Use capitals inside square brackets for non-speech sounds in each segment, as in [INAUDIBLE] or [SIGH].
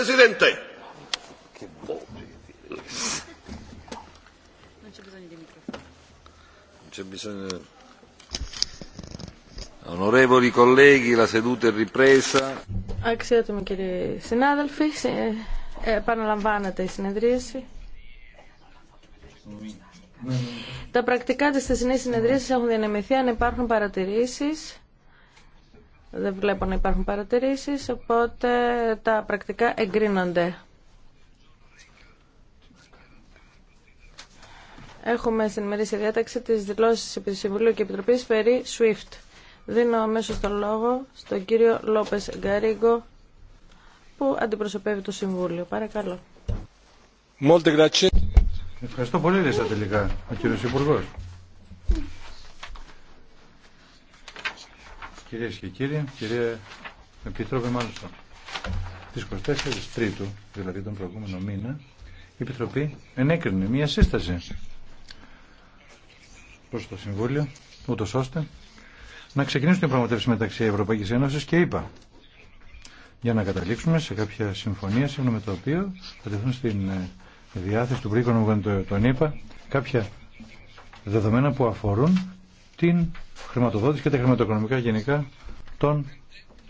Presidente. Non c'è bisogno di microfono. Non Αξιότιμοι κύριοι συνάδελφοι, ε, επαναλαμβάνεται η συνεδρίαση. Τα πρακτικά της θεσινής συνεδρίασης έχουν διανεμηθεί αν υπάρχουν παρατηρήσεις. Δεν βλέπω να υπάρχουν παρατηρήσεις, οπότε τα πρακτικά εγκρίνονται. Έχουμε στην ημερήσια διάταξη τις δηλώσεις επί Συμβουλίου και Επιτροπής περί SWIFT. Δίνω αμέσως τον λόγο στον κύριο Λόπες Γκαρίγκο που αντιπροσωπεύει το Συμβούλιο. Παρακαλώ. Ευχαριστώ πολύ, Λίστα, τελικά, ο κύριος Υπουργός. Κυρίες και κύριοι, κυρία Επιτρόπε Μάλιστα, τις 24 Τρίτου, δηλαδή τον προηγούμενο μήνα, η Επιτροπή ενέκρινε μία σύσταση προς το Συμβούλιο, ούτως ώστε να ξεκινήσουν οι πραγματεύσεις μεταξύ Ευρωπαϊκής Ένωσης και ΕΠΑ για να καταλήξουμε σε κάποια συμφωνία σύμφωνα με το οποίο θα τεθούν στην ε, διάθεση του Βρήκονου των ΕΥΠΑ κάποια δεδομένα που αφορούν την χρηματοδότηση και τα χρηματοοικονομικά γενικά των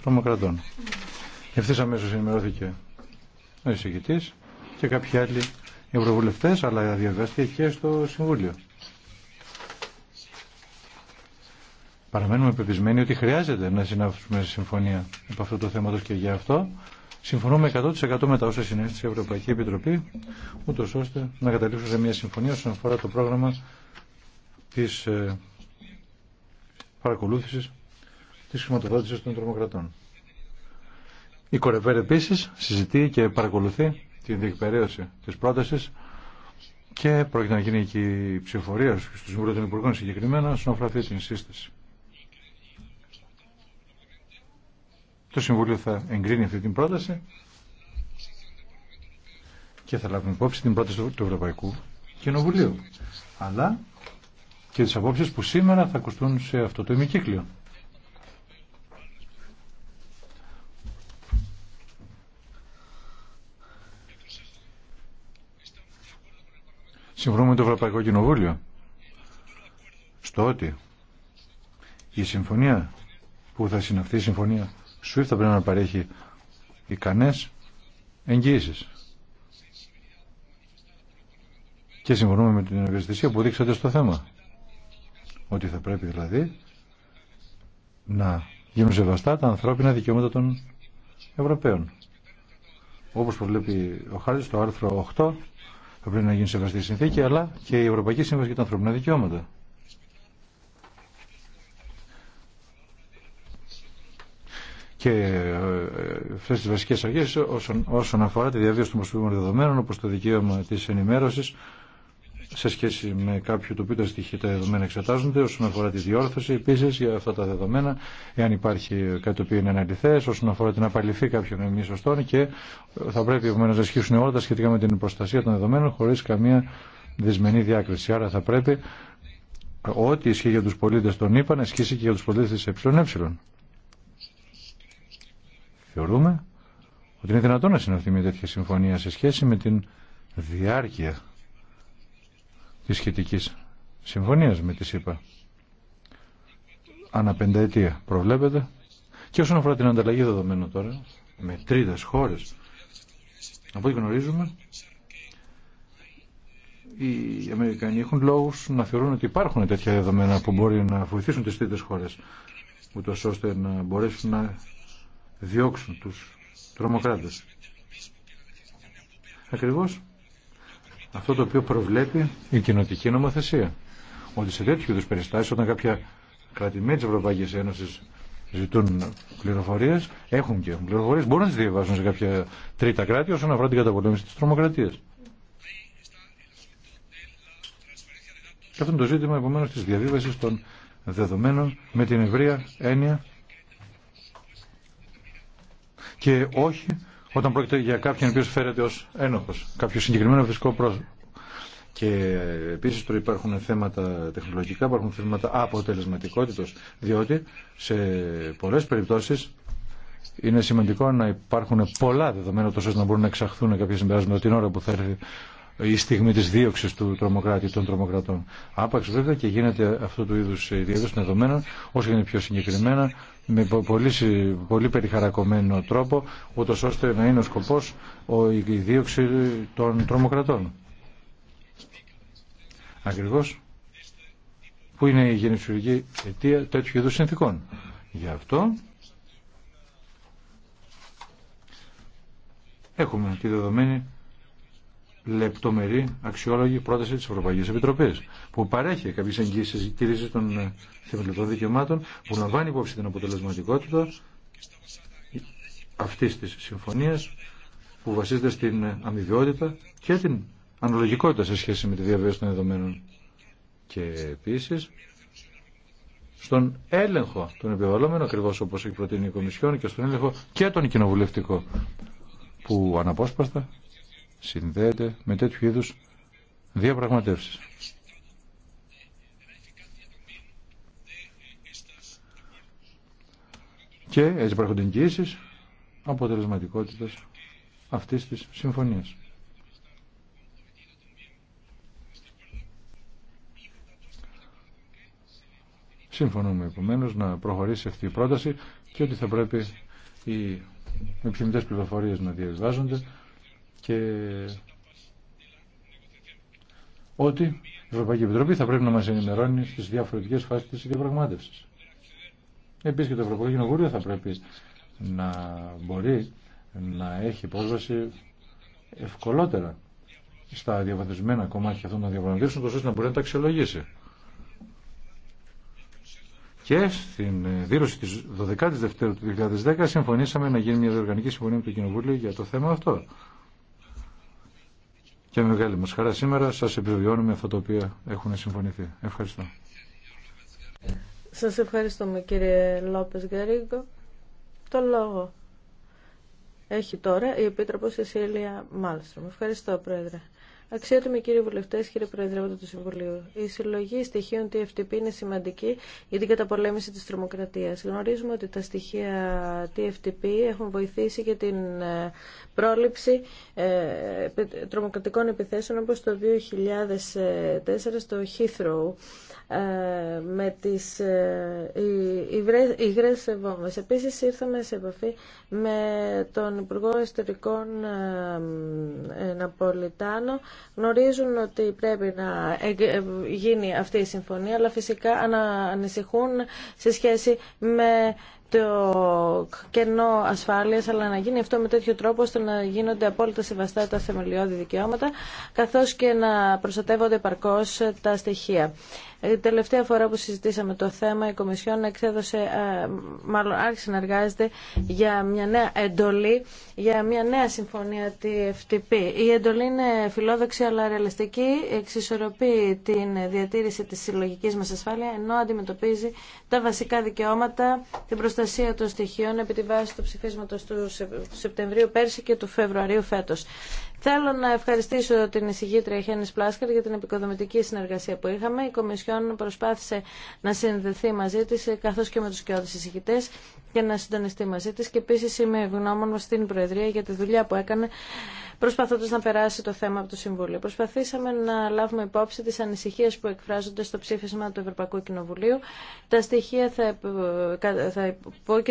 τρομοκρατών. Ευθύ αμέσω ενημερώθηκε ο εισηγητή και κάποιοι άλλοι ευρωβουλευτέ, αλλά διαβάστηκε και στο Συμβούλιο. Παραμένουμε πεπισμένοι ότι χρειάζεται να συνάψουμε συμφωνία από αυτό το θέμα και για αυτό συμφωνούμε 100% με τα όσα συνέστησε η Ευρωπαϊκή Επιτροπή, ούτω ώστε να καταλήξουμε σε μια συμφωνία όσον αφορά το πρόγραμμα της ε, παρακολούθησης της χρηματοδότηση των τρομοκρατών. Η Κορεπέρ επίση συζητεί και παρακολουθεί την διεκπαιρέωση της πρόταση και πρόκειται να γίνει και η ψηφορία στο Συμβούλιο των Υπουργών συγκεκριμένα στον αφορά αυτή την σύσταση. Το Συμβούλιο θα εγκρίνει αυτή την πρόταση και θα λάβουμε υπόψη την πρόταση του Ευρωπαϊκού Κοινοβουλίου. Αλλά και τις απόψεις που σήμερα θα ακουστούν σε αυτό το ημικύκλιο. Συμφωνούμε με το Ευρωπαϊκό Κοινοβούλιο στο ότι η συμφωνία που θα συναυθεί, η συμφωνία SWIFT θα πρέπει να παρέχει ικανές εγγύησεις. Και συμφωνούμε με την ευαισθησία που δείξατε στο θέμα. Ότι θα πρέπει δηλαδή να γίνουν σεβαστά τα ανθρώπινα δικαιώματα των Ευρωπαίων. Όπως προβλέπει ο Χάρτης το άρθρο 8, θα πρέπει να γίνει σεβαστή συνθήκη, αλλά και η Ευρωπαϊκή Σύμβαση για τα ανθρώπινα δικαιώματα. Και ε, αυτέ τι βασικέ αρχέ όσον, αφορά τη διαβίωση των προσωπικών δεδομένων, όπω το δικαίωμα τη ενημέρωση, σε σχέση με κάποιο το οποίο τα στοιχεία τα δεδομένα εξετάζονται, όσον αφορά τη διόρθωση επίση για αυτά τα δεδομένα, εάν υπάρχει κάτι το οποίο είναι αναλυθέ, όσον αφορά την απαλληφή κάποιων εμεί σωστών και θα πρέπει επομένω να ισχύσουν όλα τα σχετικά με την προστασία των δεδομένων χωρί καμία δυσμενή διάκριση. Άρα θα πρέπει ό,τι ισχύει για του πολίτε των ΗΠΑ να ισχύσει και για του πολίτε τη ΕΕ. Θεωρούμε ότι είναι δυνατόν να συναυθεί μια τέτοια συμφωνία σε σχέση με την διάρκεια της σχετικής συμφωνίας με τη ΣΥΠΑ. Ανά πενταετία προβλέπεται. Και όσον αφορά την ανταλλαγή δεδομένων τώρα, με τρίτες χώρες, από ό,τι γνωρίζουμε, οι Αμερικανοί έχουν λόγους να θεωρούν ότι υπάρχουν τέτοια δεδομένα που μπορεί να βοηθήσουν τις τρίτες χώρες, ούτως ώστε να μπορέσουν να διώξουν τους τρομοκράτες. Ακριβώς αυτό το οποίο προβλέπει η κοινοτική νομοθεσία. Ότι σε τέτοιου είδου περιστάσει, όταν κάποια κρατημένη τη Ευρωπαϊκή Ένωση ζητούν πληροφορίε, έχουν και έχουν πληροφορίε, μπορούν να τι διαβάσουν σε κάποια τρίτα κράτη όσον αφορά την καταπολέμηση τη τρομοκρατία. Και αυτό είναι το ζήτημα επομένω τη διαβίβαση των δεδομένων με την ευρεία έννοια και όχι όταν πρόκειται για κάποιον ο φέρεται ω ένοχος, κάποιο συγκεκριμένο φυσικό πρόσωπο. Και επίση τώρα υπάρχουν θέματα τεχνολογικά, υπάρχουν θέματα αποτελεσματικότητα, διότι σε πολλές περιπτώσεις είναι σημαντικό να υπάρχουν πολλά δεδομένα τόσο να μπορούν να εξαχθούν κάποια συμπεράσματα την ώρα που θα έρθει η στιγμή της δίωξης του τρομοκράτη των τρομοκρατών. Άπαξ βέβαια και γίνεται αυτού του είδους η των δεδομένων, όσο είναι πιο συγκεκριμένα, με πολύ, πολύ περιχαρακωμένο τρόπο, ούτω ώστε να είναι ο σκοπός η δίωξη των τρομοκρατών. Ακριβώς που είναι η γενεσιουργική αιτία τέτοιου είδους συνθήκων. Γι' αυτό έχουμε τη δεδομένη λεπτομερή αξιόλογη πρόταση τη Ευρωπαϊκή Επιτροπή, που παρέχει εγγύσει εγγύσεις τήρηση των ε, θεμελιωτών δικαιωμάτων που λαμβάνει υπόψη την αποτελεσματικότητα αυτή τη συμφωνία που βασίζεται στην αμοιβαιότητα και την αναλογικότητα σε σχέση με τη διαβίωση των δεδομένων και επίση, στον έλεγχο των επιβαλλόμενων ακριβώ όπω έχει προτείνει η Κομισιόν και στον έλεγχο και τον κοινοβουλευτικό που αναπόσπαστα συνδέεται με τέτοιου είδους διαπραγματεύσεις. Και έτσι υπάρχουν εγγυήσεις αποτελεσματικότητας αυτής της συμφωνίας. Συμφωνούμε επομένω να προχωρήσει αυτή η πρόταση και ότι θα πρέπει οι επιθυμητέ πληροφορίε να διαβάζονται και ότι η Ευρωπαϊκή Επιτροπή θα πρέπει να μας ενημερώνει στις διαφορετικές φάσεις της διαπραγμάτευσης. Επίσης και το Ευρωπαϊκό Κοινοβούλιο θα πρέπει να μπορεί να έχει πρόσβαση ευκολότερα στα διαβαθμισμένα κομμάτια αυτών των διαπραγματεύσεων, ώστε να μπορεί να τα αξιολογήσει. Και στην δήλωση τη 12ης Δευτέρου του 2010 συμφωνήσαμε να γίνει μια διοργανική συμφωνία με το Κοινοβούλιο για το θέμα αυτό. Και μεγάλη μας χαρά σήμερα σας επιβιώνουμε αυτά τα οποία έχουν συμφωνηθεί. Ευχαριστώ. Σας ευχαριστούμε κύριε Λόπες Γκαρίγκο. Το λόγο έχει τώρα η Επίτροπος Σεσίλια Μάλστρομ. Ευχαριστώ Πρόεδρε. Αξιότιμοι κύριοι βουλευτέ, κύριε Προεδρεύοντα του Συμβουλίου, η συλλογή στοιχείων TFTP είναι σημαντική για την καταπολέμηση τη τρομοκρατία. Γνωρίζουμε ότι τα στοιχεία TFTP έχουν βοηθήσει για την ε, πρόληψη ε, τρομοκρατικών επιθέσεων όπω το 2004 στο Heathrow ε, με τις ε, υγρές βόμβες. Επίσης ήρθαμε σε επαφή με τον Υπουργό Ιστορικών ε, Ναπολιτάνο. Γνωρίζουν ότι πρέπει να γίνει αυτή η συμφωνία, αλλά φυσικά ανησυχούν σε σχέση με το κενό ασφάλειας, αλλά να γίνει αυτό με τέτοιο τρόπο ώστε να γίνονται απόλυτα σεβαστά τα θεμελιώδη δικαιώματα, καθώς και να προστατεύονται επαρκώς τα στοιχεία. Ε, τελευταία φορά που συζητήσαμε το θέμα, η Κομισιόν εξέδωσε, ε, μάλλον άρχισε να εργάζεται για μια νέα εντολή, για μια νέα συμφωνία FTP. Η εντολή είναι φιλόδοξη αλλά ρεαλιστική, εξισορροπεί την διατήρηση της συλλογική μας ασφάλεια, ενώ αντιμετωπίζει τα βασικά δικαιώματα, την προστασία των στοιχείων επί τη βάση του ψηφίσματος του Σεπτεμβρίου πέρσι και του Φεβρουαρίου φέτος. Θέλω να ευχαριστήσω την εισηγήτρια Χένη Πλάσκαρ για την επικοδομητική συνεργασία που είχαμε. Η Κομισιόν προσπάθησε να συνδεθεί μαζί τη καθώ και με του κοιόδη εισηγητέ για να συντονιστεί μαζί τη και επίση είμαι ευγνώμων στην Προεδρία για τη δουλειά που έκανε προσπαθώντα να περάσει το θέμα από το Συμβούλιο. Προσπαθήσαμε να λάβουμε υπόψη τι ανησυχίε που εκφράζονται στο ψήφισμα του Ευρωπαϊκού Κοινοβουλίου. Τα στοιχεία θα, θα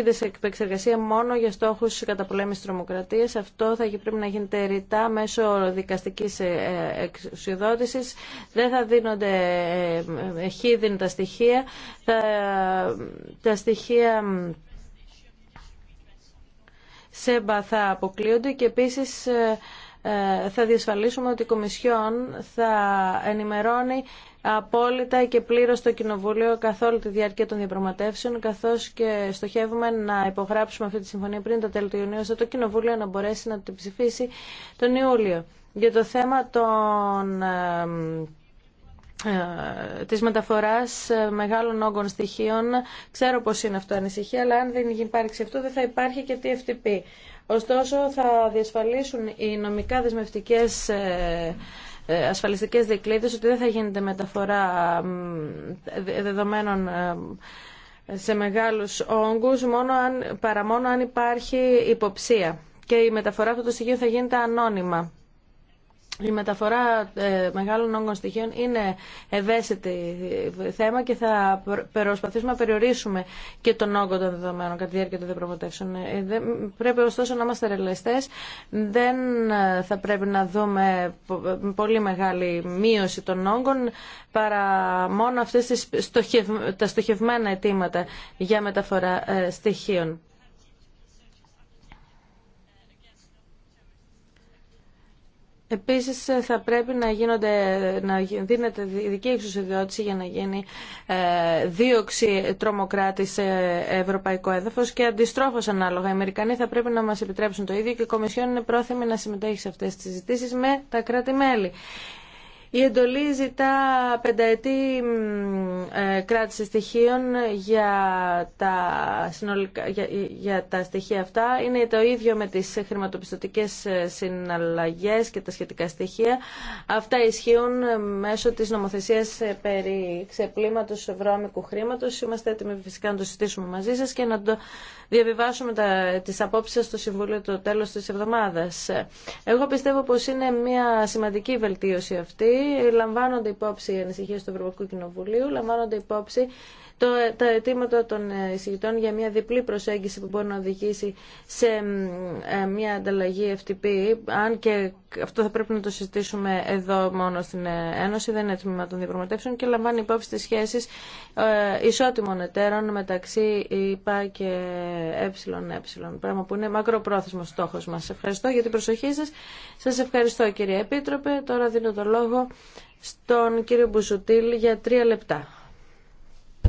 σε επεξεργασία μόνο για στόχου καταπολέμηση τρομοκρατία. Αυτό θα πρέπει να γίνεται ρητά μέσω δικαστική ε, εξουσιοδότηση. Δεν θα δίνονται ε, ε, χίδιν στοιχεία. Τα, τα στοιχεία ΣΕΜΠΑ θα αποκλείονται και επίσης ε, ε, θα διασφαλίσουμε ότι η Κομισιόν θα ενημερώνει απόλυτα και πλήρως το Κοινοβούλιο καθ' όλη τη διάρκεια των διαπραγματεύσεων καθώς και στοχεύουμε να υπογράψουμε αυτή τη συμφωνία πριν το τέλο του Ιουνίου ώστε το Κοινοβούλιο να μπορέσει να την ψηφίσει τον Ιούλιο. Για το θέμα των ε, ε, της μεταφοράς ε, μεγάλων όγκων στοιχείων. Ξέρω πως είναι αυτό ανησυχία, αλλά αν δεν υπάρξει αυτό δεν θα υπάρχει και TFTP. Ωστόσο θα διασφαλίσουν οι νομικά δεσμευτικές ε, ασφαλιστικές δικλείδες ότι δεν θα γίνεται μεταφορά δεδομένων σε μεγάλους όγκους μόνο αν, παρά μόνο αν υπάρχει υποψία. Και η μεταφορά αυτού του στοιχείου θα γίνεται ανώνυμα. Η μεταφορά ε, μεγάλων όγκων στοιχείων είναι ευαίσθητη θέμα και θα προσπαθήσουμε να περιορίσουμε και τον όγκο των δεδομένων κατά τη διάρκεια των διαπραγματεύσεων. Ε, πρέπει ωστόσο να είμαστε ρελεστέ. Δεν θα πρέπει να δούμε πολύ μεγάλη μείωση των όγκων παρά μόνο αυτές τις τα στοχευμένα αιτήματα για μεταφορά ε, στοιχείων. Επίση, ε, θα πρέπει να, γίνονται, να δίνεται ειδική εξουσιοδότηση για να γίνει ε, δίωξη τρομοκράτη σε ευρωπαϊκό έδαφος και αντιστρόφως ανάλογα. Οι Αμερικανοί θα πρέπει να μας επιτρέψουν το ίδιο και η Κομισιόν είναι πρόθυμη να συμμετέχει σε αυτές τις συζητήσεις με τα κράτη-μέλη. Η εντολή ζητά πενταετή ε, κράτηση στοιχείων για τα, συνολικά, για, για τα στοιχεία αυτά. Είναι το ίδιο με τις χρηματοπιστωτικές ε, συναλλαγές και τα σχετικά στοιχεία. Αυτά ισχύουν ε, μέσω της νομοθεσίας περί ξεπλήματος βρώμικου χρήματος. Είμαστε έτοιμοι φυσικά να το συζητήσουμε μαζί σας και να το διαβιβάσουμε τα, τις απόψεις στο Συμβούλιο το τέλος της εβδομάδας. Εγώ πιστεύω πως είναι μια σημαντική βελτίωση αυτή λαμβάνονται υπόψη οι ανησυχίε του Ευρωπαϊκού Κοινοβουλίου, λαμβάνονται υπόψη το, τα αιτήματα των εισηγητών για μια διπλή προσέγγιση που μπορεί να οδηγήσει σε ε, μια ανταλλαγή FTP, αν και αυτό θα πρέπει να το συζητήσουμε εδώ μόνο στην ε, Ένωση, δεν είναι τμήμα των διαπραγματεύσεων και λαμβάνει υπόψη τις σχέσεις ε, ισότιμων εταίρων μεταξύ ΙΠΑ και ΕΕ, πράγμα που είναι μακροπρόθεσμος στόχος μας. Ευχαριστώ για την προσοχή σας. Σας ευχαριστώ κύριε Επίτροπε. Τώρα δίνω το λόγο στον κύριο Μπουσουτήλ για τρία λεπτά.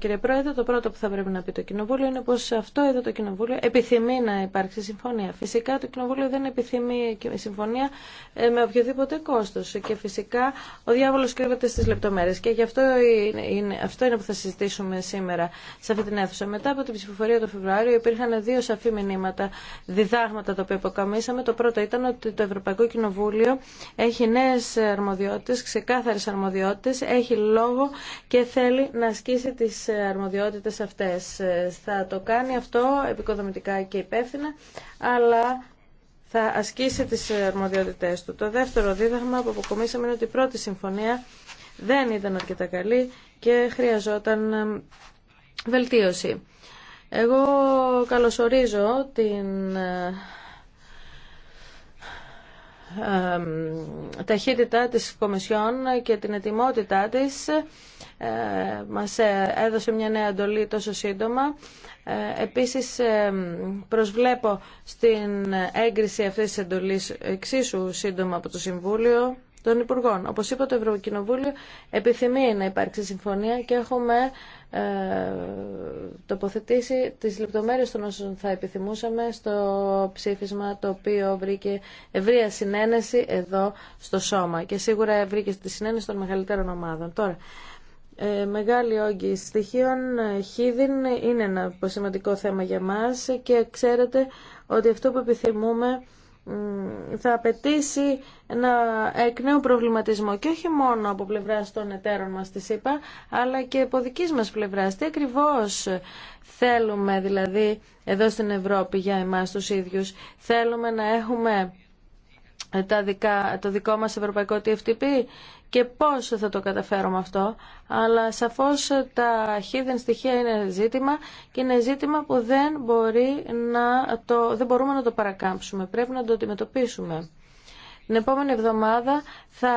κύριε Πρόεδρε. Το πρώτο που θα πρέπει να πει το Κοινοβούλιο είναι πως αυτό εδώ το Κοινοβούλιο επιθυμεί να υπάρξει συμφωνία. Φυσικά το Κοινοβούλιο δεν επιθυμεί συμφωνία ε, με οποιοδήποτε κόστος και φυσικά ο διάβολος κρύβεται στις λεπτομέρειες και γι' αυτό είναι, αυτό είναι που θα συζητήσουμε σήμερα σε αυτή την αίθουσα. Μετά από την ψηφοφορία του Φεβρουάριο υπήρχαν δύο σαφή μηνύματα, διδάγματα τα οποία υποκαμίσαμε. Το πρώτο ήταν ότι το Ευρωπαϊκό Κοινοβούλιο έχει νέες αρμοδιότητες, ξεκάθαρες αρμοδιότητες, έχει έχει λόγο και θέλει να ασκήσει τις αρμοδιότητες αυτές. Θα το κάνει αυτό επικοδομητικά και υπεύθυνα, αλλά θα ασκήσει τις αρμοδιότητές του. Το δεύτερο δίδαγμα που αποκομίσαμε είναι ότι η πρώτη συμφωνία δεν ήταν αρκετά καλή και χρειαζόταν ε, βελτίωση. Εγώ καλωσορίζω την ε, ταχύτητα της Κομισιόν και την ετοιμότητά της ε, μας ε, έδωσε μια νέα εντολή τόσο σύντομα. Ε, επίσης προσβλέπω στην έγκριση αυτής της εντολής εξίσου σύντομα από το Συμβούλιο των Υπουργών. Όπως είπα το Ευρωκοινοβούλιο επιθυμεί να υπάρξει συμφωνία και έχουμε ε, τοποθετήσει τις λεπτομέρειες των όσων θα επιθυμούσαμε στο ψήφισμα το οποίο βρήκε ευρεία συνένεση εδώ στο σώμα και σίγουρα βρήκε τη συνένεση των μεγαλύτερων ομάδων. Τώρα, ε, μεγάλη όγκη στοιχείων ε, χίδιν είναι ένα σημαντικό θέμα για μας και ξέρετε ότι αυτό που επιθυμούμε θα απαιτήσει ένα εκ νέου προβληματισμό και όχι μόνο από πλευρά των εταίρων μας τη ΕΠΑ αλλά και από δική μας πλευρά. Τι ακριβώς θέλουμε δηλαδή εδώ στην Ευρώπη για εμάς τους ίδιους. Θέλουμε να έχουμε τα το δικό μας ευρωπαϊκό TFTP και πώς θα το καταφέρουμε αυτό, αλλά σαφώς τα hidden στοιχεία είναι ζήτημα και είναι ζήτημα που δεν, μπορεί να το, δεν μπορούμε να το παρακάμψουμε, πρέπει να το αντιμετωπίσουμε. Την επόμενη εβδομάδα θα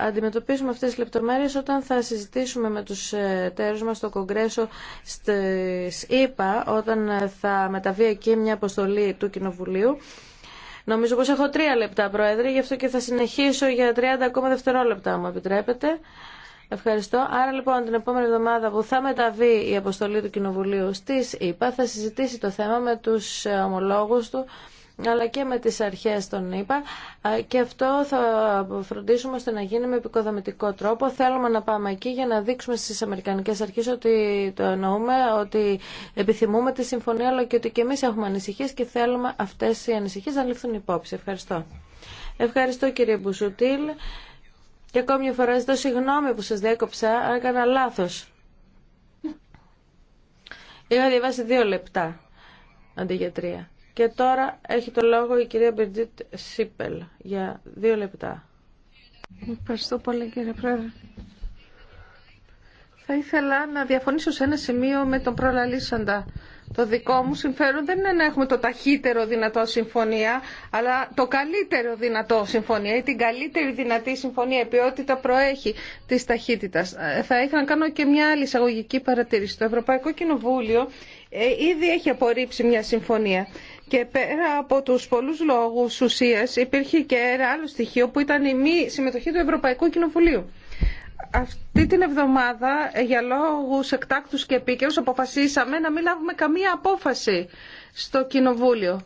αντιμετωπίσουμε αυτές τις λεπτομέρειες όταν θα συζητήσουμε με τους ε, τέρους μας στο Κογκρέσο στις ΕΕΠΑ όταν θα μεταβεί εκεί μια αποστολή του Κοινοβουλίου Νομίζω πως έχω τρία λεπτά, Πρόεδρε, γι' αυτό και θα συνεχίσω για 30 ακόμα δευτερόλεπτα, μου επιτρέπετε. Ευχαριστώ. Άρα λοιπόν την επόμενη εβδομάδα που θα μεταβεί η αποστολή του Κοινοβουλίου στις ΕΙΠΑ θα συζητήσει το θέμα με τους ε, ομολόγους του αλλά και με τις αρχές των ΗΠΑ και αυτό θα φροντίσουμε ώστε να γίνει με επικοδομητικό τρόπο. Θέλουμε να πάμε εκεί για να δείξουμε στις Αμερικανικές αρχές ότι το εννοούμε, ότι επιθυμούμε τη συμφωνία, αλλά και ότι και εμείς έχουμε ανησυχίες και θέλουμε αυτές οι ανησυχίες να ληφθούν υπόψη. Ευχαριστώ. Ευχαριστώ κύριε Μπουσουτήλ. Και ακόμη μια φορά ζητώ συγγνώμη που σας διέκοψα, αν έκανα λάθος. Είχα διαβάσει δύο λεπτά αντί για τρία. Και τώρα έχει το λόγο η κυρία Μπερτζίτ Σίπελ για δύο λεπτά. Ευχαριστώ πολύ κύριε Πρόεδρε. Θα ήθελα να διαφωνήσω σε ένα σημείο με τον προλαλήσαντα. Το δικό μου συμφέρον δεν είναι να έχουμε το ταχύτερο δυνατό συμφωνία, αλλά το καλύτερο δυνατό συμφωνία ή την καλύτερη δυνατή συμφωνία. Η ποιότητα προέχει τη ταχύτητα. Ε, θα ήθελα να κάνω και μια άλλη εισαγωγική παρατήρηση. Το Ευρωπαϊκό Κοινοβούλιο ε, ήδη έχει απορρίψει μια συμφωνία. Και πέρα από του πολλού λόγου ουσία, υπήρχε και ένα άλλο στοιχείο που ήταν η μη συμμετοχή του Ευρωπαϊκού Κοινοβουλίου. Αυτή την εβδομάδα ε, για λόγους εκτάκτους και επίκαιρους αποφασίσαμε να μην λάβουμε καμία απόφαση στο Κοινοβούλιο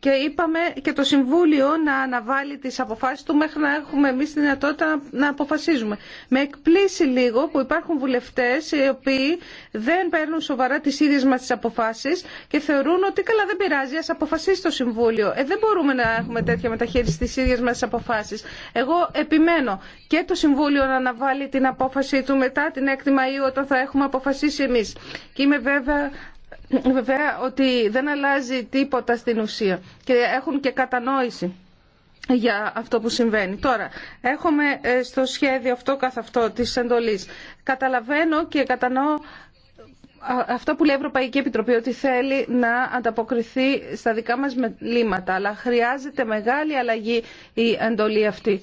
και είπαμε και το Συμβούλιο να αναβάλει τις αποφάσεις του μέχρι να έχουμε εμείς τη δυνατότητα να αποφασίζουμε. Με εκπλήσει λίγο που υπάρχουν βουλευτές οι οποίοι δεν παίρνουν σοβαρά τις ίδιες μας τις αποφάσεις και θεωρούν ότι καλά δεν πειράζει, ας αποφασίσει το Συμβούλιο. Ε, δεν μπορούμε να έχουμε τέτοια μεταχείριση στις ίδιες μας τις αποφάσεις. Εγώ επιμένω και το Συμβούλιο να αναβάλει την απόφαση του μετά την 6η Μαΐου όταν θα έχουμε αποφασίσει εμείς. Και είμαι βέβαια βέβαια ότι δεν αλλάζει τίποτα στην ουσία και έχουν και κατανόηση για αυτό που συμβαίνει. Τώρα, έχουμε ε, στο σχέδιο αυτό καθ' αυτό της εντολής. Καταλαβαίνω και κατανοώ αυτό που λέει η Ευρωπαϊκή Επιτροπή ότι θέλει να ανταποκριθεί στα δικά μας λύματα, αλλά χρειάζεται μεγάλη αλλαγή η εντολή αυτή.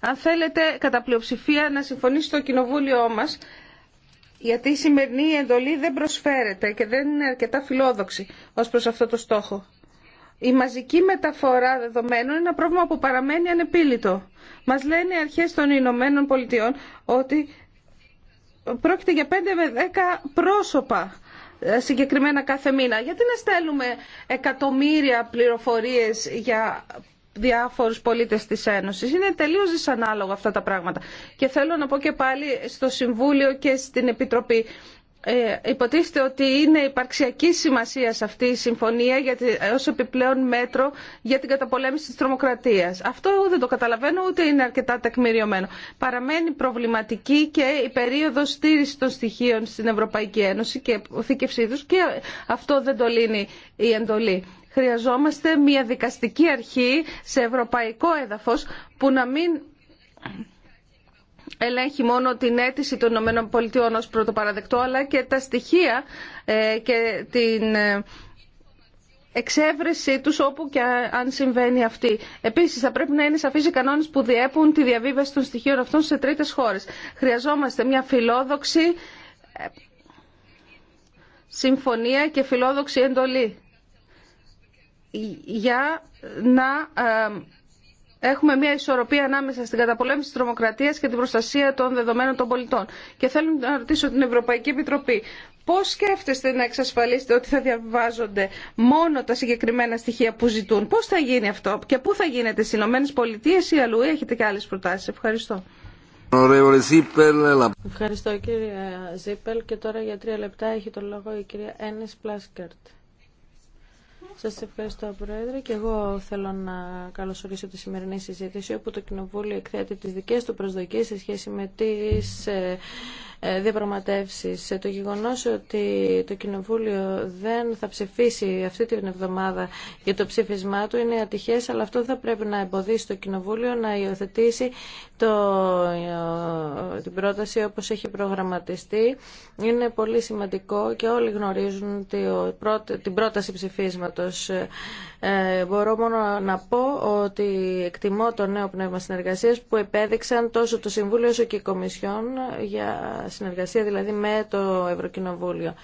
Αν θέλετε κατά πλειοψηφία να συμφωνήσει το κοινοβούλιο μας, γιατί η σημερινή εντολή δεν προσφέρεται και δεν είναι αρκετά φιλόδοξη ως προς αυτό το στόχο. Η μαζική μεταφορά δεδομένων είναι ένα πρόβλημα που παραμένει ανεπίλητο. Μας λένε οι αρχές των Ηνωμένων Πολιτειών ότι πρόκειται για 5 με 10 πρόσωπα ε, συγκεκριμένα κάθε μήνα. Γιατί να στέλνουμε εκατομμύρια πληροφορίες για Διάφορου πολίτε τη Ένωση. Είναι τελείως δυσανάλογα αυτά τα πράγματα. Και θέλω να πω και πάλι στο Συμβούλιο και στην Επιτροπή. Ε, υποτίθεται ότι είναι υπαρξιακή σημασία σε αυτή η συμφωνία ε, ω επιπλέον μέτρο για την καταπολέμηση της τρομοκρατίας. Αυτό δεν το καταλαβαίνω ούτε είναι αρκετά τεκμηριωμένο. Παραμένει προβληματική και η περίοδος στήριση των στοιχείων στην Ευρωπαϊκή Ένωση και οθήκευσή του και αυτό δεν το λύνει η εντολή. Χρειαζόμαστε μια δικαστική αρχή σε ευρωπαϊκό έδαφος που να μην ελέγχει μόνο την αίτηση των ΗΠΑ ως πρωτοπαραδεκτό αλλά και τα στοιχεία ε, και την ε, εξέβρεσή τους όπου και αν συμβαίνει αυτή. Επίσης θα πρέπει να είναι σαφείς οι κανόνες που διέπουν τη διαβίβαση των στοιχείων αυτών σε τρίτες χώρες. Χρειαζόμαστε μια φιλόδοξη ε, συμφωνία και φιλόδοξη εντολή για να ε, έχουμε μια ισορροπία ανάμεσα στην καταπολέμηση της τρομοκρατίας και την προστασία των δεδομένων των πολιτών. Και θέλω να ρωτήσω την Ευρωπαϊκή Επιτροπή. Πώς σκέφτεστε να εξασφαλίσετε ότι θα διαβάζονται μόνο τα συγκεκριμένα στοιχεία που ζητούν. Πώς θα γίνει αυτό και πού θα γίνεται στις Ηνωμένες Πολιτείες ή αλλού. Έχετε και άλλες προτάσεις. Ευχαριστώ. Ευχαριστώ κύριε Ζίπελ και τώρα για τρία λεπτά έχει το λόγο η κυρία Ένες Πλάσκερτ. Σας ευχαριστώ Πρόεδρε και εγώ θέλω να καλωσορίσω τη σημερινή συζήτηση όπου το Κοινοβούλιο εκθέτει τις δικές του προσδοκίες σε σχέση με τις ε, ε, διαπραγματεύσεις. Ε, το γεγονός ότι το Κοινοβούλιο δεν θα ψηφίσει αυτή την εβδομάδα για το ψήφισμά του είναι ατυχές, αλλά αυτό θα πρέπει να εμποδίσει το Κοινοβούλιο να υιοθετήσει το, ε, την πρόταση όπως έχει προγραμματιστεί. Είναι πολύ σημαντικό και όλοι γνωρίζουν την πρόταση ψηφίσματος. μπορώ μόνο να πω ότι εκτιμώ το νέο πνεύμα συνεργασίας που επέδειξαν τόσο το Συμβούλιο όσο και η Κομισιόν για συνεργασία δηλαδή με το Ευρωκοινοβούλιο.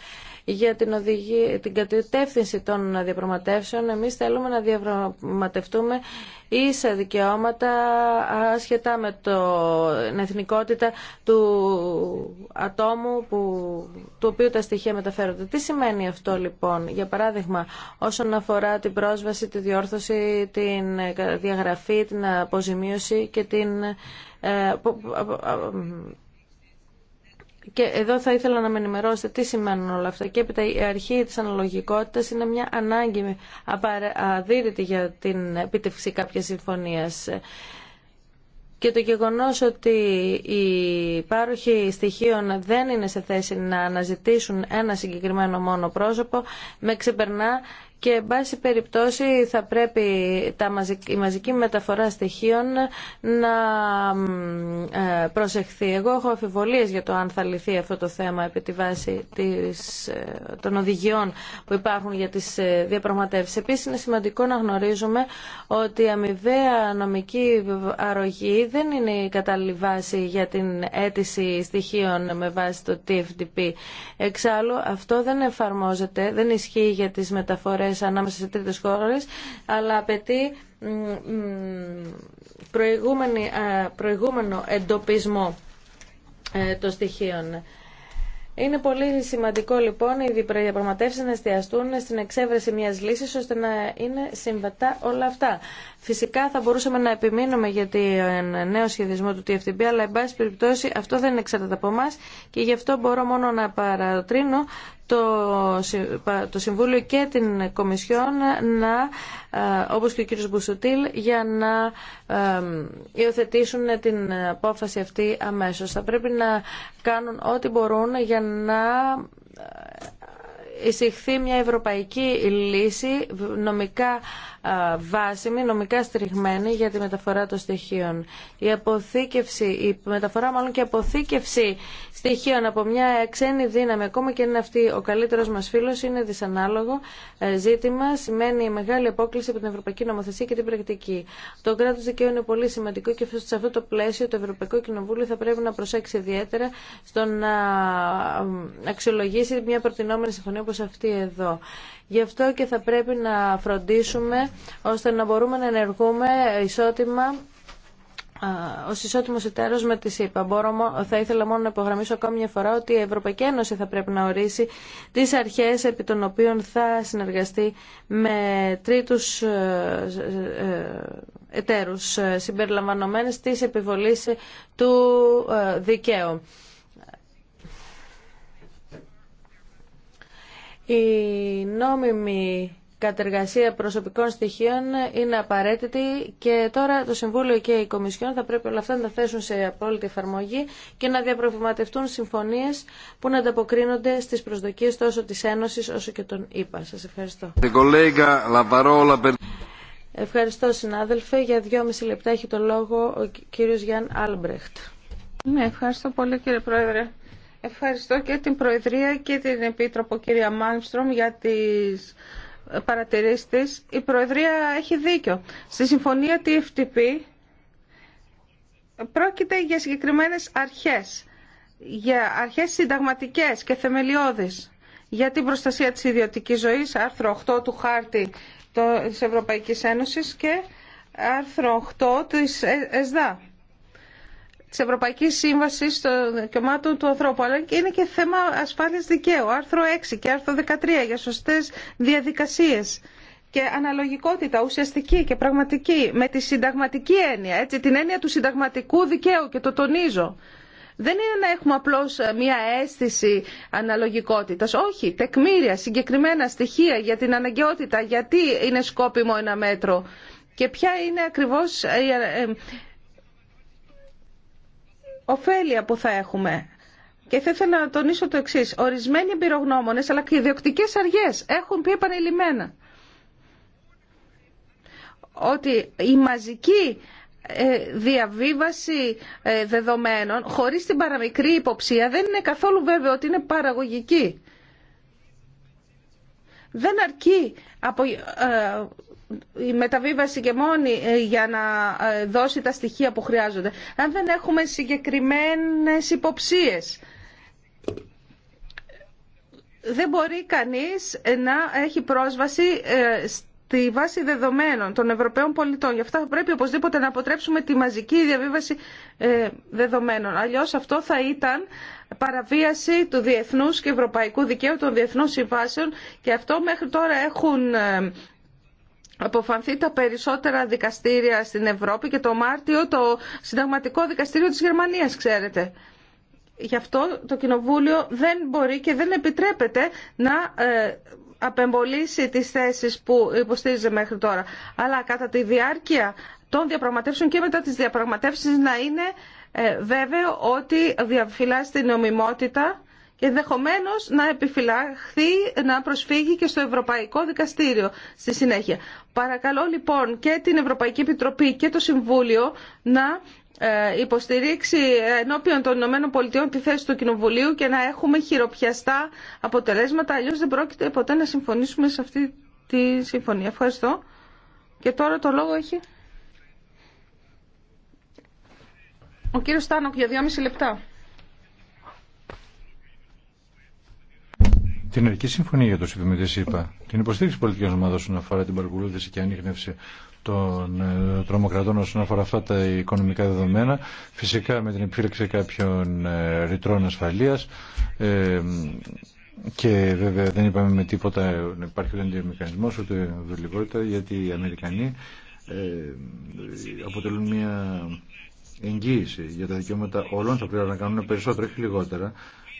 Για την, οδηγία, την κατεύθυνση των διαπραγματεύσεων, εμείς θέλουμε να διαπραγματευτούμε ίσα δικαιώματα ασχετά με την εθνικότητα του ατόμου που, του οποίου τα στοιχεία μεταφέρονται. Τι σημαίνει αυτό λοιπόν, για παράδειγμα, όσον αφορά την πρόσβαση, τη διόρθωση, την διαγραφή, την αποζημίωση και την ε, και εδώ θα ήθελα να με ενημερώσετε τι σημαίνουν όλα αυτά. Και έπειτα η αρχή της αναλογικότητας είναι μια ανάγκη αδύρυτη για την επίτευξη κάποιας συμφωνίας. Και το γεγονός ότι οι πάροχοι στοιχείων δεν είναι σε θέση να αναζητήσουν ένα συγκεκριμένο μόνο πρόσωπο με ξεπερνά και εν πάση περιπτώσει θα πρέπει τα η μαζική μεταφορά στοιχείων να ε, προσεχθεί. Εγώ έχω αφιβολίες για το αν θα λυθεί αυτό το θέμα επί τη βάση της, ε, των οδηγιών που υπάρχουν για τις ε, διαπραγματεύσεις. Επίσης είναι σημαντικό να γνωρίζουμε ότι η αμοιβαία νομική αρρωγή δεν είναι η κατάλληλη βάση για την αίτηση στοιχείων με βάση το TFDP. Εξάλλου αυτό δεν εφαρμόζεται, δεν ισχύει για τις μεταφορές ανάμεσα σε τρίτες χώρες, αλλά απαιτεί προηγούμενο εντοπισμό ε, των στοιχείων. Είναι πολύ σημαντικό λοιπόν οι διαπραγματεύσει να εστιαστούν στην εξέβρεση μια λύση ώστε να είναι συμβατά όλα αυτά. Φυσικά θα μπορούσαμε να επιμείνουμε για το νέο σχεδισμό του TFTB, αλλά εν πάση περιπτώσει αυτό δεν εξαρτάται από εμά και γι' αυτό μπορώ μόνο να παρατρύνω το Συμβούλιο και την Κομισιόν να, ε, όπως και ο κύριος Μπουσουτήλ, για να ε, υιοθετήσουν την απόφαση αυτή αμέσως. Θα πρέπει να κάνουν ό,τι μπορούν για να ε, εισηχθεί μια ευρωπαϊκή λύση νομικά βάσιμη, νομικά στριγμένη για τη μεταφορά των στοιχείων. Η αποθήκευση, η μεταφορά μάλλον και αποθήκευση στοιχείων από μια ξένη δύναμη, ακόμα και είναι αυτή ο καλύτερος μας φίλος, είναι δυσανάλογο ε, ζήτημα, σημαίνει μεγάλη απόκληση από την ευρωπαϊκή νομοθεσία και την πρακτική. Το κράτο δικαίου είναι πολύ σημαντικό και σε αυτό το πλαίσιο το Ευρωπαϊκό Κοινοβούλιο θα πρέπει να προσέξει ιδιαίτερα στο να αξιολογήσει μια προτινόμενη συμφωνία όπως αυτή εδώ. Γι' αυτό και θα πρέπει να φροντίσουμε ώστε να μπορούμε να ενεργούμε ισότιμα Ω ισότιμο εταίρο με τη ΣΥΠΑ. Μπορώ, θα ήθελα μόνο να υπογραμμίσω ακόμη μια φορά ότι η Ευρωπαϊκή Ένωση θα πρέπει να ορίσει τι αρχέ επί των οποίων θα συνεργαστεί με τρίτου ε, ε, ε, εταίρου συμπεριλαμβανομένε τη επιβολή του δικαίου. Η νόμιμη κατεργασία προσωπικών στοιχείων είναι απαραίτητη και τώρα το Συμβούλιο και η Κομισιόν θα πρέπει όλα αυτά να τα θέσουν σε απόλυτη εφαρμογή και να διαπραγματευτούν συμφωνίες που να ανταποκρίνονται στις προσδοκίες τόσο της Ένωσης όσο και των ΗΠΑ. Σας ευχαριστώ. Ευχαριστώ συνάδελφε. Για δυόμιση λεπτά έχει το λόγο ο κύριος Γιάνν Άλμπρεχτ. Ναι, ευχαριστώ πολύ κύριε Πρόεδρε. Ευχαριστώ και την Προεδρία και την Επίτροπο κυρία Μάλμστρομ για τις παρατηρήσεις της. Η Προεδρία έχει δίκιο. Στη συμφωνία TFTP πρόκειται για συγκεκριμένες αρχές, για αρχές συνταγματικές και θεμελιώδεις για την προστασία της ιδιωτικής ζωής, άρθρο 8 του χάρτη της Ευρωπαϊκής Ένωσης και άρθρο 8 της ΕΣΔΑ της ευρωπαϊκή σύμβαση των Δικαιωμάτων του Ανθρώπου, αλλά είναι και θέμα ασφάλειας δικαίου, άρθρο 6 και άρθρο 13 για σωστές διαδικασίες και αναλογικότητα ουσιαστική και πραγματική με τη συνταγματική έννοια, έτσι, την έννοια του συνταγματικού δικαίου και το τονίζω. Δεν είναι να έχουμε απλώς μία αίσθηση αναλογικότητας. Όχι, τεκμήρια, συγκεκριμένα στοιχεία για την αναγκαιότητα, γιατί είναι σκόπιμο ένα μέτρο και ποια είναι ακριβώς ε, ωφέλεια που θα έχουμε. Και θα ήθελα να τονίσω το εξή. Ορισμένοι εμπειρογνώμονε αλλά και ιδιοκτικέ αργέ έχουν πει επανειλημμένα ότι η μαζική ε, διαβίβαση ε, δεδομένων χωρίς την παραμικρή υποψία δεν είναι καθόλου βέβαιο ότι είναι παραγωγική. Δεν αρκεί από ε, η μεταβίβαση και μόνη ε, για να ε, δώσει τα στοιχεία που χρειάζονται. Αν δεν έχουμε συγκεκριμένες υποψίες, δεν μπορεί κανείς ε, να έχει πρόσβαση στη βάση δεδομένων των Ευρωπαίων πολιτών. Γι' αυτό πρέπει οπωσδήποτε να αποτρέψουμε τη μαζική διαβίβαση δεδομένων. Αλλιώς αυτό θα ήταν παραβίαση του διεθνούς και ευρωπαϊκού δικαίου των διεθνών συμβάσεων και αυτό μέχρι τώρα έχουν αποφανθεί τα περισσότερα δικαστήρια στην Ευρώπη και το Μάρτιο το συνταγματικό δικαστήριο της Γερμανίας, ξέρετε. Γι' αυτό το Κοινοβούλιο δεν μπορεί και δεν επιτρέπεται να ε, απεμπολίσει τις θέσεις που υποστήριζε μέχρι τώρα. Αλλά κατά τη διάρκεια των διαπραγματεύσεων και μετά τις διαπραγματεύσεις να είναι ε, βέβαιο ότι διαφυλάσσει την νομιμότητα και ενδεχομένω να επιφυλαχθεί να προσφύγει και στο Ευρωπαϊκό Δικαστήριο στη συνέχεια. Παρακαλώ λοιπόν και την Ευρωπαϊκή Επιτροπή και το Συμβούλιο να ε, υποστηρίξει ενώπιον των Ηνωμένων Πολιτειών τη θέση του Κοινοβουλίου και να έχουμε χειροπιαστά αποτελέσματα. Αλλιώ δεν πρόκειται ποτέ να συμφωνήσουμε σε αυτή τη συμφωνία. Ευχαριστώ. Και τώρα το λόγο έχει. Ο κύριος Στάνοκ για δυόμιση λεπτά. την ερική Συμφωνία για το Συμβημί είπα. την υποστήριξη πολιτική ομάδα όσον αφορά την παρακολούθηση και ανείχνευση των ε, τρομοκρατών όσον αφορά αυτά τα οικονομικά δεδομένα, φυσικά με την επιλέξη κάποιων ε, ρητρών ασφαλεία. Ε, και βέβαια δεν είπαμε με τίποτα να υπάρχει ούτε μηχανισμό ούτε δουλειότητα γιατί οι Αμερικανοί αποτελούν μια εγγύηση για τα δικαιώματα όλων. Θα πρέπει να κάνουν περισσότερο, όχι λιγότερα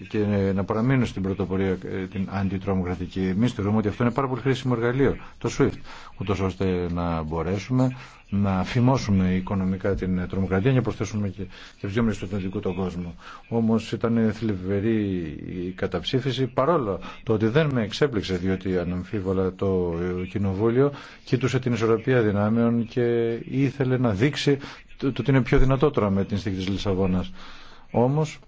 και να παραμείνουν στην πρωτοπορία ε, την αντιτρομοκρατική. Εμεί θεωρούμε ότι αυτό είναι πάρα πολύ χρήσιμο εργαλείο, το SWIFT, ούτω ώστε να μπορέσουμε να φημώσουμε οικονομικά την ε, τρομοκρατία και να προσθέσουμε και πιο στον ελληνικό τον κόσμο. Όμω ήταν θλιβερή η καταψήφιση, παρόλο το ότι δεν με εξέπληξε, διότι αναμφίβολα το ε, Κοινοβούλιο κοιτούσε την ισορροπία δυνάμεων και ήθελε να δείξει το ότι είναι πιο δυνατό με την στιγμή τη Λισαβόνα. Όμως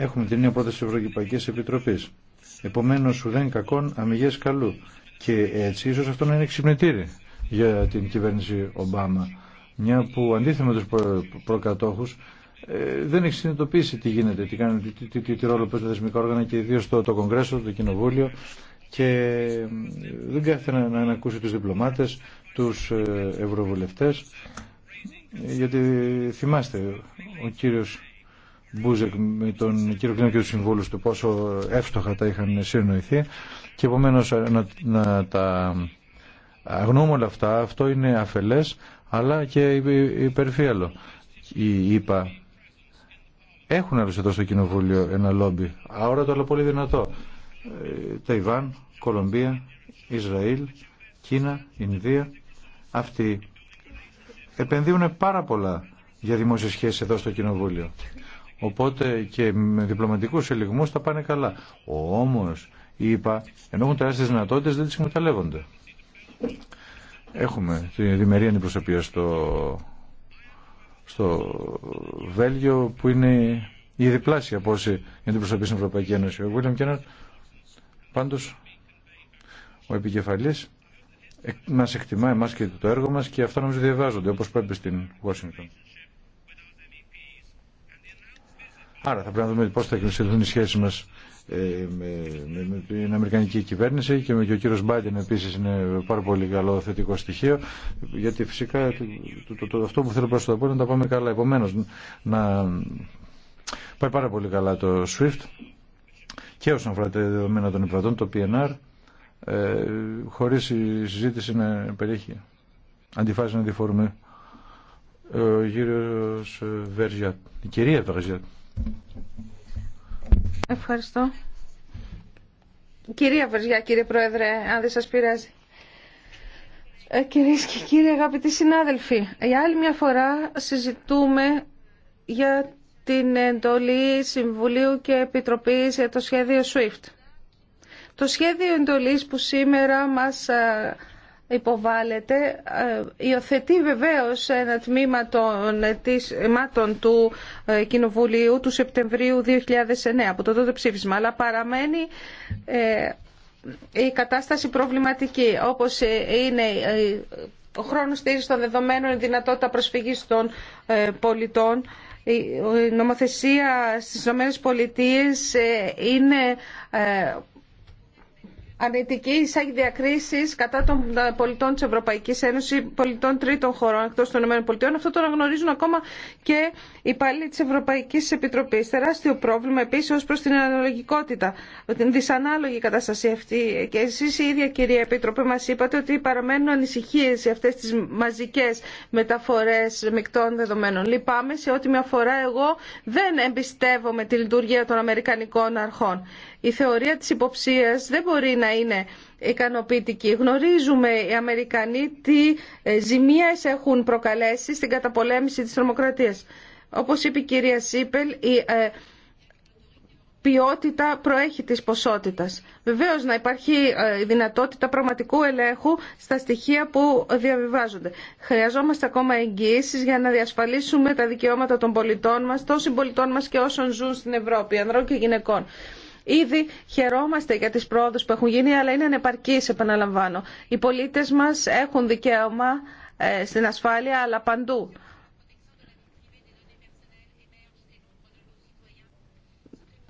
Έχουμε την νέα πρόταση Ευρωπαϊκή Επιτροπής. Επομένως, ουδέν κακόν, αμυγέ καλού. Και έτσι ίσως αυτό να είναι ξυπνητήρι για την κυβέρνηση Ομπάμα. Μια που αντίθετα με τους προκατόχους ε, δεν έχει συνειδητοποιήσει τι γίνεται, τι, κάνει, τι, τι, τι, τι ρόλο παίζουν τα θεσμικά όργανα και ιδίω το, το Κογκρέσο, το Κοινοβούλιο και δεν κάθεται να, να, να ακούσει τους διπλωμάτες, τους ε, γιατί θυμάστε ο κύριος Μπούζεκ με τον κύριο Κλίνο και τους συμβούλους του πόσο εύστοχα τα είχαν συνοηθεί και επομένω να, τα αγνοούμε όλα αυτά, αυτό είναι αφελές αλλά και υπερφύαλο. Η ΕΠΑ έχουν άλλωστε εδώ στο Κοινοβούλιο ένα λόμπι, αόρατο αλλά πολύ δυνατό. Ε, Ταϊβάν, Κολομπία, Ισραήλ, Κίνα, Ινδία, αυτοί επενδύουν πάρα πολλά για δημόσιες σχέσεις εδώ στο Κοινοβούλιο. Οπότε και με διπλωματικούς ελιγμούς θα πάνε καλά. Όμως, είπα, ενώ έχουν τεράστιες δυνατότητες δεν τις εκμεταλλεύονται. Έχουμε τη διμερή αντιπροσωπεία στο, στο Βέλγιο που είναι η διπλάσια από την αντιπροσωπεί στην Ευρωπαϊκή Ένωση. Ο Βίλιαμ Κέναρτ, πάντως, ο επικεφαλής, ε, μας εκτιμά εμάς και το έργο μας και αυτά νομίζω διαβάζονται όπως πρέπει στην Washington. Άρα θα πρέπει να δούμε πώς θα εξελιχθούν οι σχέσεις μας ε, με, την Αμερικανική κυβέρνηση και, με, και ο κύριος Μπάιντεν επίσης είναι πάρα πολύ καλό θετικό στοιχείο γιατί φυσικά το, αυτό που θέλω προς το πω είναι να τα πάμε καλά. Επομένως, να πάει πάρα πολύ καλά το SWIFT και όσον αφορά τα δεδομένα των υπηρετών, το PNR, ε, χωρίς η συζήτηση να περιέχει αντιφάσεις να διφορούμε. Ε, ο ε, η κυρία Ευχαριστώ. Κυρία Βερζιά, κύριε Πρόεδρε, αν δεν σας πειράζει. Ε, κυρίες και κύριοι αγαπητοί συνάδελφοι, για άλλη μια φορά συζητούμε για την εντολή Συμβουλίου και Επιτροπής για το σχέδιο SWIFT. Το σχέδιο εντολής που σήμερα μας ε, υποβάλλεται ε, υιοθετεί βεβαίως ένα τμήμα των αιτήσεων του ε, Κοινοβουλίου του Σεπτεμβρίου 2009 από το τότε ψήφισμα αλλά παραμένει ε, η κατάσταση προβληματική όπως είναι ο χρόνος στήριξη των δεδομένων η δυνατότητα προσφυγής των πολιτών η νομοθεσία στις ΗΠΑ είναι αρνητική εισάγει διακρίσει κατά των πολιτών τη Ευρωπαϊκή Ένωση, πολιτών τρίτων χωρών εκτό των ΗΠΑ. Αυτό το αναγνωρίζουν ακόμα και οι υπάλληλοι τη Ευρωπαϊκή Επιτροπή. Τεράστιο πρόβλημα επίση ω προ την αναλογικότητα, την δυσανάλογη κατάσταση αυτή. Και εσεί η ίδια, κυρία Επίτροπε, μα είπατε ότι παραμένουν ανησυχίε σε αυτέ τι μαζικέ μεταφορέ μεικτών δεδομένων. Λυπάμαι σε ό,τι με αφορά εγώ δεν εμπιστεύομαι τη λειτουργία των Αμερικανικών αρχών η θεωρία της υποψίας δεν μπορεί να είναι ικανοποιητική. Γνωρίζουμε οι Αμερικανοί τι ε, ζημίες έχουν προκαλέσει στην καταπολέμηση της τρομοκρατίας. Όπως είπε η κυρία Σίπελ, η ε, ποιότητα προέχει της ποσότητας. Βεβαίως να υπάρχει ε, δυνατότητα πραγματικού ελέγχου στα στοιχεία που διαβιβάζονται. Χρειαζόμαστε ακόμα εγγυήσεις για να διασφαλίσουμε τα δικαιώματα των πολιτών μας, των συμπολιτών μας και όσων ζουν στην Ευρώπη, ανδρών και γυναικών. Ήδη χαιρόμαστε για τις πρόοδους που έχουν γίνει, αλλά είναι ανεπαρκείς, επαναλαμβάνω. Οι πολίτες μας έχουν δικαίωμα ε, στην ασφάλεια, αλλά παντού.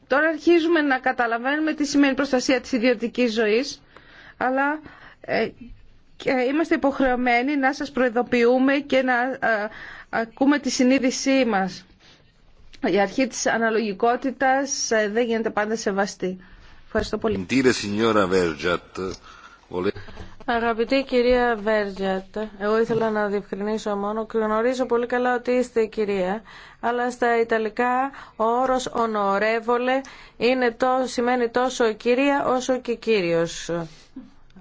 Τώρα αρχίζουμε να καταλαβαίνουμε τι σημαίνει προστασία της ιδιωτικής ζωής, αλλά ε, είμαστε υποχρεωμένοι να σας προειδοποιούμε και να ε, ακούμε τη συνείδησή μας η αρχή της αναλογικότητας ε, δεν γίνεται πάντα σεβαστή. Ευχαριστώ πολύ. Αγαπητή κυρία Βέρτζατ, εγώ ήθελα να διευκρινίσω μόνο, γνωρίζω πολύ καλά ότι είστε κυρία, αλλά στα Ιταλικά ο όρος ονορεύολε είναι το, σημαίνει τόσο κυρία όσο και κύριος.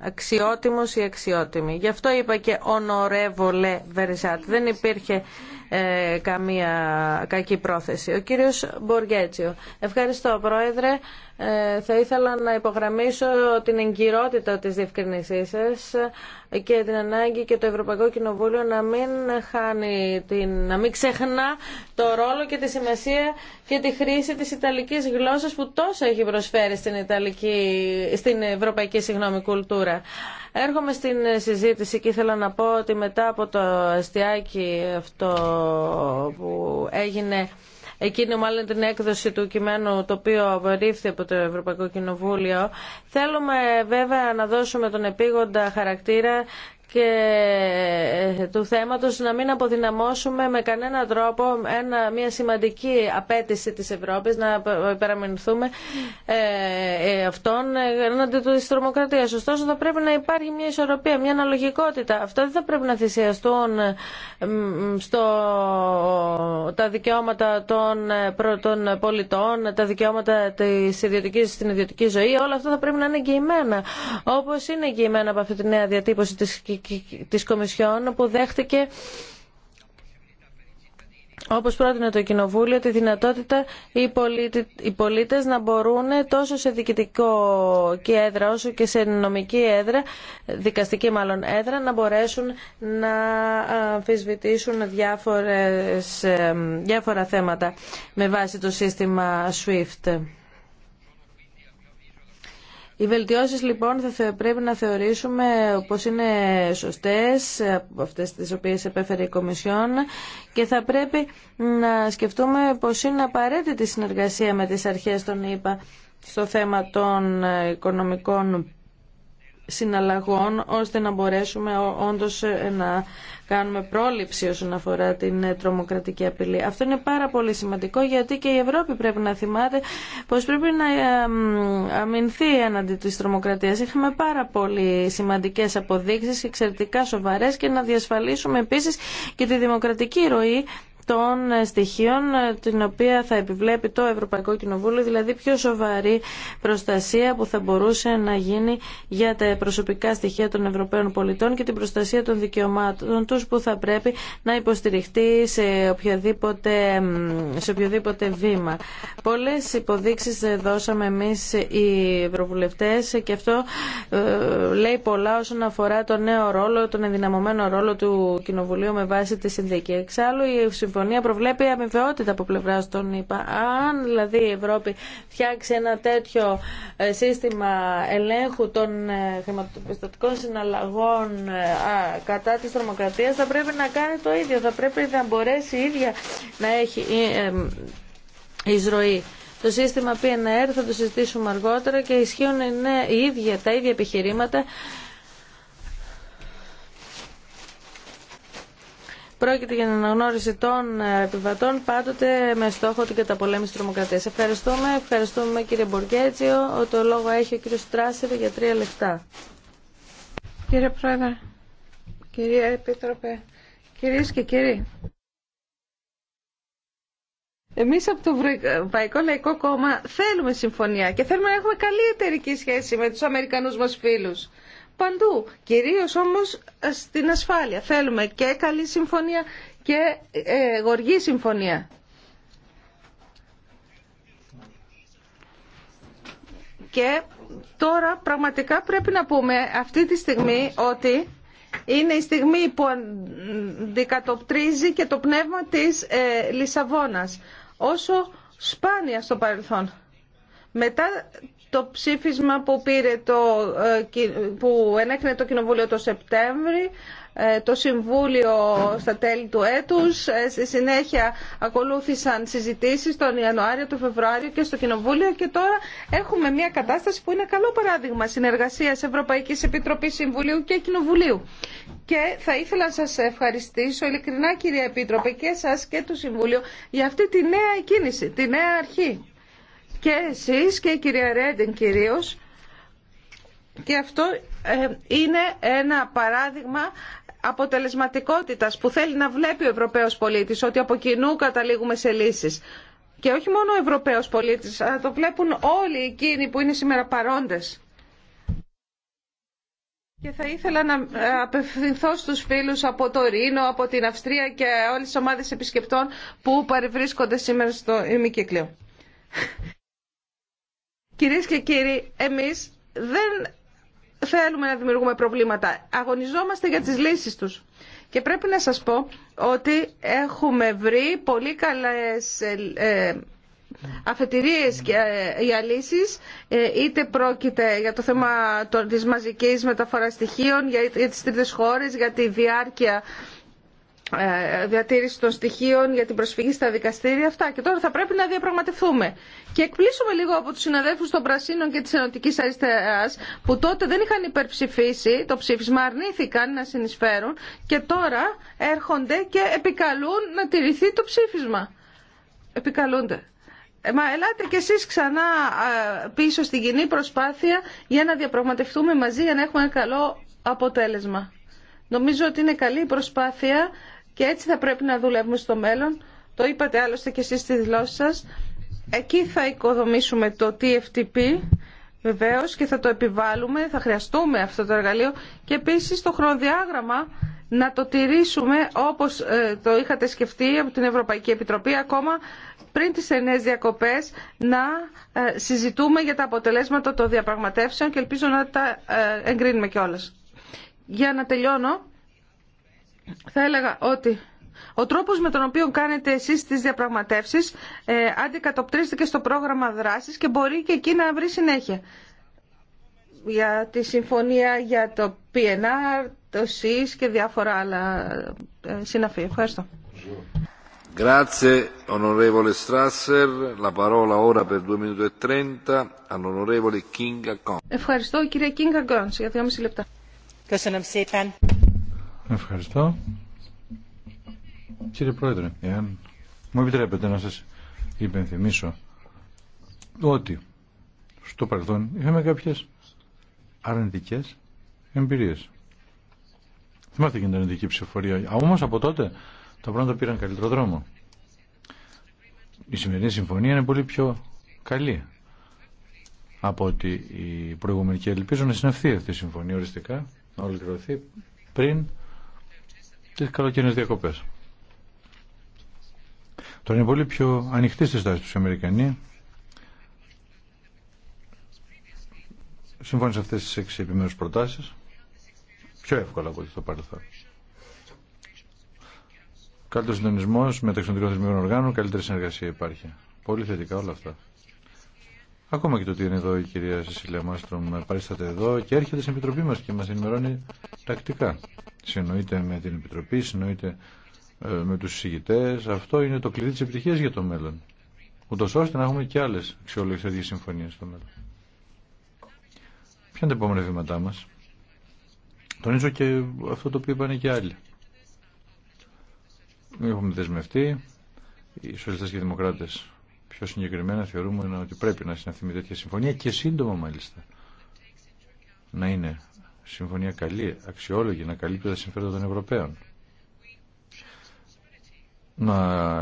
Αξιότιμος ή αξιότιμη. Γι' αυτό είπα και ονορεύολε Βερζάτ. Δεν υπήρχε ε, καμία κακή πρόθεση. Ο κύριος Μποργέτσιο. Ευχαριστώ, Πρόεδρε. Ε, θα ήθελα να υπογραμμίσω την εγκυρότητα της διευκρινήσής σας και την ανάγκη και το Ευρωπαϊκό Κοινοβούλιο να μην, χάνει την, να μην ξεχνά το ρόλο και τη σημασία και τη χρήση της Ιταλικής γλώσσας που τόσο έχει προσφέρει στην, Ιταλική, στην Ευρωπαϊκή συγγνώμη, κουλτούρα. Έρχομαι στην συζήτηση και ήθελα να πω ότι μετά από το αστιάκι αυτό που έγινε εκείνη μάλλον την έκδοση του κειμένου το οποίο απορρίφθη από το Ευρωπαϊκό Κοινοβούλιο. Θέλουμε βέβαια να δώσουμε τον επίγοντα χαρακτήρα και ε, του θέματος να μην αποδυναμώσουμε με κανένα τρόπο ένα, μια σημαντική απέτηση της Ευρώπης να υπεραμεινθούμε ε, ε αυτών εναντί της τρομοκρατίας. Ωστόσο θα πρέπει να υπάρχει μια ισορροπία, μια αναλογικότητα. Αυτά δεν θα πρέπει να θυσιαστούν στο, τα δικαιώματα των, ε, των πολιτών, τα δικαιώματα της ιδιωτικής, στην ιδιωτική ζωή. Όλα αυτά θα πρέπει να είναι εγγυημένα, όπως είναι εγγυημένα από αυτή τη νέα διατύπωση της της Κομισιόν που δέχτηκε όπως πρότεινε το Κοινοβούλιο, τη δυνατότητα οι πολίτες να μπορούν τόσο σε διοικητικό και έδρα όσο και σε νομική έδρα, δικαστική μάλλον έδρα, να μπορέσουν να αμφισβητήσουν διάφορες, ε, διάφορα θέματα με βάση το σύστημα SWIFT. Οι βελτιώσεις λοιπόν θα πρέπει να θεωρήσουμε πως είναι σωστές αυτές τις οποίες επέφερε η Κομισιόν και θα πρέπει να σκεφτούμε πως είναι απαραίτητη συνεργασία με τις αρχές των ΗΠΑ στο θέμα των οικονομικών συναλλαγών ώστε να μπορέσουμε όντως ε, να κάνουμε πρόληψη όσον αφορά την ε, τρομοκρατική απειλή. Αυτό είναι πάρα πολύ σημαντικό γιατί και η Ευρώπη πρέπει να θυμάται πως πρέπει να ε, αμυνθεί έναντι της τρομοκρατίας. Είχαμε πάρα πολύ σημαντικές αποδείξεις, εξαιρετικά σοβαρές και να διασφαλίσουμε επίσης και τη δημοκρατική ροή των ε, στοιχείων ε, την οποία θα επιβλέπει το Ευρωπαϊκό Κοινοβούλιο, δηλαδή πιο σοβαρή προστασία που θα μπορούσε να γίνει για τα προσωπικά στοιχεία των Ευρωπαίων πολιτών και την προστασία των δικαιωμάτων τους που θα πρέπει να υποστηριχτεί σε οποιοδήποτε, σε οποιοδήποτε βήμα. Πολλές υποδείξεις δώσαμε εμείς οι Ευρωβουλευτές και αυτό ε, λέει πολλά όσον αφορά τον νέο ρόλο, τον ενδυναμωμένο ρόλο του Κοινοβουλίου με βάση τη Συνδική. Εξάλλου, συμφωνία προβλέπει αμοιβαιότητα από πλευρά των ΗΠΑ. Αν δηλαδή η Ευρώπη φτιάξει ένα τέτοιο ε, σύστημα ελέγχου των ε, χρηματοπιστωτικών συναλλαγών ε, κατά της τρομοκρατίας θα πρέπει να κάνει το ίδιο. Θα πρέπει να μπορέσει η ίδια να έχει εισρωή. Το σύστημα PNR θα το συζητήσουμε αργότερα και ισχύουν ναι, ίδια, τα ίδια επιχειρήματα Πρόκειται για την αναγνώριση των ε, επιβατών πάντοτε με στόχο την καταπολέμηση τρομοκρατία. Ευχαριστούμε, ευχαριστούμε κύριε Μποργέτζιο, Το λόγο έχει ο κύριο Τράσερ για τρία λεπτά. Κύριε Πρόεδρε, κυρία Επίτροπε, κυρίες και κύριοι. Εμείς από το Βαϊκό Λαϊκό Κόμμα θέλουμε συμφωνία και θέλουμε να έχουμε καλύτερη σχέση με τους Αμερικανούς μας φίλους παντού, κυρίως όμως ε, στην ασφάλεια. Θέλουμε και καλή συμφωνία και ε, γοργή συμφωνία. Και τώρα πραγματικά πρέπει να πούμε αυτή τη στιγμή ότι είναι η στιγμή που αντικατοπτρίζει και το πνεύμα της ε, Λισαβόνας. Όσο σπάνια στο παρελθόν. Μετά το ψήφισμα που, πήρε το, ε, που ενέκρινε το Κοινοβούλιο το Σεπτέμβρη, ε, το Συμβούλιο στα τέλη του έτους. Ε, στη συνέχεια ακολούθησαν συζητήσεις τον Ιανουάριο, τον Φεβρουάριο και στο Κοινοβούλιο και τώρα έχουμε μια κατάσταση που είναι καλό παράδειγμα συνεργασίας Ευρωπαϊκής Επιτροπής Συμβουλίου και Κοινοβουλίου. Και θα ήθελα να σας ευχαριστήσω ειλικρινά κυρία Επίτροπε και σας και το Συμβούλιο για αυτή τη νέα κίνηση, τη νέα αρχή και εσείς και η κυρία Ρέντιν κυρίως και αυτό ε, είναι ένα παράδειγμα αποτελεσματικότητας που θέλει να βλέπει ο Ευρωπαίος πολίτης ότι από κοινού καταλήγουμε σε λύσεις. Και όχι μόνο ο Ευρωπαίος πολίτης, αλλά το βλέπουν όλοι εκείνοι που είναι σήμερα παρόντες. Και θα ήθελα να ε, απευθυνθώ στους φίλους από το Ρήνο, από την Αυστρία και όλες τις ομάδες επισκεπτών που παρευρίσκονται σήμερα στο ημικύκλιο. Κυρίες και κύριοι, εμείς δεν θέλουμε να δημιουργούμε προβλήματα. Αγωνιζόμαστε για τις λύσεις τους. Και πρέπει να σας πω ότι έχουμε βρει πολύ καλές ε, ε, αφετηρίες ε, για λύσεις, είτε πρόκειται για το θέμα της μαζικής μεταφοράς στοιχείων, για τις τρίτες χώρες, για τη διάρκεια ε, διατήρηση των στοιχείων για την προσφυγή στα δικαστήρια αυτά και τώρα θα πρέπει να διαπραγματευτούμε και εκπλήσουμε λίγο από τους συναδέλφους των Πρασίνων και της Ενωτικής Αριστεράς που τότε δεν είχαν υπερψηφίσει το ψήφισμα αρνήθηκαν να συνεισφέρουν και τώρα έρχονται και επικαλούν να τηρηθεί το ψήφισμα επικαλούνται ε, Μα ελάτε κι εσείς ξανά πίσω στην κοινή προσπάθεια για να διαπραγματευτούμε μαζί για να έχουμε ένα καλό αποτέλεσμα. Νομίζω ότι είναι καλή η προσπάθεια και έτσι θα πρέπει να δουλεύουμε στο μέλλον. Το είπατε άλλωστε και εσείς στη δηλώση σας. Εκεί θα οικοδομήσουμε το TFTP βεβαίως και θα το επιβάλλουμε, θα χρειαστούμε αυτό το εργαλείο και επίσης το χρονοδιάγραμμα να το τηρήσουμε όπως ε, το είχατε σκεφτεί από την Ευρωπαϊκή Επιτροπή ακόμα πριν τις ενές διακοπές να ε, συζητούμε για τα αποτελέσματα των διαπραγματεύσεων και ελπίζω να τα ε, εγκρίνουμε κιόλας. Για να τελειώνω, θα έλεγα ότι ο τρόπος με τον οποίο κάνετε εσείς τις διαπραγματεύσεις ε, αντικατοπτρίζεται και στο πρόγραμμα δράσης και μπορεί και εκεί να βρει συνέχεια. Για τη συμφωνία για το PNR, το ΣΥΣ και διάφορα άλλα ε, συναφή. Ευχαριστώ. Grazie onorevole Strasser. La parola ora per 2 minuti e 30 all'onorevole Kinga Gons. Ευχαριστώ κυρία Kinga Gons για 2,5 λεπτά. Köszönöm Ευχαριστώ. Κύριε Πρόεδρε, εάν μου επιτρέπετε να σας υπενθυμίσω ότι στο παρελθόν είχαμε κάποιες αρνητικές εμπειρίες. Θυμάστε και την αρνητική ψηφορία. Όμως από τότε τα πράγματα πήραν καλύτερο δρόμο. Η σημερινή συμφωνία είναι πολύ πιο καλή από ότι η προηγούμενη και ελπίζω να συναυθεί αυτή η συμφωνία οριστικά, να ολοκληρωθεί πριν τις καλοκαιρινές διακοπές. Τώρα είναι πολύ πιο ανοιχτή στι τάσεις τους οι Αμερικανοί. Σύμφωνα σε αυτές τις έξι επιμέρους προτάσεις, πιο εύκολα από ό,τι το παρελθόν. Καλύτερο συντονισμό μεταξύ των θεσμικών οργάνων, καλύτερη συνεργασία υπάρχει. Πολύ θετικά όλα αυτά. Ακόμα και το ότι είναι εδώ η κυρία Σεσίλια Μάστρομ παρίσταται εδώ και έρχεται στην Επιτροπή μα και μα ενημερώνει τακτικά συνοείται με την Επιτροπή, συνοείται ε, με τους συζητητές. Αυτό είναι το κλειδί της επιτυχίας για το μέλλον. Ούτως ώστε να έχουμε και άλλες αξιόλογες συμφωνίες στο μέλλον. Ποια είναι τα επόμενα βήματά μας. Τονίζω και αυτό το οποίο είπαν και άλλοι. Έχουμε δεσμευτεί. Οι σοσιαλιστές και οι δημοκράτες πιο συγκεκριμένα θεωρούμε ότι πρέπει να με τέτοια συμφωνία και σύντομα μάλιστα να είναι συμφωνία καλή, αξιόλογη, να καλύπτει τα συμφέροντα των Ευρωπαίων. Να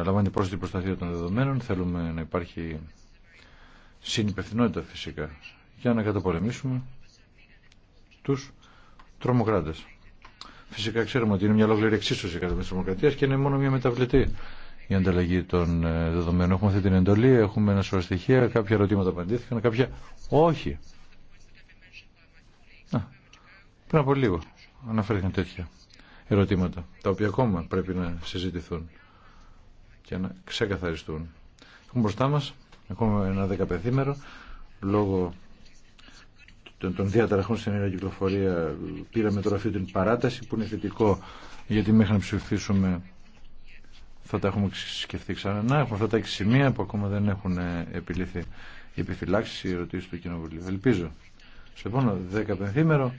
λαμβάνει πρόσθετη προστασία των δεδομένων, θέλουμε να υπάρχει συνυπευθυνότητα φυσικά για να καταπολεμήσουμε τους τρομοκράτες. Φυσικά ξέρουμε ότι είναι μια ολόκληρη εξίσωση κατά της τρομοκρατίας και είναι μόνο μια μεταβλητή η ανταλλαγή των ε, δεδομένων. Έχουμε αυτή την εντολή, έχουμε ένα σωρό στοιχεία, κάποια ερωτήματα απαντήθηκαν, κάποια όχι. Πριν από λίγο αναφέρθηκαν τέτοια ερωτήματα, τα οποία ακόμα πρέπει να συζητηθούν και να ξεκαθαριστούν. Έχουμε μπροστά μας ακόμα ένα δεκαπενθήμερο λόγω των, των διαταραχών στην κυκλοφορία πήραμε τώρα αυτή την παράταση που είναι θετικό γιατί μέχρι να ψηφίσουμε θα τα έχουμε σκεφτεί ξανά. Να έχουμε αυτά τα έξι σημεία που ακόμα δεν έχουν επιληθεί οι επιφυλάξει, οι ερωτήσει του Κοινοβουλίου. Ελπίζω. Σε επόμενο δεκαπενθήμερο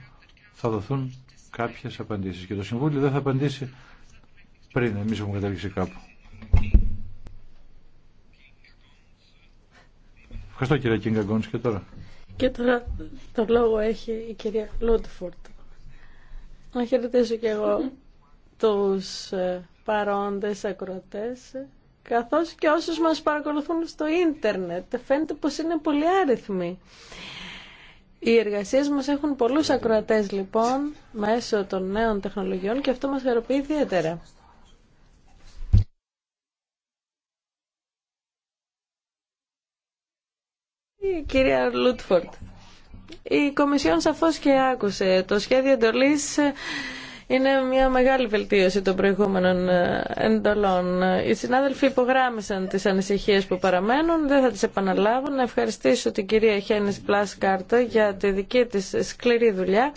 θα δοθούν κάποιες απαντήσεις και το Συμβούλιο δεν θα απαντήσει πριν εμείς έχουμε καταλήξει κάπου. Ευχαριστώ κυρία Κίνγκα Γκόνς και τώρα. Και τώρα το λόγο έχει η κυρία Λούντφορτ. Να χαιρετήσω και εγώ τους ε, παρόντες ακροτές καθώς και όσους μας παρακολουθούν στο ίντερνετ. Φαίνεται πως είναι πολύ άριθμοι. Οι εργασίε μα έχουν πολλού ακροατέ λοιπόν μέσω των νέων τεχνολογιών και αυτό μα χαροποιεί ιδιαίτερα. Η κυρία Λούτφορντ. Η Κομισιόν σαφώς και άκουσε το σχέδιο εντολή είναι μια μεγάλη βελτίωση των προηγούμενων ε, εντολών. Οι συνάδελφοι υπογράμμισαν τις ανησυχίες που παραμένουν, δεν θα τις επαναλάβουν. Να ευχαριστήσω την κυρία Χένης Πλάσκαρτα για τη δική της σκληρή δουλειά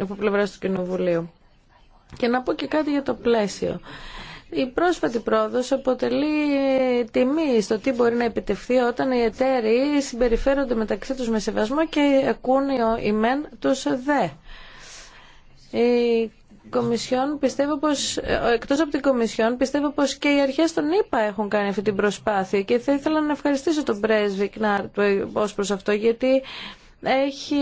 από πλευρά του Κοινοβουλίου. Και να πω και κάτι για το πλαίσιο. Η πρόσφατη πρόοδος αποτελεί τιμή στο τι μπορεί να επιτευχθεί όταν οι εταίροι συμπεριφέρονται μεταξύ τους με σεβασμό και ακούν οι μεν τους δε. Κομισιόν πιστεύω πως, ε, εκτός από την Κομισιόν, πιστεύω πως και οι αρχές των ΗΠΑ έχουν κάνει αυτή την προσπάθεια και θα ήθελα να ευχαριστήσω τον πρέσβη Κνάρτ ως προς αυτό γιατί έχει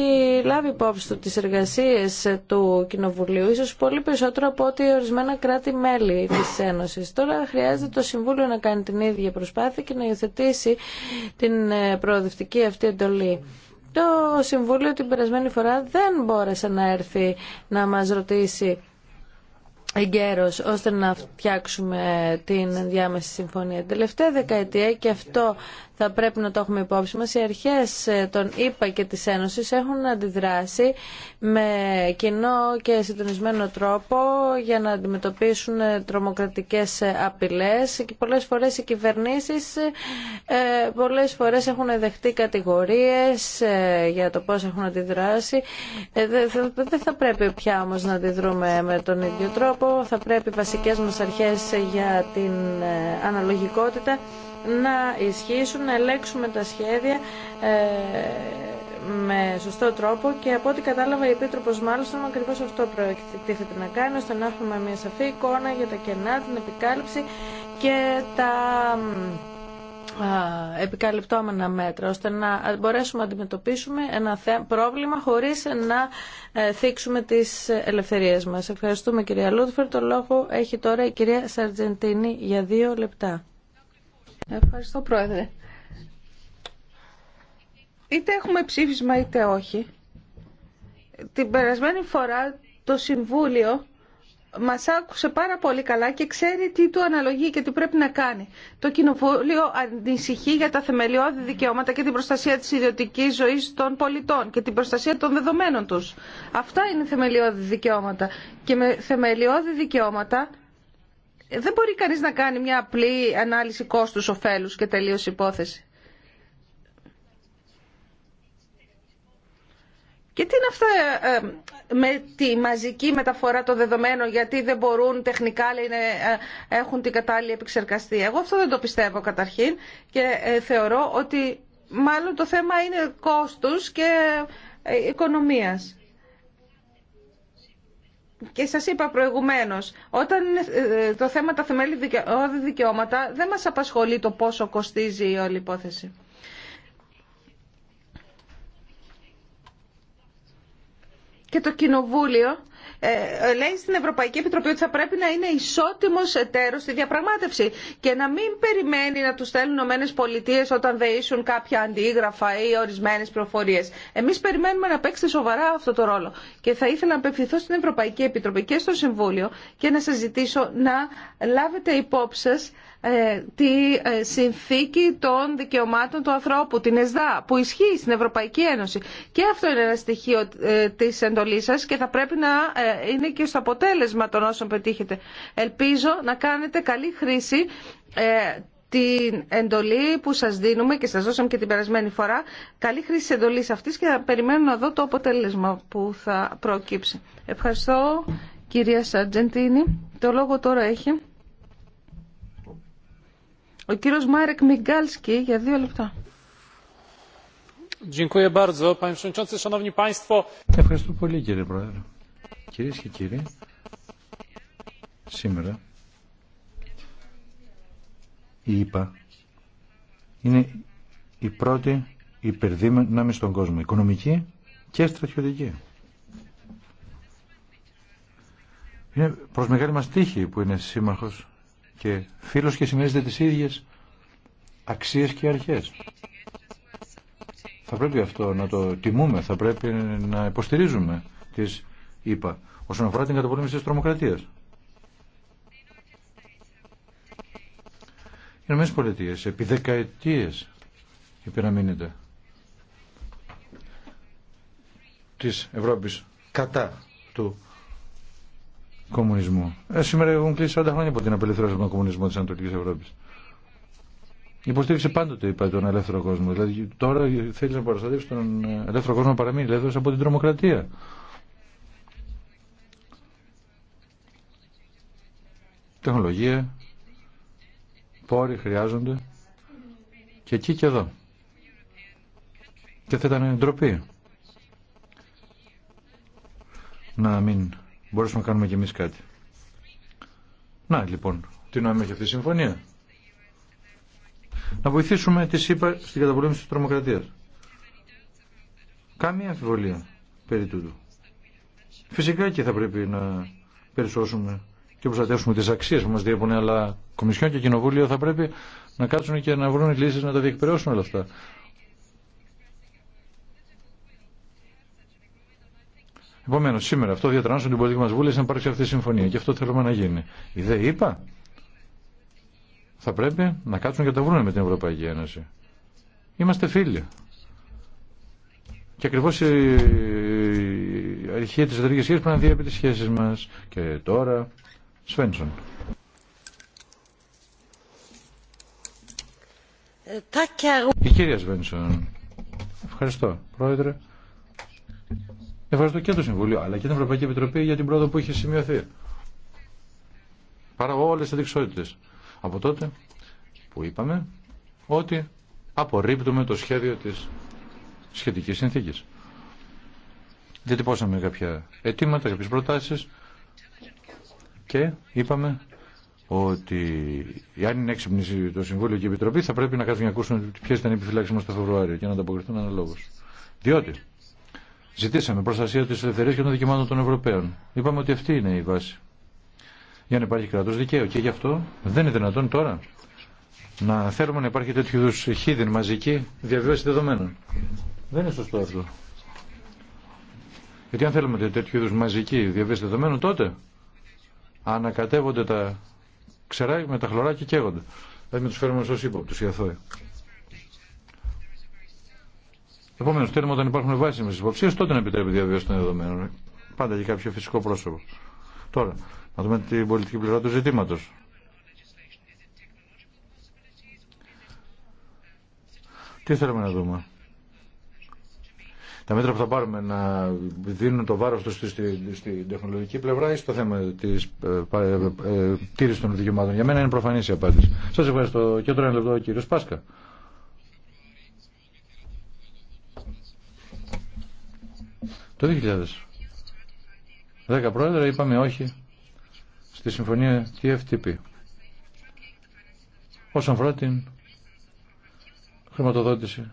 λάβει υπόψη του τις εργασίες του Κοινοβουλίου, ίσως πολύ περισσότερο από ότι ορισμένα κράτη-μέλη της Ένωσης. Τώρα χρειάζεται το Συμβούλιο να κάνει την ίδια προσπάθεια και να υιοθετήσει την ε, προοδευτική αυτή εντολή. Το Συμβούλιο την περασμένη φορά δεν μπόρεσε να έρθει να μας ρωτήσει εγκαίρος ώστε να φτιάξουμε την διάμεση συμφωνία. Τελευταία δεκαετία και αυτό θα πρέπει να το έχουμε υπόψη μας. Οι αρχές ε, των ΗΠΑ και της Ένωσης έχουν αντιδράσει με κοινό και συντονισμένο τρόπο για να αντιμετωπίσουν ε, τρομοκρατικές ε, απειλές και πολλές φορές οι κυβερνήσεις πολλές φορές έχουν δεχτεί κατηγορίες για το πώς έχουν αντιδράσει. Δεν θα πρέπει πια όμως να αντιδρούμε με τον ίδιο τρόπο. Θα πρέπει οι βασικές μας αρχές για την αναλογικότητα να ισχύσουν, να ελέγξουμε τα σχέδια ε, με σωστό τρόπο και από ό,τι κατάλαβα η Επίτροπος μάλιστα ακριβώς αυτό προεκτήθεται να κάνει ώστε να έχουμε μια σαφή εικόνα για τα κενά, την επικάλυψη και τα επικαλυπτόμενα μέτρα ώστε να μπορέσουμε να αντιμετωπίσουμε ένα πρόβλημα χωρίς να ε, θίξουμε τις ελευθερίες μας. Ευχαριστούμε κυρία Λούτφερ. Το λόγο έχει τώρα η κυρία Σαρτζεντίνη για δύο λεπτά. Ευχαριστώ, Πρόεδρε. Είτε έχουμε ψήφισμα είτε όχι. Την περασμένη φορά το Συμβούλιο μας άκουσε πάρα πολύ καλά και ξέρει τι του αναλογεί και τι πρέπει να κάνει. Το Κοινοβούλιο ανησυχεί για τα θεμελιώδη δικαιώματα και την προστασία της ιδιωτικής ζωής των πολιτών και την προστασία των δεδομένων τους. Αυτά είναι θεμελιώδη δικαιώματα. Και με θεμελιώδη δικαιώματα δεν μπορεί κανείς να κάνει μια απλή ανάλυση κόστους ωφέλους και τελείως υπόθεση. Και τι είναι αυτά ε, με τη μαζική μεταφορά των δεδομένων, γιατί δεν μπορούν τεχνικά λέει, ε, έχουν την κατάλληλη επεξεργαστή. Εγώ αυτό δεν το πιστεύω καταρχήν και ε, θεωρώ ότι μάλλον το θέμα είναι κόστους και οικονομίας και σας είπα προηγουμένως, όταν ε, το θέμα τα θεμέλια δικαιώματα δεν μας απασχολεί το πόσο κοστίζει η όλη υπόθεση. Και το Κοινοβούλιο ε, λέει στην Ευρωπαϊκή Επιτροπή ότι θα πρέπει να είναι ισότιμο εταίρο στη διαπραγμάτευση και να μην περιμένει να του στέλνουν ΟΠΑ πολιτείε όταν δεήσουν κάποια αντίγραφα ή ορισμένες προφορίες. Εμείς περιμένουμε να παίξετε σοβαρά αυτό το ρόλο. Και θα ήθελα να απευθυνθώ στην Ευρωπαϊκή Επιτροπή και στο Συμβούλιο και να σα ζητήσω να λάβετε υπόψη σας ε, τη ε, συνθήκη των δικαιωμάτων του ανθρώπου, την ΕΣΔΑ, που ισχύει στην Ευρωπαϊκή Ένωση. Και αυτό είναι ένα στοιχείο ε, της εντολής σας και θα πρέπει να είναι και στο αποτέλεσμα των όσων πετύχετε. Ελπίζω να κάνετε καλή χρήση την εντολή που σας δίνουμε και σας δώσαμε και την περασμένη φορά. Καλή χρήση της εντολής αυτής και θα περιμένω να δω το αποτέλεσμα που θα προκύψει. Ευχαριστώ κυρία Σαρτζεντίνη. Το λόγο τώρα έχει. Ο κύριος Μάρεκ Μιγκάλσκι για δύο λεπτά. Ευχαριστώ πολύ κύριε Πρόεδρε. Κυρίε και κύριοι, σήμερα η ΕΠΑ είναι η πρώτη υπερδύναμη στον κόσμο, οικονομική και στρατιωτική. Είναι προς μεγάλη μας τύχη που είναι σύμμαχος και φίλος και συμμερίζεται τις ίδιες αξίες και αρχές. Θα πρέπει αυτό να το τιμούμε, θα πρέπει να υποστηρίζουμε τις είπα όσον αφορά την καταπολέμηση της τρομοκρατίας. Οι Ηνωμένες Πολιτείες επί δεκαετίες υπεραμείνεται της Ευρώπης κατά του Κομμουνισμό. Ε, σήμερα έχουν κλείσει 40 χρόνια από την απελευθέρωση από τον κομμουνισμό τη Ανατολική Ευρώπη. Υποστήριξε πάντοτε, είπα, τον ελεύθερο κόσμο. Δηλαδή, τώρα θέλει να παραστατεύσει τον ε, ελεύθερο κόσμο να παραμείνει ελεύθερο από την τρομοκρατία. Τεχνολογία, πόροι χρειάζονται και εκεί και εδώ. Και θα ήταν ντροπή να μην μπορέσουμε να κάνουμε κι εμείς κάτι. Να λοιπόν, τι νόημα έχει αυτή η συμφωνία. Να βοηθήσουμε τη ΣΥΠΑ στην καταπολέμηση της τρομοκρατίας. Καμία αμφιβολία περί τούτου. Φυσικά και θα πρέπει να περισσώσουμε και προστατεύσουμε τις αξίες που μας διέπουν, αλλά Κομισιόν και Κοινοβούλιο θα πρέπει να κάτσουν και να βρουν λύσεις να τα διεκπαιρεώσουν όλα αυτά. Επομένω, σήμερα αυτό διατρανώσουν την πολιτική μα βούληση να υπάρξει αυτή η συμφωνία και αυτό θέλουμε να γίνει. Η ΔΕ είπα θα πρέπει να κάτσουν και τα βρούμε με την Ευρωπαϊκή Ένωση. Είμαστε φίλοι. Και ακριβώ η αρχή τη εταιρική σχέση πρέπει να διέπει τι σχέσει μα. Και τώρα, Σφένσον. Ε, η κυρία Σβένσον. Ευχαριστώ, Πρόεδρε. Ευχαριστώ και το Συμβούλιο αλλά και την Ευρωπαϊκή Επιτροπή για την πρόοδο που είχε σημειωθεί. Παρά όλε τι δεξιότητε. Από τότε που είπαμε ότι απορρίπτουμε το σχέδιο τη σχετική συνθήκη. Διατυπώσαμε κάποια αιτήματα, κάποιε προτάσει και είπαμε ότι αν είναι έξυπνη το Συμβούλιο και η Επιτροπή θα πρέπει να κάτσουν να ακούσουν ποιε ήταν οι επιφυλάξει μα το Φεβρουάριο και να ανταποκριθούν αναλόγω. Διότι Ζητήσαμε προστασία τη ελευθερία και των δικαιωμάτων των Ευρωπαίων. Είπαμε ότι αυτή είναι η βάση. Για να υπάρχει κράτο δικαίου. Και γι' αυτό δεν είναι δυνατόν τώρα να θέλουμε να υπάρχει τέτοιου είδου χίδιν μαζική διαβίωση δεδομένων. Δεν είναι σωστό αυτό. Γιατί αν θέλουμε τέτοιου είδου μαζική διαβίωση δεδομένων, τότε ανακατεύονται τα ξερά με τα χλωρά και καίγονται. Δηλαδή με του φέρουμε ω ύποπτου οι αθώοι. Επομένω, θέλουμε όταν υπάρχουν βάσιμε υποψίε, τότε να επιτρέπει διαβίωση των δεδομένων. Πάντα για κάποιο φυσικό πρόσωπο. Τώρα, να δούμε την πολιτική πλευρά του ζητήματο. Τι θέλουμε να δούμε. Τα μέτρα που θα πάρουμε να δίνουν το βάρος τους στην στη, στη τεχνολογική πλευρά ή στο θέμα της ε, ε, ε των δικαιωμάτων. Για μένα είναι προφανής η απάντηση. Σας ευχαριστώ. Και τώρα ένα λεπτό ο κύριος Πάσκα. Το 2010 πρόεδρε είπαμε όχι στη συμφωνία TFTP όσον αφορά την χρηματοδότηση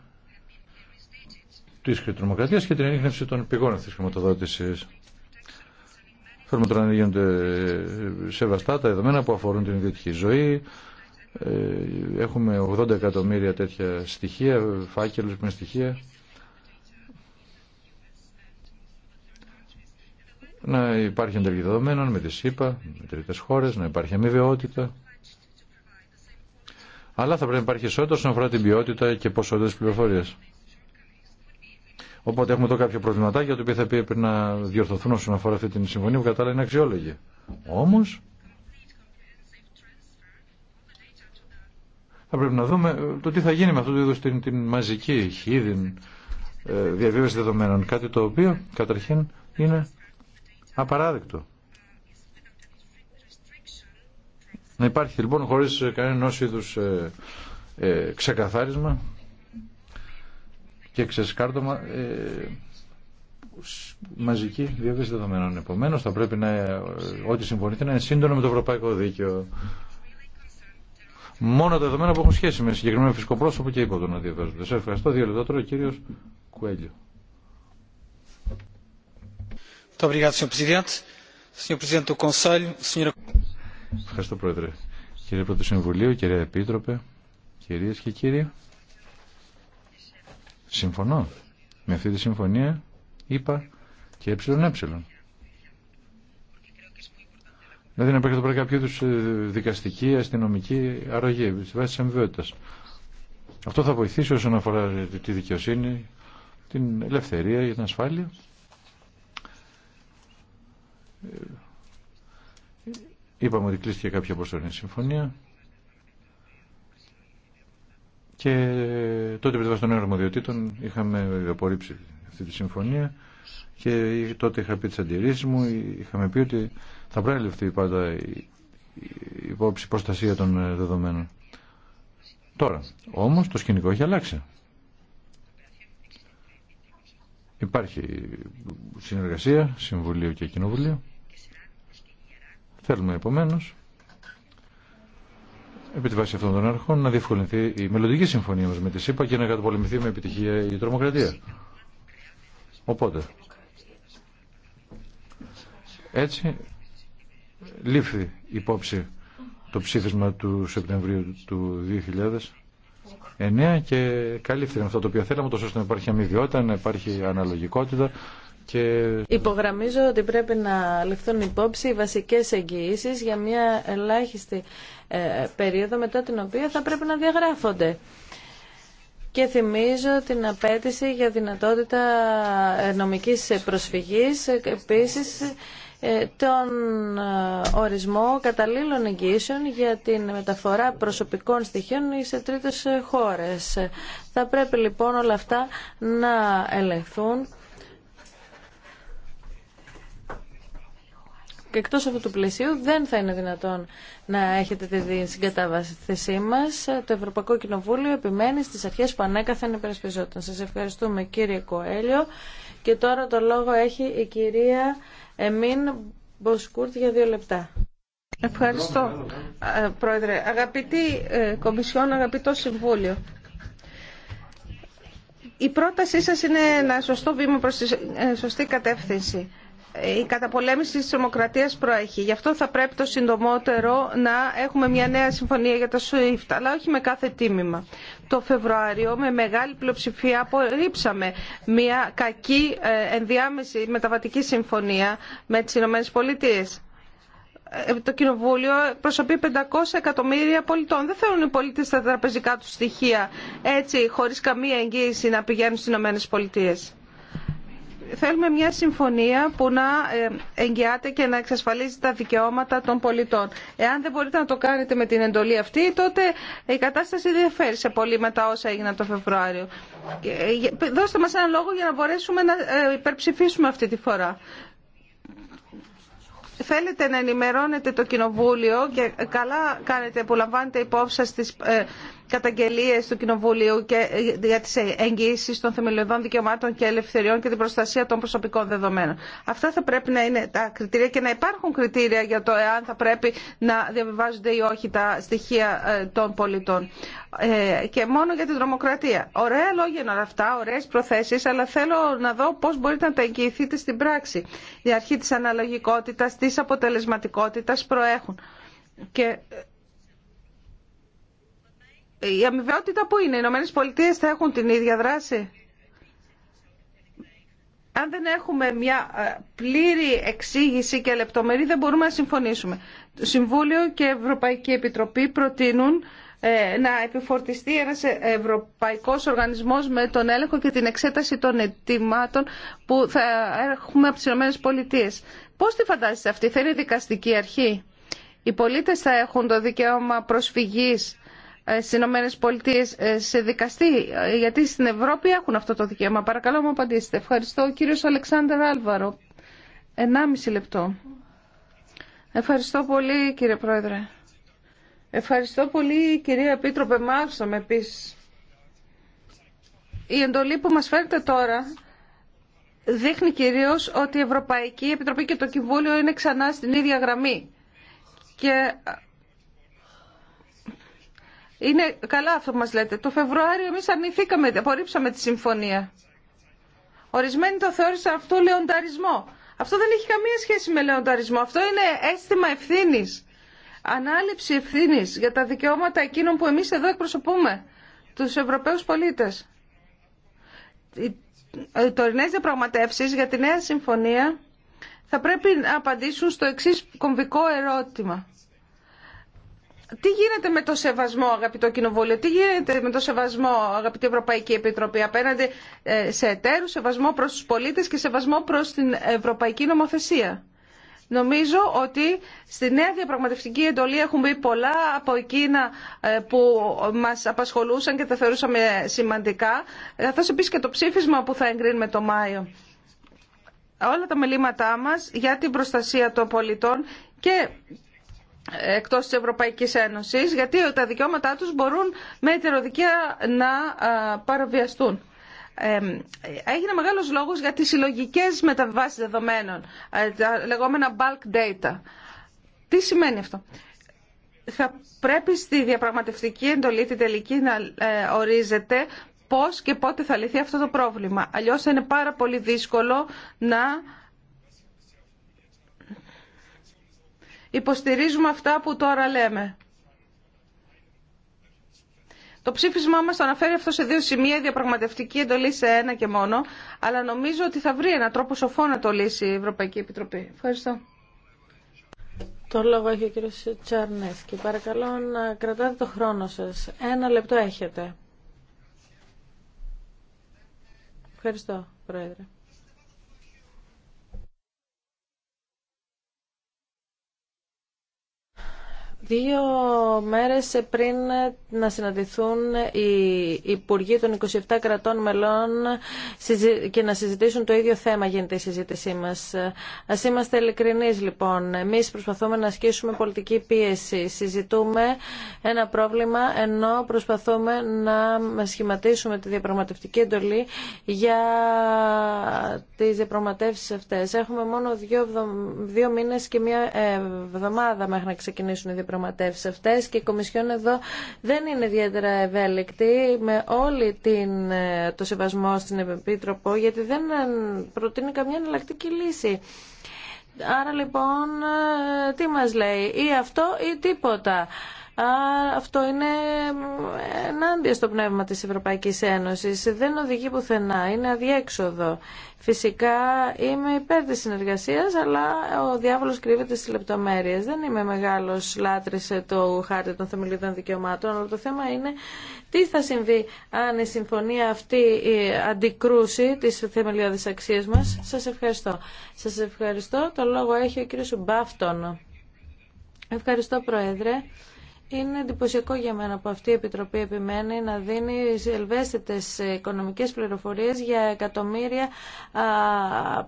της χρητρομοκρατίας και την ενίχνευση των πηγών αυτής της χρηματοδότησης. Θέλουμε τώρα να γίνονται σεβαστά τα δεδομένα που αφορούν την ιδιωτική ζωή. Ε, έχουμε 80 εκατομμύρια τέτοια στοιχεία, φάκελους με στοιχεία. να υπάρχει ανταλλαγή δεδομένων με τη ΣΥΠΑ, με τρίτες χώρες, να υπάρχει αμοιβαιότητα. Αλλά θα πρέπει να υπάρχει ισότητα όσον αφορά την ποιότητα και ποσότητα της πληροφορίας. Οπότε έχουμε εδώ κάποια προβληματάκια, το οποίο θα πρέπει να διορθωθούν όσον αφορά αυτή την συμφωνία που κατάλληλα είναι αξιόλογη. Όμως, θα πρέπει να δούμε ε, το τι θα γίνει με αυτό το είδος την, μαζική χίδιν ε, διαβίβαση δεδομένων. Κάτι το οποίο καταρχήν είναι Απαράδεκτο. Να υπάρχει λοιπόν χωρίς κανένα είδους ε, ε, ξεκαθάρισμα και ξεσκάρτωμα ε, μαζική διαβίωση δεδομένων. Επομένως θα πρέπει να, ε, ό,τι συμφωνείτε να είναι σύντονο με το ευρωπαϊκό δίκαιο. Μόνο τα δεδομένα που έχουν σχέση με συγκεκριμένο φυσικό πρόσωπο και υπό τον διαβάζονται. Σε ευχαριστώ. Δύο λεπτά τώρα ο κύριος Κουέλιο. Ευχαριστώ, Πρόεδρε. Κύριε Πρωτοσυμβουλίου, κύριε Επίτροπε, κυρίες και κύριοι, συμφωνώ με αυτή τη συμφωνία, είπα και ε. ε. Δηλαδή να υπάρχει εδώ πέρα κάποιο ε, δικαστική, αστυνομική αρρωγή βάση τη αμοιβαιότητα. Αυτό θα βοηθήσει όσον αφορά τη δικαιοσύνη, την ελευθερία και την ασφάλεια Είπαμε ότι κλείστηκε κάποια προσωρινή συμφωνία και τότε πριν των αρμοδιοτήτων είχαμε απορρίψει αυτή τη συμφωνία και τότε είχα πει τι αντιρρήσει μου, είχαμε πει ότι θα πρέπει πάντα η υπόψη προστασία των ε, δεδομένων. Τώρα, όμως το σκηνικό έχει αλλάξει. Υπάρχει συνεργασία Συμβουλίου και Κοινοβουλίου Θέλουμε επομένω, επί τη βάση αυτών των αρχών, να διευκολυνθεί η μελλοντική συμφωνία μα με τη ΣΥΠΑ και να καταπολεμηθεί με επιτυχία η τρομοκρατία. Οπότε, έτσι λήφθη υπόψη το ψήφισμα του Σεπτεμβρίου του 2009 και καλύφθηκαν αυτό το οποία θέλαμε, τόσο ώστε να υπάρχει αμοιβιότητα, να υπάρχει αναλογικότητα, Υπογραμμίζω ότι πρέπει να ληφθούν υπόψη οι βασικές εγγυήσεις για μια ελάχιστη ε, περίοδο μετά την οποία θα πρέπει να διαγράφονται. Και θυμίζω την απέτηση για δυνατότητα ε, νομικής προσφυγής, επίσης ε, τον ορισμό καταλήλων εγγύσεων για την μεταφορά προσωπικών στοιχείων σε τρίτες χώρες. Θα πρέπει λοιπόν όλα αυτά να ελεγχθούν Και εκτό αυτού του πλαισίου δεν θα είναι δυνατόν να έχετε τη συγκατάβαση μα. Το Ευρωπαϊκό Κοινοβούλιο επιμένει στις αρχές που ανέκαθεν υπερασπιζόταν. Σας ευχαριστούμε κύριε Κοέλιο και τώρα το λόγο έχει η κυρία Εμίν Μποσκούρτ για δύο λεπτά. Ευχαριστώ, Πρόεδρε. Αγαπητή ε, Κομισιόν, αγαπητό Συμβούλιο. Η πρότασή σας είναι ένα σωστό βήμα προς τη ε, σωστή κατεύθυνση η καταπολέμηση της τρομοκρατίας προέχει. Γι' αυτό θα πρέπει το συντομότερο να έχουμε μια νέα συμφωνία για τα SWIFT, αλλά όχι με κάθε τίμημα. Το Φεβρουάριο με μεγάλη πλειοψηφία απορρίψαμε μια κακή ε, ενδιάμεση μεταβατική συμφωνία με τις Ηνωμένες Πολιτείες. Ε, το Κοινοβούλιο προσωπεί 500 εκατομμύρια πολιτών. Δεν θέλουν οι πολίτες τα τραπεζικά τους στοιχεία έτσι, χωρίς καμία εγγύηση να πηγαίνουν στις ΗΠΑ θέλουμε μια συμφωνία που να ε, εγγυάται και να εξασφαλίζει τα δικαιώματα των πολιτών. Εάν δεν μπορείτε να το κάνετε με την εντολή αυτή, τότε η κατάσταση διαφέρει σε πολύ μετά όσα έγιναν το Φεβρουάριο. Ε, ε, δώστε μας ένα λόγο για να μπορέσουμε να υπερψηφίσουμε αυτή τη φορά. Θέλετε να ενημερώνετε το Κοινοβούλιο και καλά κάνετε που λαμβάνετε υπόψη σας καταγγελίες του Κοινοβουλίου και ε, για τις εγγύσει των θεμελιωδών δικαιωμάτων και ελευθεριών και την προστασία των προσωπικών δεδομένων. Αυτά θα πρέπει να είναι τα κριτήρια και να υπάρχουν κριτήρια για το εάν θα πρέπει να διαβιβάζονται ή όχι τα στοιχεία ε, των πολιτών. Ε, και μόνο για την τρομοκρατία. Ωραία λόγια είναι όλα αυτά, ωραίες προθέσεις, αλλά θέλω να δω πώ μπορείτε να τα εγγυηθείτε στην πράξη. Η αρχή τη αναλογικότητα, τη αποτελεσματικότητα, προέχουν. Και η αμοιβαιότητα που είναι, οι Ηνωμένε Πολιτείε θα έχουν την ίδια δράση. Αν δεν έχουμε μια ε, πλήρη εξήγηση και λεπτομερή δεν μπορούμε να συμφωνήσουμε. Το Συμβούλιο και η Ευρωπαϊκή Επιτροπή προτείνουν ε, να επιφορτιστεί ένας ε, ευρωπαϊκός οργανισμός με τον έλεγχο και την εξέταση των ετοιμάτων που θα έχουμε από τις ΗΠΑ. Πώς τη φαντάζεστε αυτή, Θέλει δικαστική αρχή. Οι πολίτες θα έχουν το δικαίωμα προσφυγής στι Ηνωμένε Πολιτείε ε, σε δικαστή, ε, γιατί στην Ευρώπη έχουν αυτό το δικαίωμα. Παρακαλώ μου απαντήσετε. Ευχαριστώ. Ο κύριος Αλεξάνδρ Άλβαρο. 1,5 λεπτό. Ευχαριστώ πολύ κύριε Πρόεδρε. Ευχαριστώ πολύ κυρία Επίτροπε με επίση. Η εντολή που μας φέρετε τώρα δείχνει κυρίως ότι η Ευρωπαϊκή Επιτροπή και το Κυβούλιο είναι ξανά στην ίδια γραμμή. Είναι καλά αυτό που μας λέτε. Το Φεβρουάριο εμείς αρνηθήκαμε, απορρίψαμε τη συμφωνία. Ορισμένοι το θεώρησαν αυτό λεονταρισμό. Αυτό δεν έχει καμία σχέση με λεονταρισμό. Αυτό είναι αίσθημα ευθύνη. Ανάληψη ευθύνη για τα δικαιώματα εκείνων που εμεί εδώ εκπροσωπούμε, του Ευρωπαίου πολίτε. Οι τωρινέ διαπραγματεύσει για τη νέα συμφωνία θα πρέπει να απαντήσουν στο εξή κομβικό ερώτημα τι γίνεται με το σεβασμό, αγαπητό Κοινοβούλιο, τι γίνεται με το σεβασμό, αγαπητή Ευρωπαϊκή Επιτροπή, απέναντι ε, σε εταίρους, σεβασμό προς τους πολίτες και σεβασμό προς την Ευρωπαϊκή Νομοθεσία. Νομίζω ότι στη νέα διαπραγματευτική εντολή έχουν μπει πολλά από εκείνα ε, που μας απασχολούσαν και τα θεωρούσαμε σημαντικά, καθώ επίσης και το ψήφισμα που θα εγκρίνουμε το Μάιο. Όλα τα μελήματά μας για την προστασία των πολιτών και εκτός της Ευρωπαϊκής Ένωσης, γιατί τα δικαιώματά τους μπορούν με ετεροδικία να παραβιαστούν. Ε, έγινε μεγάλος λόγος για τις συλλογικές μεταβάσεις δεδομένων, ε, τα λεγόμενα bulk data. Τι σημαίνει αυτό. Θα πρέπει στη διαπραγματευτική εντολή τη τελική να ε, ορίζεται πώς και πότε θα λυθεί αυτό το πρόβλημα. Αλλιώς θα είναι πάρα πολύ δύσκολο να Υποστηρίζουμε αυτά που τώρα λέμε. Το ψήφισμά μας το αναφέρει αυτό σε δύο σημεία, διαπραγματευτική εντολή σε ένα και μόνο, αλλά νομίζω ότι θα βρει έναν τρόπο σοφό να το λύσει η Ευρωπαϊκή Επιτροπή. Ευχαριστώ. Το λόγο έχει ο κ. και παρακαλώ να κρατάτε το χρόνο σας. Ένα λεπτό έχετε. Ευχαριστώ, Πρόεδρε. Δύο μέρες πριν να συναντηθούν οι υπουργοί των 27 κρατών μελών και να συζητήσουν το ίδιο θέμα γίνεται η συζήτησή μας. Ας είμαστε ειλικρινείς λοιπόν. Εμείς προσπαθούμε να ασκήσουμε πολιτική πίεση. Συζητούμε ένα πρόβλημα ενώ προσπαθούμε να σχηματίσουμε τη διαπραγματευτική εντολή για τις διαπραγματεύσεις αυτές. Έχουμε μόνο δύο, δύο μήνες και μία ε, εβδομάδα μέχρι να ξεκινήσουν οι διαπραγματεύσει αυτές και η Κομισιόν εδώ δεν είναι ιδιαίτερα ευέλικτη με όλη την, ε, το σεβασμό στην Επίτροπο γιατί δεν ε, προτείνει καμιά εναλλακτική λύση. Άρα λοιπόν ε, τι μας λέει ή αυτό ή τίποτα αυτό είναι ενάντια στο πνεύμα της Ευρωπαϊκής Ένωσης. Δεν οδηγεί πουθενά, είναι αδιέξοδο. Φυσικά είμαι υπέρ της συνεργασίας, αλλά ο διάβολος κρύβεται στις λεπτομέρειες. Δεν είμαι μεγάλος λάτρης του χάρτη των θεμελιωδών δικαιωμάτων, αλλά το θέμα είναι τι θα συμβεί αν η συμφωνία αυτή αντικρούσει τις θεμελιώδεις αξίες μας. Σας ευχαριστώ. Σας ευχαριστώ. Το λόγο έχει ο κύριος Μπάφτον. Ευχαριστώ, Πρόεδρε. Είναι εντυπωσιακό για μένα που αυτή η Επιτροπή επιμένει να δίνει ελβέστητες οικονομικές πληροφορίες για εκατομμύρια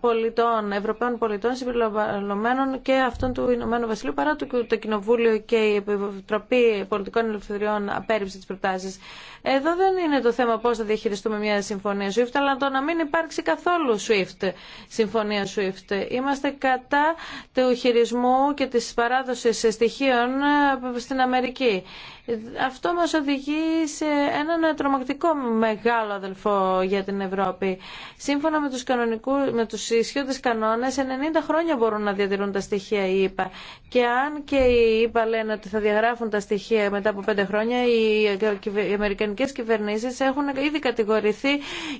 πολιτών, Ευρωπαίων πολιτών συμπεριλαμβανομένων και αυτών του Ηνωμένου Βασιλείου παρά το, το Κοινοβούλιο και η Επιτροπή Πολιτικών Ελευθεριών απέρριψε τις προτάσεις. Εδώ δεν είναι το θέμα πώς θα διαχειριστούμε μια συμφωνία SWIFT αλλά το να μην υπάρξει καθόλου SWIFT, συμφωνία SWIFT. Είμαστε κατά του χειρισμού και της παράδοσης στοιχείων στην Αμερική πολιτική. Αυτό μας οδηγεί σε έναν τρομακτικό μεγάλο αδελφό για την Ευρώπη. Σύμφωνα με τους, κανονικούς, με τους ισχύοντες κανόνες, 90 χρόνια μπορούν να διατηρούν τα στοιχεία η ΕΠΑ. Και αν και οι ΕΠΑ λένε ότι θα διαγράφουν τα στοιχεία μετά από 5 χρόνια, οι αμερικανικές κυβερνήσεις έχουν ήδη κατηγορηθεί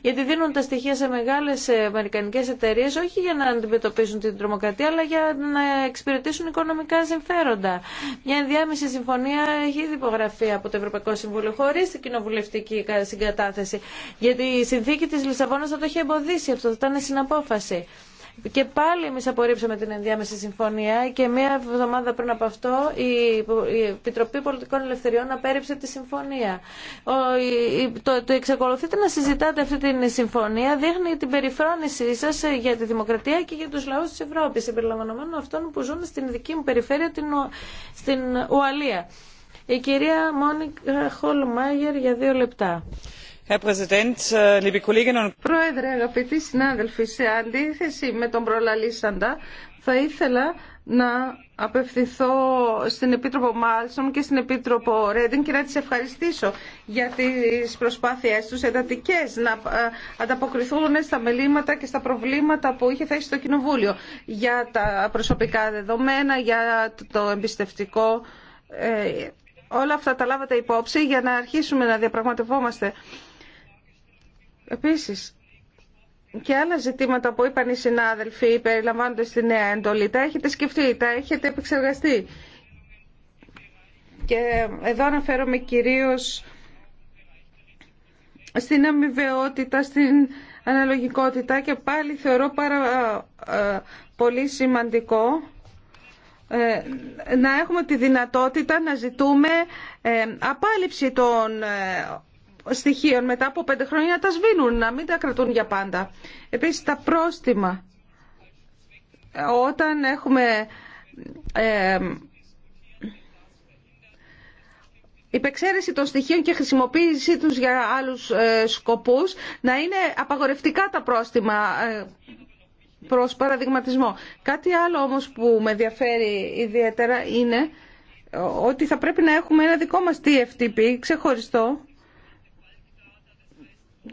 γιατί δίνουν τα στοιχεία σε μεγάλες αμερικανικές εταιρείε όχι για να αντιμετωπίσουν την τρομοκρατία, αλλά για να εξυπηρετήσουν οικονομικά συμφέροντα. Μια ενδιάμεση συμφωνία έχει ήδη υπογραφή από το Ευρωπαϊκό Συμβούλιο χωρί την κοινοβουλευτική συγκατάθεση. Γιατί η συνθήκη τη Λισαβόνα θα το είχε εμποδίσει αυτό, θα ήταν συναπόφαση. Και πάλι εμεί απορρίψαμε την ενδιάμεση συμφωνία και μία εβδομάδα πριν από αυτό η Επιτροπή Πολιτικών Ελευθεριών απέρριψε τη συμφωνία. Το, το εξακολουθείτε να συζητάτε αυτή την συμφωνία δείχνει την περιφρόνησή σα για τη δημοκρατία και για του λαού τη Ευρώπη, συμπεριλαμβανομένων αυτών που ζουν στην δική μου περιφέρεια, την, στην Ουαλία. Η κυρία Μόνικα Χολμάγερ για δύο λεπτά. Äh, Πρόεδρε, αγαπητοί συνάδελφοι, σε αντίθεση με τον προλαλήσαντα, θα ήθελα να απευθυνθώ στην Επίτροπο Μάλσον και στην Επίτροπο Ρέντιν και να τις ευχαριστήσω για τις προσπάθειές τους εντατικές να ε, ανταποκριθούν στα μελήματα και στα προβλήματα που είχε θέσει το Κοινοβούλιο για τα προσωπικά δεδομένα, για το εμπιστευτικό ε, όλα αυτά τα λάβατε υπόψη για να αρχίσουμε να διαπραγματευόμαστε. Επίσης, και άλλα ζητήματα που είπαν οι συνάδελφοι περιλαμβάνονται στη νέα εντολή. Τα έχετε σκεφτεί, τα έχετε επεξεργαστεί. Και εδώ αναφέρομαι κυρίως στην αμοιβαιότητα, στην αναλογικότητα και πάλι θεωρώ πάρα πολύ σημαντικό ε, να έχουμε τη δυνατότητα να ζητούμε ε, απάλληψη των ε, στοιχείων μετά από πέντε χρόνια να τα σβήνουν, να μην τα κρατούν για πάντα. Επίσης τα πρόστιμα. Όταν έχουμε ε, υπεξαίρεση των στοιχείων και χρησιμοποίησή τους για άλλους σκοπούς, να είναι απαγορευτικά τα πρόστιμα προς παραδειγματισμό. Κάτι άλλο όμως που με ενδιαφέρει ιδιαίτερα είναι ε, ότι θα πρέπει να έχουμε ένα δικό μας TFTP ξεχωριστό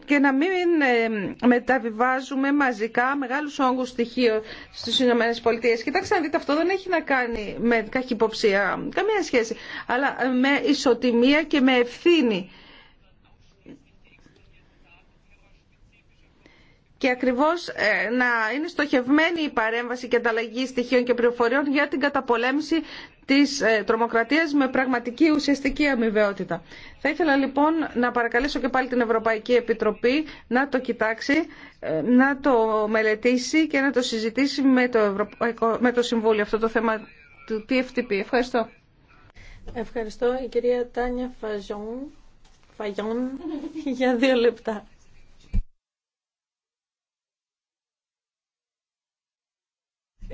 και να μην ε, μεταβιβάζουμε μαζικά μεγάλους όγκους στοιχείων στις Ηνωμένες Πολιτείες. Κοιτάξτε να δείτε, αυτό δεν έχει να κάνει με καχυποψία, καμία σχέση, αλλά με ισοτιμία και με ευθύνη και ακριβώς ε, να είναι στοχευμένη η παρέμβαση και ανταλλαγή στοιχείων και πληροφοριών για την καταπολέμηση της ε, τρομοκρατίας με πραγματική ουσιαστική αμοιβαιότητα. Θα ήθελα λοιπόν να παρακαλέσω και πάλι την Ευρωπαϊκή Επιτροπή να το κοιτάξει, ε, να το μελετήσει και να το συζητήσει με το, με το Συμβούλιο αυτό το θέμα του TFTP. Ευχαριστώ. Ευχαριστώ η κυρία Τάνια Φαγιόν, Φαγιόν για δύο λεπτά.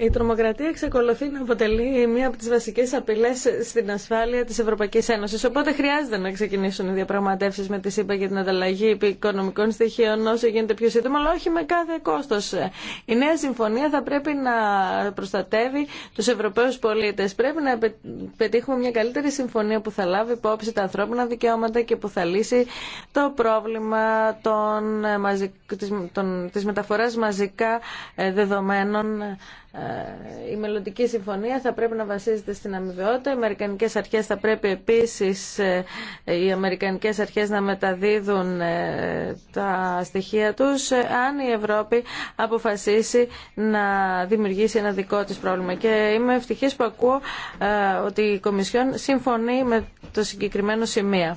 Η τρομοκρατία εξακολουθεί να αποτελεί μία από τι βασικέ απειλέ στην ασφάλεια τη Ευρωπαϊκή Ένωση. Οπότε χρειάζεται να ξεκινήσουν οι διαπραγματεύσει με τη ΣΥΠΑ για την ανταλλαγή οικονομικών στοιχείων όσο γίνεται πιο σύντομα, αλλά όχι με κάθε κόστο. Η νέα συμφωνία θα πρέπει να προστατεύει του Ευρωπαίου πολίτε. Πρέπει να πετύχουμε μια καλύτερη συμφωνία που θα λάβει υπόψη τα ανθρώπινα δικαιώματα και που θα λύσει το πρόβλημα των, των, της μαζικά ε, δεδομένων ε, η μελλοντική συμφωνία θα πρέπει να βασίζεται στην αμοιβαιότητα. Οι Αμερικανικές αρχές θα πρέπει επίσης ε, οι Αμερικανικές αρχές να μεταδίδουν ε, τα στοιχεία τους αν η Ευρώπη αποφασίσει να δημιουργήσει ένα δικό της πρόβλημα. Και είμαι ευτυχής που ακούω ότι η Κομισιόν συμφωνεί με το συγκεκριμένο σημείο.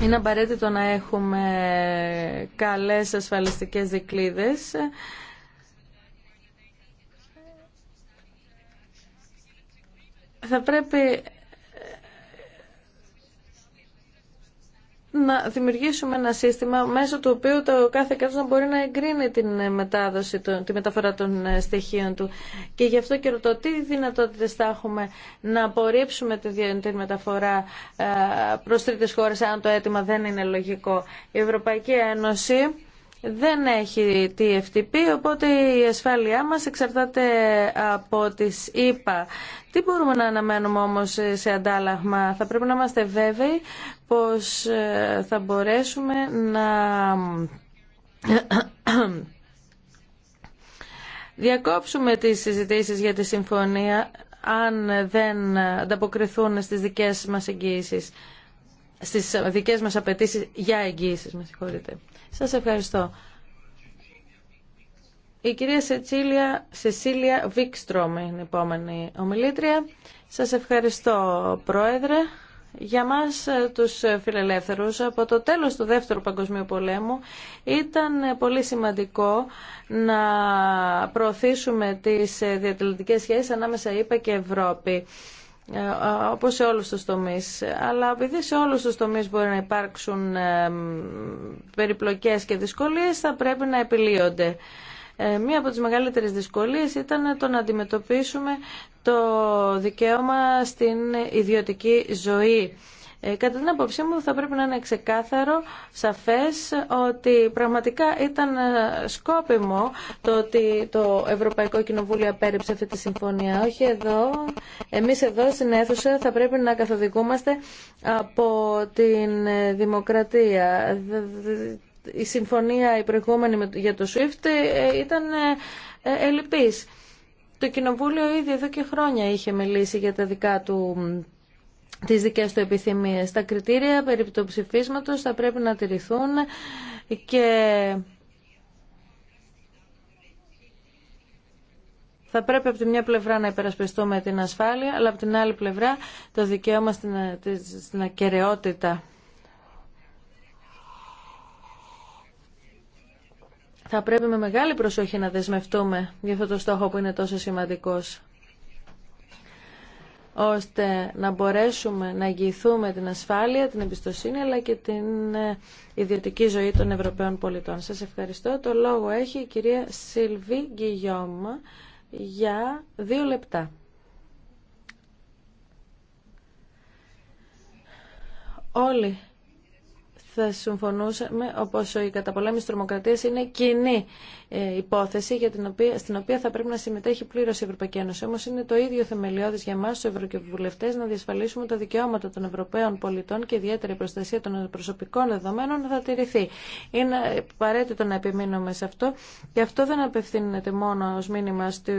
Είναι απαραίτητο να έχουμε καλές ασφαλιστικές δικλίδες. Θα πρέπει να δημιουργήσουμε ένα σύστημα μέσω του οποίου το κάθε κράτος να μπορεί να εγκρίνει την μετάδοση, τη μεταφορά των ε, στοιχείων του. Και γι' αυτό και ρωτώ τι δυνατότητες θα έχουμε να απορρίψουμε τη, μεταφορά ε, προς τρίτες χώρες αν το αίτημα δεν είναι λογικό. Η Ευρωπαϊκή Ένωση δεν έχει TFTP, οπότε η ασφάλειά μας εξαρτάται από τις ΕΠΑ. Τι μπορούμε να αναμένουμε όμως σε αντάλλαγμα. Θα πρέπει να είμαστε βέβαιοι πως ε, θα μπορέσουμε να [COUGHS] διακόψουμε τις συζητήσεις για τη συμφωνία αν δεν ανταποκριθούν στις δικές μας εγγύησεις στις δικές μας απαιτήσεις για εγγύησεις, με συγχωρείτε. Σας ευχαριστώ. Η κυρία Σετσίλια, Σεσίλια Βίκστρομ είναι η επόμενη ομιλήτρια. Σας ευχαριστώ, Πρόεδρε. Για μας ε, τους φιλελεύθερους από το τέλος του Δεύτερου Παγκοσμίου Πολέμου ήταν ε, πολύ σημαντικό να προωθήσουμε τις ε, διατελετικές σχέσεις ανάμεσα είπα, και Ευρώπη. Ε, όπως σε όλους τους τομείς. Αλλά επειδή σε όλους τους τομείς μπορεί να υπάρξουν περιπλοκές και δυσκολίες, θα πρέπει να επιλύονται. Ε, μία από τις μεγαλύτερες δυσκολίες ήταν το να αντιμετωπίσουμε το δικαίωμα στην ιδιωτική ζωή. Ε, κατά την άποψή μου θα πρέπει να είναι ξεκάθαρο, σαφές ότι πραγματικά ήταν ε, σκόπιμο το ότι το Ευρωπαϊκό Κοινοβούλιο απέριψε αυτή τη συμφωνία. Όχι εδώ, εμείς εδώ στην αίθουσα θα πρέπει να καθοδηγούμαστε από την ε, δημοκρατία. Η συμφωνία η προηγούμενη για το SWIFT ήταν ελλειπής. Το Κοινοβούλιο ήδη εδώ και χρόνια είχε μιλήσει για τα δικά του τι δικέ του επιθυμίε. Τα κριτήρια περί του ψηφίσματος θα πρέπει να τηρηθούν και θα πρέπει από τη μια πλευρά να υπερασπιστούμε την ασφάλεια, αλλά από την άλλη πλευρά το δικαίωμα στην, στην ακαιρεότητα. Θα πρέπει με μεγάλη προσοχή να δεσμευτούμε για αυτό το στόχο που είναι τόσο σημαντικός ώστε να μπορέσουμε να εγγυηθούμε την ασφάλεια, την εμπιστοσύνη αλλά και την ε, ιδιωτική ζωή των Ευρωπαίων πολιτών. Σας ευχαριστώ. Το λόγο έχει η κυρία Σιλβί Γκυγιώμα για δύο λεπτά. Όλοι θα συμφωνούσαμε όπως η καταπολέμηση τρομοκρατίας είναι κοινή ε, υπόθεση για την οποία, στην οποία θα πρέπει να συμμετέχει πλήρω η Ευρωπαϊκή Ένωση. Όμω είναι το ίδιο θεμελιώδη για εμά, του Ευρωβουλευτέ, να διασφαλίσουμε τα δικαιώματα των Ευρωπαίων πολιτών και ιδιαίτερη προστασία των προσωπικών δεδομένων θα τηρηθεί. Είναι απαραίτητο να επιμείνουμε σε αυτό και αυτό δεν απευθύνεται μόνο ω μήνυμα στου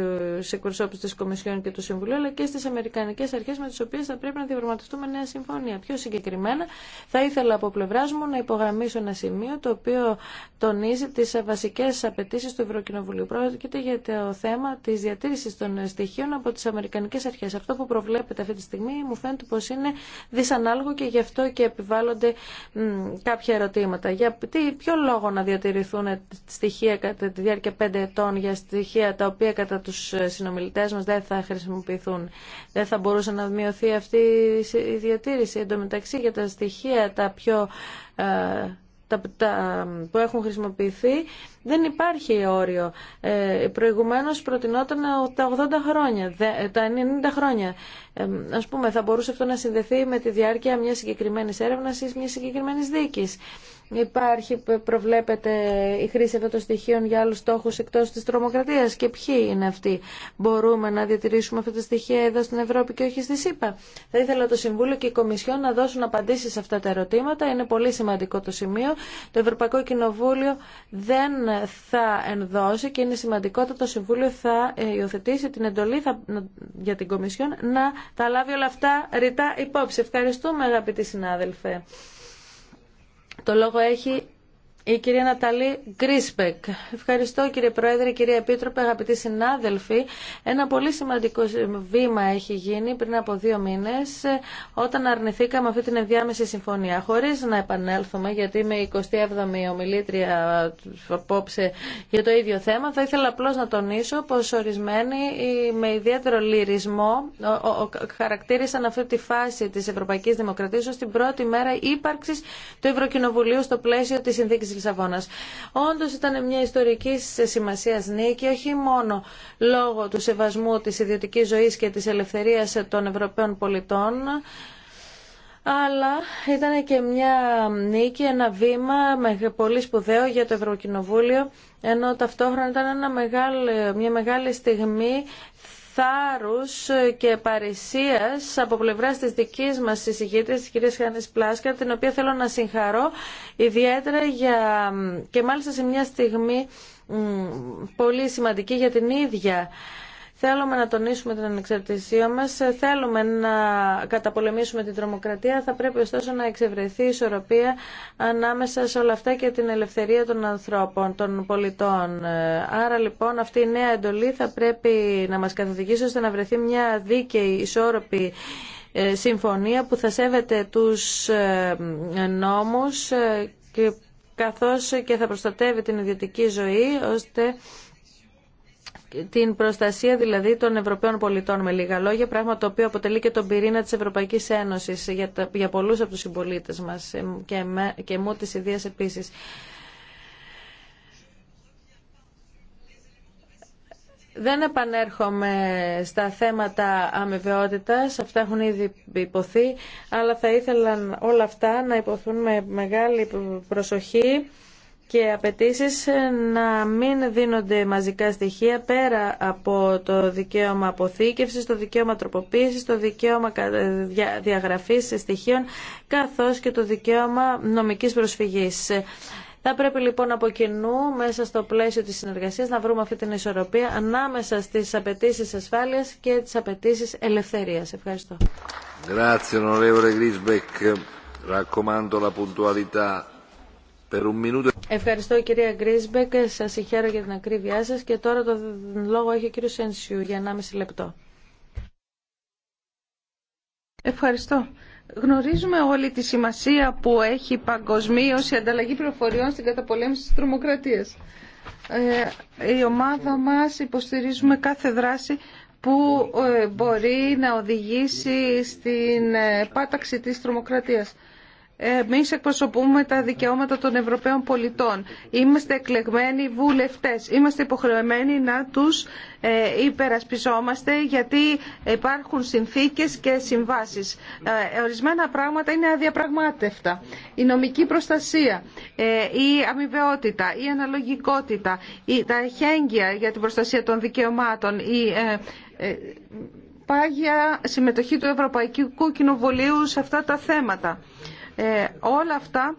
εκπροσώπου τη Κομισιόν και του Συμβουλίου, αλλά και στι Αμερικανικέ αρχέ με τι οποίε θα πρέπει να διαπραγματευτούμε νέα συμφωνία. Πιο συγκεκριμένα, θα ήθελα από πλευρά μου να υπογραμμίσω ένα σημείο το οποίο τονίζει τι βασικέ απαιτήσει συζητήσεις του Ευρωκοινοβουλίου. Πρόκειται για το θέμα της διατήρησης των στοιχείων από τις Αμερικανικές Αρχές. Αυτό που προβλέπεται αυτή τη στιγμή μου φαίνεται πως είναι δυσανάλογο και γι' αυτό και επιβάλλονται κάποια ερωτήματα. Για τι, ποιο λόγο να διατηρηθούν στοιχεία κατά τη διάρκεια πέντε ετών για στοιχεία τα οποία κατά τους συνομιλητές μας δεν θα χρησιμοποιηθούν. Δεν θα μπορούσε να μειωθεί αυτή η διατήρηση. Εν τω μεταξύ για τα στοιχεία τα πιο ε, που έχουν χρησιμοποιηθεί δεν υπάρχει όριο. Ε, προηγουμένως προτινόταν τα 80 χρόνια, τα 90 χρόνια. Ε, ας πούμε, θα μπορούσε αυτό να συνδεθεί με τη διάρκεια μιας συγκεκριμένης έρευνας ή μιας συγκεκριμένης δίκης. Υπάρχει, προβλέπεται η χρήση αυτών των στοιχείων για άλλους στόχους εκτός της τρομοκρατίας και ποιοι είναι αυτοί. Μπορούμε να διατηρήσουμε αυτά τα στοιχεία εδώ στην Ευρώπη και όχι στη ΣΥΠΑ. Θα ήθελα το Συμβούλιο και η Κομισιόν να δώσουν απαντήσεις σε αυτά τα ερωτήματα. Είναι πολύ σημαντικό το σημείο. Το Ευρωπαϊκό Κοινοβούλιο δεν θα ενδώσει και είναι σημαντικό ότι το Συμβούλιο θα ε, υιοθετήσει την εντολή για την Κομισιόν να τα λάβει όλα αυτά ρητά υπόψη. Ευχαριστούμε αγαπητοί συνάδελφε. Το λόγο έχει η κυρία Ναταλή Γκρίσπεκ. Ευχαριστώ κύριε Πρόεδρε, κυρία Επίτροπε, αγαπητοί συνάδελφοι. Ένα πολύ σημαντικό βήμα έχει γίνει πριν από δύο μήνε όταν αρνηθήκαμε αυτή την ενδιάμεση συμφωνία. Χωρί να επανέλθουμε, γιατί η είμαι 27η ομιλήτρια απόψε για το ίδιο θέμα, θα ήθελα απλώ να τονίσω πω ορισμένοι ε, με ιδιαίτερο λυρισμό χαρακτήρισαν αυτή τη φάση τη Ευρωπαϊκή Δημοκρατία ω την πρώτη μέρα ύπαρξη του Ευρωκοινοβουλίου στο πλαίσιο τη Λισαβόνα. Όντω ήταν μια ιστορική σημασία νίκη, όχι μόνο λόγω του σεβασμού της ιδιωτική ζωή και της ελευθερία των Ευρωπαίων πολιτών, αλλά ήταν και μια νίκη, ένα βήμα πολύ σπουδαίο για το Ευρωκοινοβούλιο, ενώ ταυτόχρονα ήταν μια μεγάλη στιγμή θάρρους και παρησίας από πλευράς της δικής μας συζητήτης της κυρίας Χάνης Πλάσκα, την οποία θέλω να συγχαρώ ιδιαίτερα για... και μάλιστα σε μια στιγμή πολύ σημαντική για την ίδια. Θέλουμε να τονίσουμε την ανεξαρτησία μας, θέλουμε να καταπολεμήσουμε την τρομοκρατία, θα πρέπει ωστόσο να εξευρεθεί ισορροπία ανάμεσα σε όλα αυτά και την ελευθερία των ανθρώπων, των πολιτών. Άρα λοιπόν αυτή η νέα εντολή θα πρέπει να μας καθοδηγήσει ώστε να βρεθεί μια δίκαιη, ισόρροπη ε, συμφωνία που θα σέβεται τους ε, νόμους ε, και καθώς και θα προστατεύει την ιδιωτική ζωή ώστε την προστασία δηλαδή των Ευρωπαίων πολιτών με λίγα λόγια, πράγμα το οποίο αποτελεί και τον πυρήνα της Ευρωπαϊκής Ένωσης για, τα, για πολλούς από τους συμπολίτες μας και, και μου της ιδίας επίσης. Δεν επανέρχομαι στα θέματα αμοιβαιότητας, αυτά έχουν ήδη υποθεί, αλλά θα ήθελαν όλα αυτά να υποθούν με μεγάλη προσοχή και απαιτήσει ε, να μην δίνονται μαζικά στοιχεία πέρα από το δικαίωμα αποθήκευσης, το δικαίωμα τροποποίησης, το δικαίωμα ε, διαγραφής στοιχείων καθώς και το δικαίωμα νομικής προσφυγής. Θα πρέπει λοιπόν από κοινού μέσα στο πλαίσιο της συνεργασίας να βρούμε αυτή την ισορροπία ανάμεσα στις απαιτήσει ασφάλειας και τις απαιτήσει ελευθερίας. Ευχαριστώ. Grazie, Ευχαριστώ κυρία Γκρίσμπεκ. Σα συγχαίρω για την ακρίβειά σα. Και τώρα το λόγο έχει ο κύριο Σένσιου για 1,5 λεπτό. Ευχαριστώ. Γνωρίζουμε όλη τη σημασία που έχει παγκοσμίω η ανταλλαγή πληροφοριών στην καταπολέμηση τη τρομοκρατίας. Ε, η ομάδα μας υποστηρίζουμε κάθε δράση που ε, μπορεί να οδηγήσει στην ε, πάταξη της τρομοκρατίας εμείς εκπροσωπούμε τα δικαιώματα των Ευρωπαίων πολιτών. Είμαστε εκλεγμένοι βουλευτές. Είμαστε υποχρεωμένοι να τους ε, υπερασπιζόμαστε γιατί υπάρχουν συνθήκες και συμβάσεις. Ε, ορισμένα πράγματα είναι αδιαπραγμάτευτα. Η νομική προστασία, ε, η αμοιβαιότητα, η αναλογικότητα, τα εχέγγυα για την προστασία των δικαιωμάτων, η πάγια συμμετοχή του Ευρωπαϊκού Κοινοβουλίου σε αυτά τα θέματα. Ε, όλα αυτά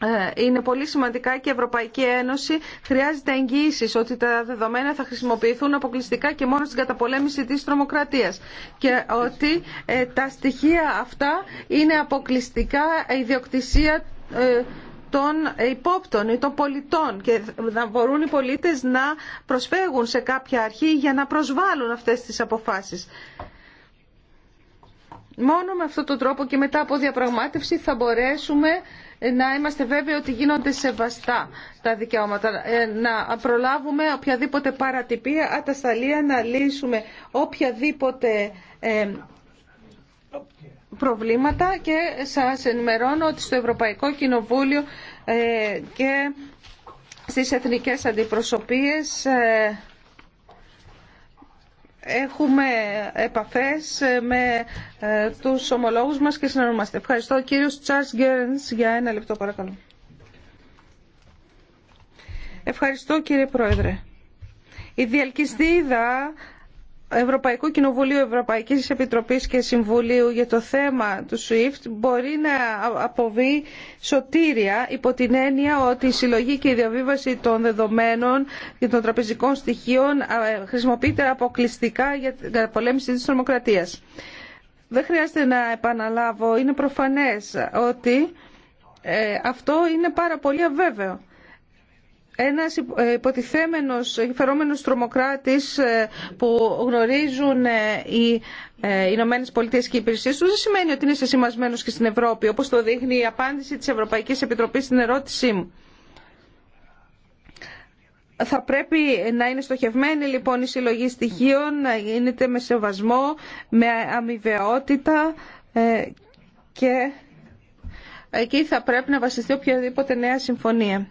ε, είναι πολύ σημαντικά και η Ευρωπαϊκή Ένωση χρειάζεται εγγύησης ότι τα δεδομένα θα χρησιμοποιηθούν αποκλειστικά και μόνο στην καταπολέμηση της τρομοκρατίας και ότι ε, τα στοιχεία αυτά είναι αποκλειστικά ιδιοκτησία ε, των υπόπτων ή των πολιτών και να μπορούν οι πολίτες να προσφέγουν σε κάποια αρχή για να προσβάλλουν αυτές τις αποφάσεις. Μόνο με αυτόν τον τρόπο και μετά από διαπραγμάτευση θα μπορέσουμε να είμαστε βέβαιοι ότι γίνονται σεβαστά τα δικαιώματα, ε, να προλάβουμε οποιαδήποτε παρατυπία, ατασταλία, να λύσουμε οποιαδήποτε ε, προβλήματα και σας ενημερώνω ότι στο Ευρωπαϊκό Κοινοβούλιο ε, και στις εθνικές αντιπροσωπίες έχουμε επαφές ε, με ε, τους ομολόγους μας και συνανόμαστε. Ευχαριστώ. Ο κύριος Τσάρς Γκέρνς, για ένα λεπτό παρακαλώ. Ευχαριστώ κύριε Πρόεδρε. Η διαλκυστίδα Ευρωπαϊκού Κοινοβουλίου, Ευρωπαϊκής Επιτροπής και Συμβουλίου για το θέμα του SWIFT μπορεί να αποβεί σωτήρια υπό την έννοια ότι η συλλογή και η διαβίβαση των δεδομένων και των τραπεζικών στοιχείων χρησιμοποιείται αποκλειστικά για την πολέμηση της δημοκρατίας. Δεν χρειάζεται να επαναλάβω, είναι προφανές ότι ε, αυτό είναι πάρα πολύ αβέβαιο ένας ε, υποτιθέμενος, φερόμενος τρομοκράτης ε, που γνωρίζουν ε, οι Ηνωμένε Πολιτείε και οι υπηρεσίε του δεν σημαίνει ότι είναι σημασμένο και στην Ευρώπη, όπως το δείχνει η απάντηση της Ευρωπαϊκής Επιτροπής στην ερώτησή μου. Θα πρέπει να είναι στοχευμένη λοιπόν η συλλογή στοιχείων, να γίνεται με σεβασμό, με αμοιβαιότητα και εκεί θα πρέπει να βασιστεί οποιαδήποτε νέα συμφωνία.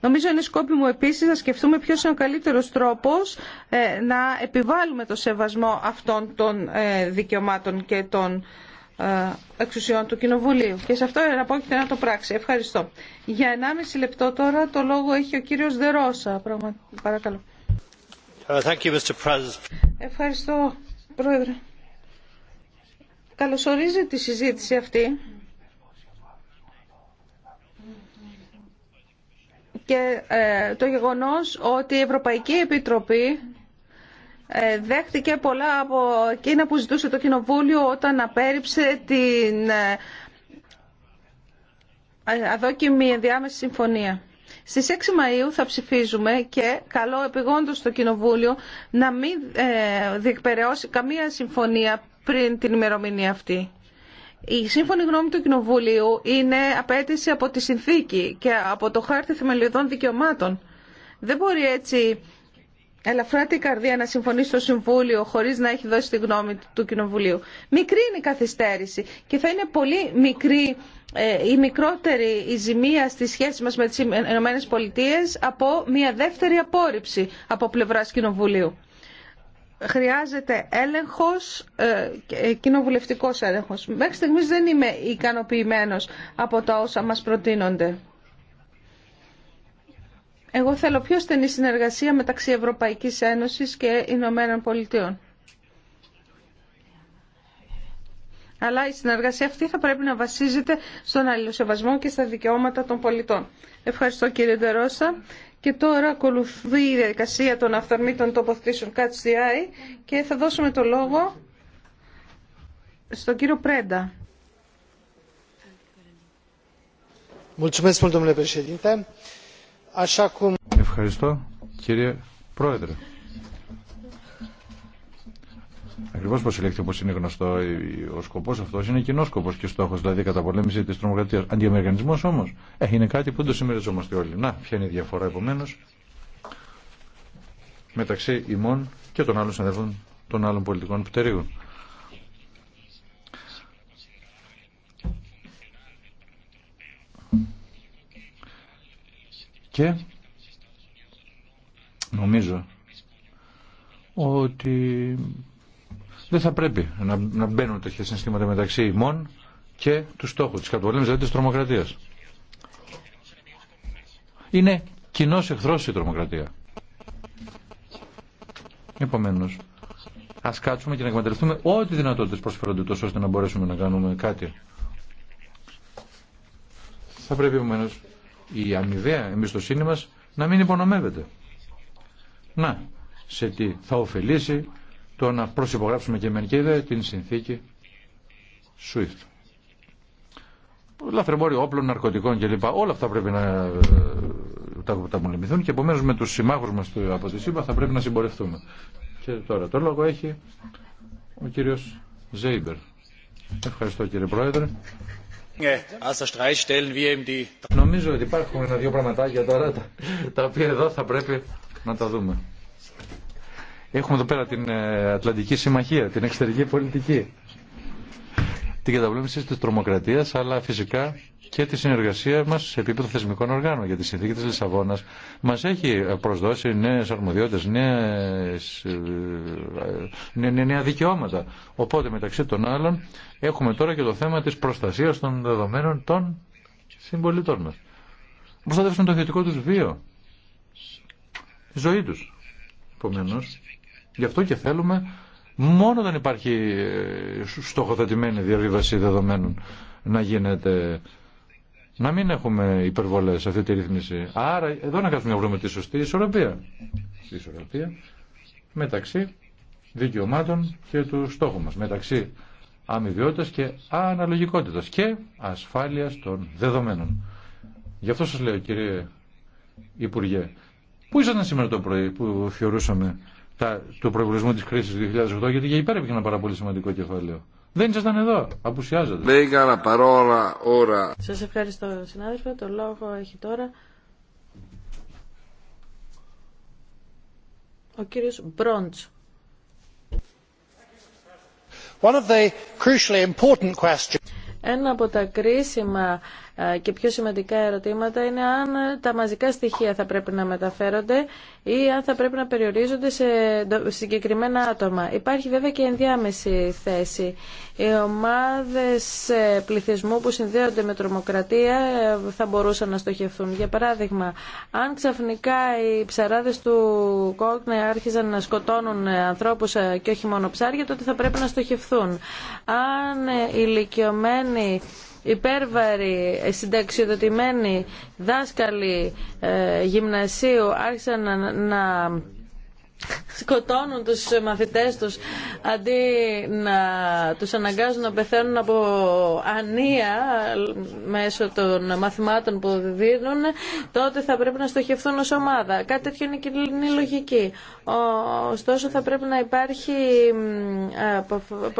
Νομίζω είναι σκόπιμο επίσης να σκεφτούμε ποιος είναι ο καλύτερος τρόπος ε, να επιβάλλουμε το σεβασμό αυτών των ε, δικαιωμάτων και των ε, εξουσιών του Κοινοβουλίου. Και σε αυτό εναπόκειται να το πράξει. Ευχαριστώ. Για 1,5 λεπτό τώρα το λόγο έχει ο κύριος Δερόσα. Παρακαλώ. Uh, Ευχαριστώ, Πρόεδρε. Καλωσορίζει τη συζήτηση αυτή και ε, το γεγονός ότι η Ευρωπαϊκή Επιτροπή ε, δέχτηκε πολλά από εκείνα που ζητούσε το Κοινοβούλιο όταν απέριψε την ε, αδόκιμη ενδιάμεση συμφωνία. Στις 6 Μαΐου θα ψηφίζουμε και καλό επιγόντως το Κοινοβούλιο να μην διεκπαιρεώσει καμία συμφωνία πριν την ημερομηνία αυτή. Η σύμφωνη γνώμη του Κοινοβουλίου είναι απέτηση από τη συνθήκη και από το χάρτη θεμελιωδών δικαιωμάτων. Δεν μπορεί έτσι ελαφρά την καρδία να συμφωνεί στο Συμβούλιο χωρίς να έχει δώσει τη γνώμη του Κοινοβουλίου. Μικρή είναι η καθυστέρηση και θα είναι πολύ μικρή ε, η μικρότερη η ζημία στη σχέση μας με τις ΗΠΑ από μια δεύτερη απόρριψη από πλευράς Κοινοβουλίου χρειάζεται έλεγχος, ε, κοινοβουλευτικός έλεγχος. Μέχρι στιγμής δεν είμαι ικανοποιημένος από τα όσα μας προτείνονται. Εγώ θέλω πιο στενή συνεργασία μεταξύ Ευρωπαϊκής Ένωσης και Ηνωμένων Πολιτείων. Αλλά η συνεργασία αυτή θα πρέπει να βασίζεται στον αλληλοσεβασμό και στα δικαιώματα των πολιτών. Ευχαριστώ κύριε Ντερόσα. Και τώρα ακολουθεί η διαδικασία των αυθαρμήτων τοποθετήσεων Catch και θα δώσουμε το λόγο στον κύριο Πρέντα. Ευχαριστώ κύριε Πρόεδρε. Ακριβώ πως λέξη όπω είναι γνωστό, ο σκοπό αυτό είναι κοινό σκοπό και στόχο, δηλαδή η καταπολέμηση τη τρομοκρατία. Αντιαμερικανισμό όμω ε, είναι κάτι που δεν το συμμεριζόμαστε όλοι. Να, ποια είναι η διαφορά επομένω μεταξύ ημών και των άλλων συναδέλφων των άλλων πολιτικών πτερίων. Και νομίζω ότι δεν θα πρέπει να, να μπαίνουν τέτοια συναισθήματα μεταξύ ημών και του στόχου τη καταπολέμηση δηλαδή τη τρομοκρατία. Είναι κοινό εχθρό η τρομοκρατία. Επομένω, α κάτσουμε και να εκμεταλλευτούμε ό,τι δυνατότητε προσφέρονται τόσο ώστε να μπορέσουμε να κάνουμε κάτι. Θα πρέπει επομένω η αμοιβαία εμπιστοσύνη μα να μην υπονομεύεται. Να, σε τι θα ωφελήσει το να προσυπογράψουμε και μεν και την συνθήκη SWIFT. Λαθρεμπόριο όπλων, ναρκωτικών κλπ. Όλα αυτά πρέπει να ε, τα, τα μολυμηθούν και επομένω με του συμμάχου μα από τη ΣΥΠΑ θα πρέπει να συμπορευτούμε. Και τώρα το λόγο έχει ο κύριο Ζέιμπερ. Ευχαριστώ κύριε Πρόεδρε. Ναι, Νομίζω ότι υπάρχουν ένα-δύο πραγματάκια τώρα τα οποία εδώ θα πρέπει να τα δούμε. Έχουμε εδώ πέρα την ε, Ατλαντική Συμμαχία, την εξωτερική πολιτική, την καταβλέψη τη τρομοκρατία, αλλά φυσικά και τη συνεργασία μα σε επίπεδο θεσμικών οργάνων για τη συνθήκη τη Λισαβόνα μα έχει προσδώσει νέε αρμοδιότητε, νέα, ε, νέα δικαιώματα. Οπότε μεταξύ των άλλων έχουμε τώρα και το θέμα τη προστασία των δεδομένων των συμπολιτών μα. Προστατεύσουν το θετικό του βίο, τη ζωή του. Επομένω, Γι' αυτό και θέλουμε μόνο όταν υπάρχει ε, στοχοθετημένη διαβίβαση δεδομένων να γίνεται να μην έχουμε υπερβολές σε αυτή τη ρύθμιση. Άρα εδώ να κάτσουμε να βρούμε τη σωστή ισορροπία. Στη ισορροπία μεταξύ δικαιωμάτων και του στόχου μας. Μεταξύ αμοιβιότητας και αναλογικότητας και ασφάλειας των δεδομένων. Γι' αυτό σας λέω κύριε Υπουργέ, πού ήσασταν σήμερα το πρωί που θεωρούσαμε τα, του της κρίσης του 2008 γιατί για υπέρεπηκε ένα πάρα πολύ σημαντικό κεφάλαιο. Δεν ήσασταν εδώ. Απουσιάζατε. Μέγαρα παρόλα ώρα. Σας ευχαριστώ συνάδελφε. Το λόγο έχει τώρα ο κύριος Μπρόντς. One of the crucially important questions. Ένα από τα κρίσιμα ε, και πιο σημαντικά ερωτήματα είναι αν τα μαζικά στοιχεία θα πρέπει να μεταφέρονται ή αν θα πρέπει να περιορίζονται σε συγκεκριμένα άτομα. Υπάρχει βέβαια και ενδιάμεση θέση. Οι ομάδες ε, πληθυσμού που συνδέονται με τρομοκρατία ε, θα μπορούσαν να στοχευθούν. Για παράδειγμα, αν ξαφνικά οι ψαράδες του Κόκνε άρχιζαν να σκοτώνουν ανθρώπους και όχι μόνο ψάρια, τότε θα πρέπει να στοχευθούν. Αν ηλικιωμένοι υπέρβαροι, συνταξιοδοτημένοι δάσκαλοι ε, γυμνασίου άρχισαν να σκοτώνουν τους μαθητές τους αντί να τους αναγκάζουν να πεθαίνουν από ανία μέσω των μαθημάτων που δίνουν τότε θα πρέπει να στοχευθούν ως ομάδα κάτι τέτοιο είναι κοινή λογική ωστόσο θα πρέπει να υπάρχει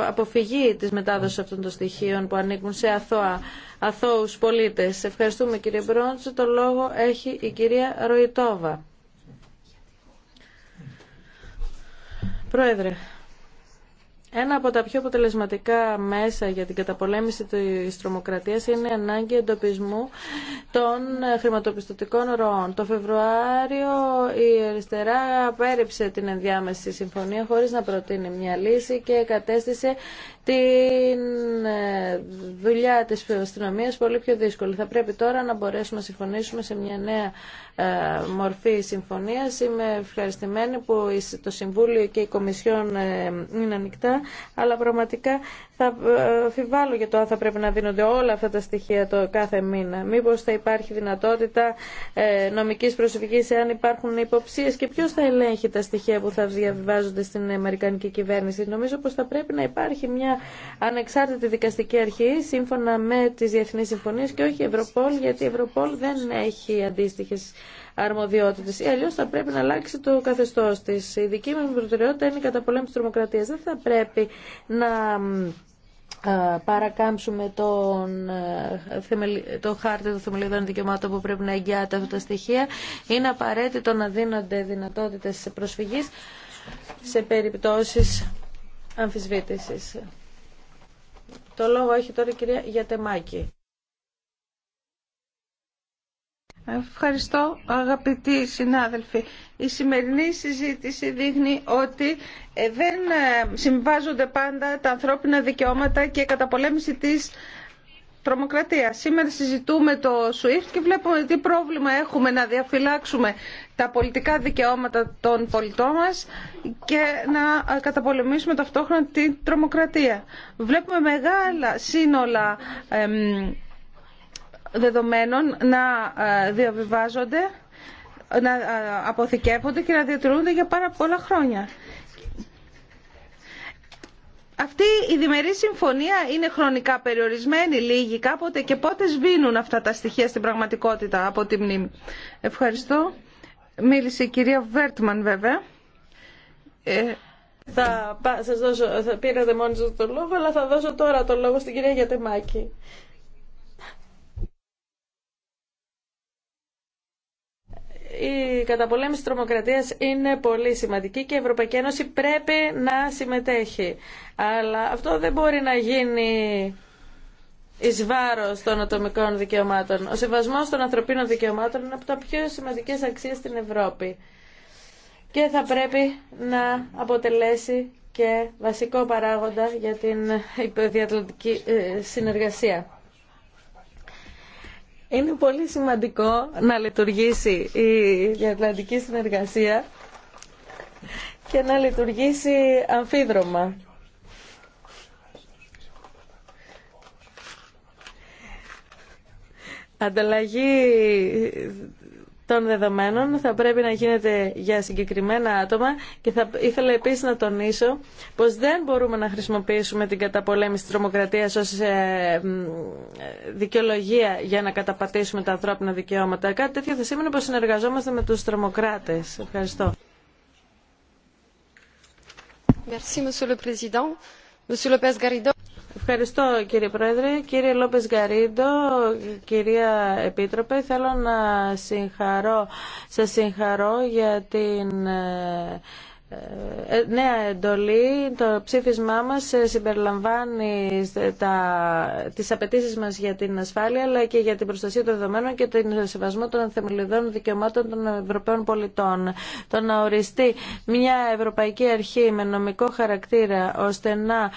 αποφυγή της μετάδοσης αυτών των στοιχείων που ανήκουν σε αθώα αθώους πολίτες. Ευχαριστούμε κύριε Μπρόντζ. Το λόγο έχει η κυρία Ροϊτόβα. Πρόεδρε, ένα από τα πιο αποτελεσματικά μέσα για την καταπολέμηση της τρομοκρατίας είναι η ανάγκη εντοπισμού των χρηματοπιστωτικών ροών. Το Φεβρουάριο η αριστερά απέρριψε την ενδιάμεση συμφωνία χωρίς να προτείνει μια λύση και κατέστησε την ε, δουλειά της αστυνομία πολύ πιο δύσκολη. Θα πρέπει τώρα να μπορέσουμε να συμφωνήσουμε σε μια νέα ε, μορφή συμφωνίας. Είμαι ευχαριστημένη που το Συμβούλιο και η Κομισιόν ε, είναι ανοιχτά, αλλά πραγματικά θα αφιβάλλω για το αν θα πρέπει να δίνονται όλα αυτά τα στοιχεία το κάθε μήνα. Μήπως θα υπάρχει δυνατότητα νομικής προσφυγής εάν υπάρχουν υποψίες και ποιος θα ελέγχει τα στοιχεία που θα διαβιβάζονται στην Αμερικανική κυβέρνηση. Νομίζω πως θα πρέπει να υπάρχει μια μια ανεξάρτητη δικαστική αρχή σύμφωνα με τι διεθνεί συμφωνίε και όχι η Ευρωπόλ γιατί η Ευρωπόλ δεν έχει αντίστοιχε αρμοδιότητε. Ή αλλιώ θα πρέπει να αλλάξει το καθεστώ τη. Η δική μου προτεραιότητα είναι η καταπολέμηση της τρομοκρατία. Δεν θα πρέπει να παρακάμψουμε τον, το χάρτη του θεμελιωδών δικαιωμάτων που πρέπει να εγγυάται αυτά τα στοιχεία. Είναι απαραίτητο να δίνονται δυνατότητες προσφυγής σε περιπτώσεις αμφισβήτησης. Το λόγο έχει τώρα η κυρία Γιατεμάκη. Ευχαριστώ αγαπητοί συνάδελφοι. Η σημερινή συζήτηση δείχνει ότι ε, δεν ε, συμβάζονται πάντα τα ανθρώπινα δικαιώματα και καταπολέμηση της τρομοκρατίας. Σήμερα συζητούμε το SWIFT και βλέπουμε τι πρόβλημα έχουμε να διαφυλάξουμε τα πολιτικά δικαιώματα των πολιτών μας και να καταπολεμήσουμε ταυτόχρονα την τρομοκρατία. Βλέπουμε μεγάλα σύνολα δεδομένων να ε, διαβιβάζονται, να ε, αποθηκεύονται και να διατηρούνται για πάρα πολλά χρόνια. Αυτή η διμερή συμφωνία είναι χρονικά περιορισμένη, λίγη κάποτε και πότε σβήνουν αυτά τα στοιχεία στην πραγματικότητα από τη μνήμη. Ευχαριστώ. Μίλησε η κυρία Βέρτμαν βέβαια. Ε, θα σας δώσω, θα πήρατε μόνοι σας το λόγο, αλλά θα δώσω τώρα το λόγο στην κυρία Γιατεμάκη. η καταπολέμηση της τρομοκρατίας είναι πολύ σημαντική και η Ευρωπαϊκή Ένωση πρέπει να συμμετέχει. Αλλά αυτό δεν μπορεί να γίνει εις βάρος των ατομικών δικαιωμάτων. Ο σεβασμός των ανθρωπίνων δικαιωμάτων είναι από τα πιο σημαντικές αξίες στην Ευρώπη και θα πρέπει να αποτελέσει και βασικό παράγοντα για την υπερδιατλαντική ε, συνεργασία. Είναι πολύ σημαντικό να λειτουργήσει η διατλαντική συνεργασία και να λειτουργήσει αμφίδρομα. ανταλλαγή των δεδομένων θα πρέπει να γίνεται για συγκεκριμένα άτομα και θα ήθελα επίσης να τονίσω πως δεν μπορούμε να χρησιμοποιήσουμε την καταπολέμηση της τρομοκρατίας ως ε, δικαιολογία για να καταπατήσουμε τα ανθρώπινα δικαιώματα. Κάτι τέτοιο θα σήμαινε πως συνεργαζόμαστε με τους τρομοκράτες. Ευχαριστώ. Ευχαριστώ κύριε Πρόεδρε, κύριε Λόπες Γκαρίντο, κυρία Επίτροπε. Θέλω να συγχαρώ, σας συγχαρώ για την ε, ε, ε, νέα εντολή. Το ψήφισμά μας ε, συμπεριλαμβάνει τα, τις απαιτήσεις μας για την ασφάλεια αλλά και για την προστασία των δεδομένων και τον σεβασμό των θεμελιδών δικαιωμάτων των Ευρωπαίων πολιτών. Το να οριστεί μια Ευρωπαϊκή Αρχή με νομικό χαρακτήρα ώστε να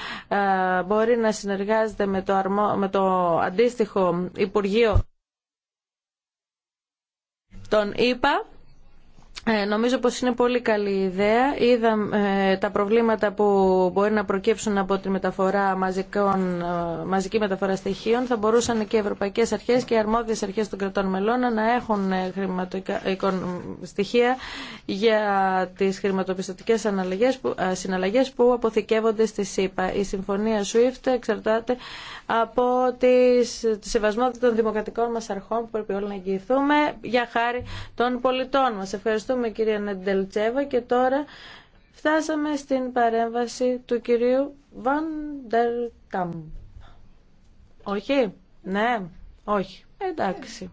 μπορεί να συνεργάζεται με το, με το αντίστοιχο Υπουργείο των ΗΠΑ ε, νομίζω πως είναι πολύ καλή ιδέα. Είδα ε, τα προβλήματα που μπορεί να προκύψουν από τη μεταφορά μαζικών, ε, μαζική μεταφορά στοιχείων. Θα μπορούσαν και οι ευρωπαϊκές αρχές και οι αρμόδιες αρχές των κρατών μελών να έχουν στοιχεία για τις χρηματοπιστωτικές αναλλαγές που, συναλλαγές που αποθηκεύονται στη ΣΥΠΑ. Η συμφωνία SWIFT εξαρτάται από τις, τη σεβασμό των δημοκρατικών μας αρχών που πρέπει όλοι να εγγυηθούμε για χάρη των πολιτών μας. Ευχαριστώ Ευχαριστούμε κυρία Νεντελτσέβα και τώρα φτάσαμε στην παρέμβαση του κυρίου Βαντερ Όχι, ναι, όχι, εντάξει.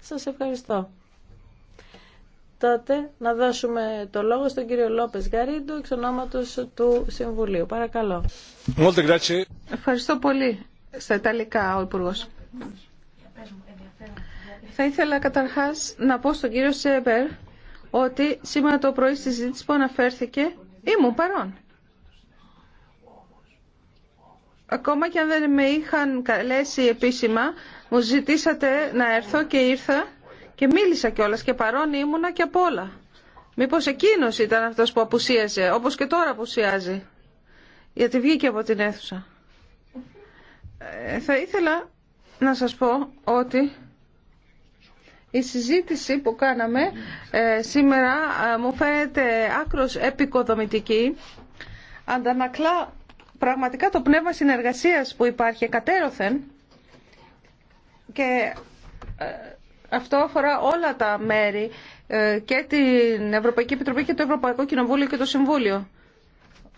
Σας ευχαριστώ. Τότε να δώσουμε το λόγο στον κύριο Λόπες Γαρίντο, εξ ονόματος του Συμβουλίου. Παρακαλώ. Ευχαριστώ πολύ. Στα Ιταλικά ο υπουργό. Θα ήθελα καταρχάς να πω στον κύριο Σέμπερ ότι σήμερα το πρωί στη συζήτηση που αναφέρθηκε ήμουν παρόν. Ακόμα και αν δεν με είχαν καλέσει επίσημα, μου ζητήσατε να έρθω και ήρθα και μίλησα κιόλα και παρόν ήμουνα και απ' όλα. Μήπως εκείνος ήταν αυτός που απουσίαζε, όπως και τώρα απουσιάζει, γιατί βγήκε από την αίθουσα. Ε, θα ήθελα να σας πω ότι η συζήτηση που κάναμε ε, σήμερα ε, μου φαίνεται άκρος επικοδομητική. Αντανακλά πραγματικά το πνεύμα συνεργασίας που υπάρχει κατέρωθεν και ε, αυτό αφορά όλα τα μέρη και την Ευρωπαϊκή Επιτροπή και το Ευρωπαϊκό Κοινοβούλιο και το Συμβούλιο.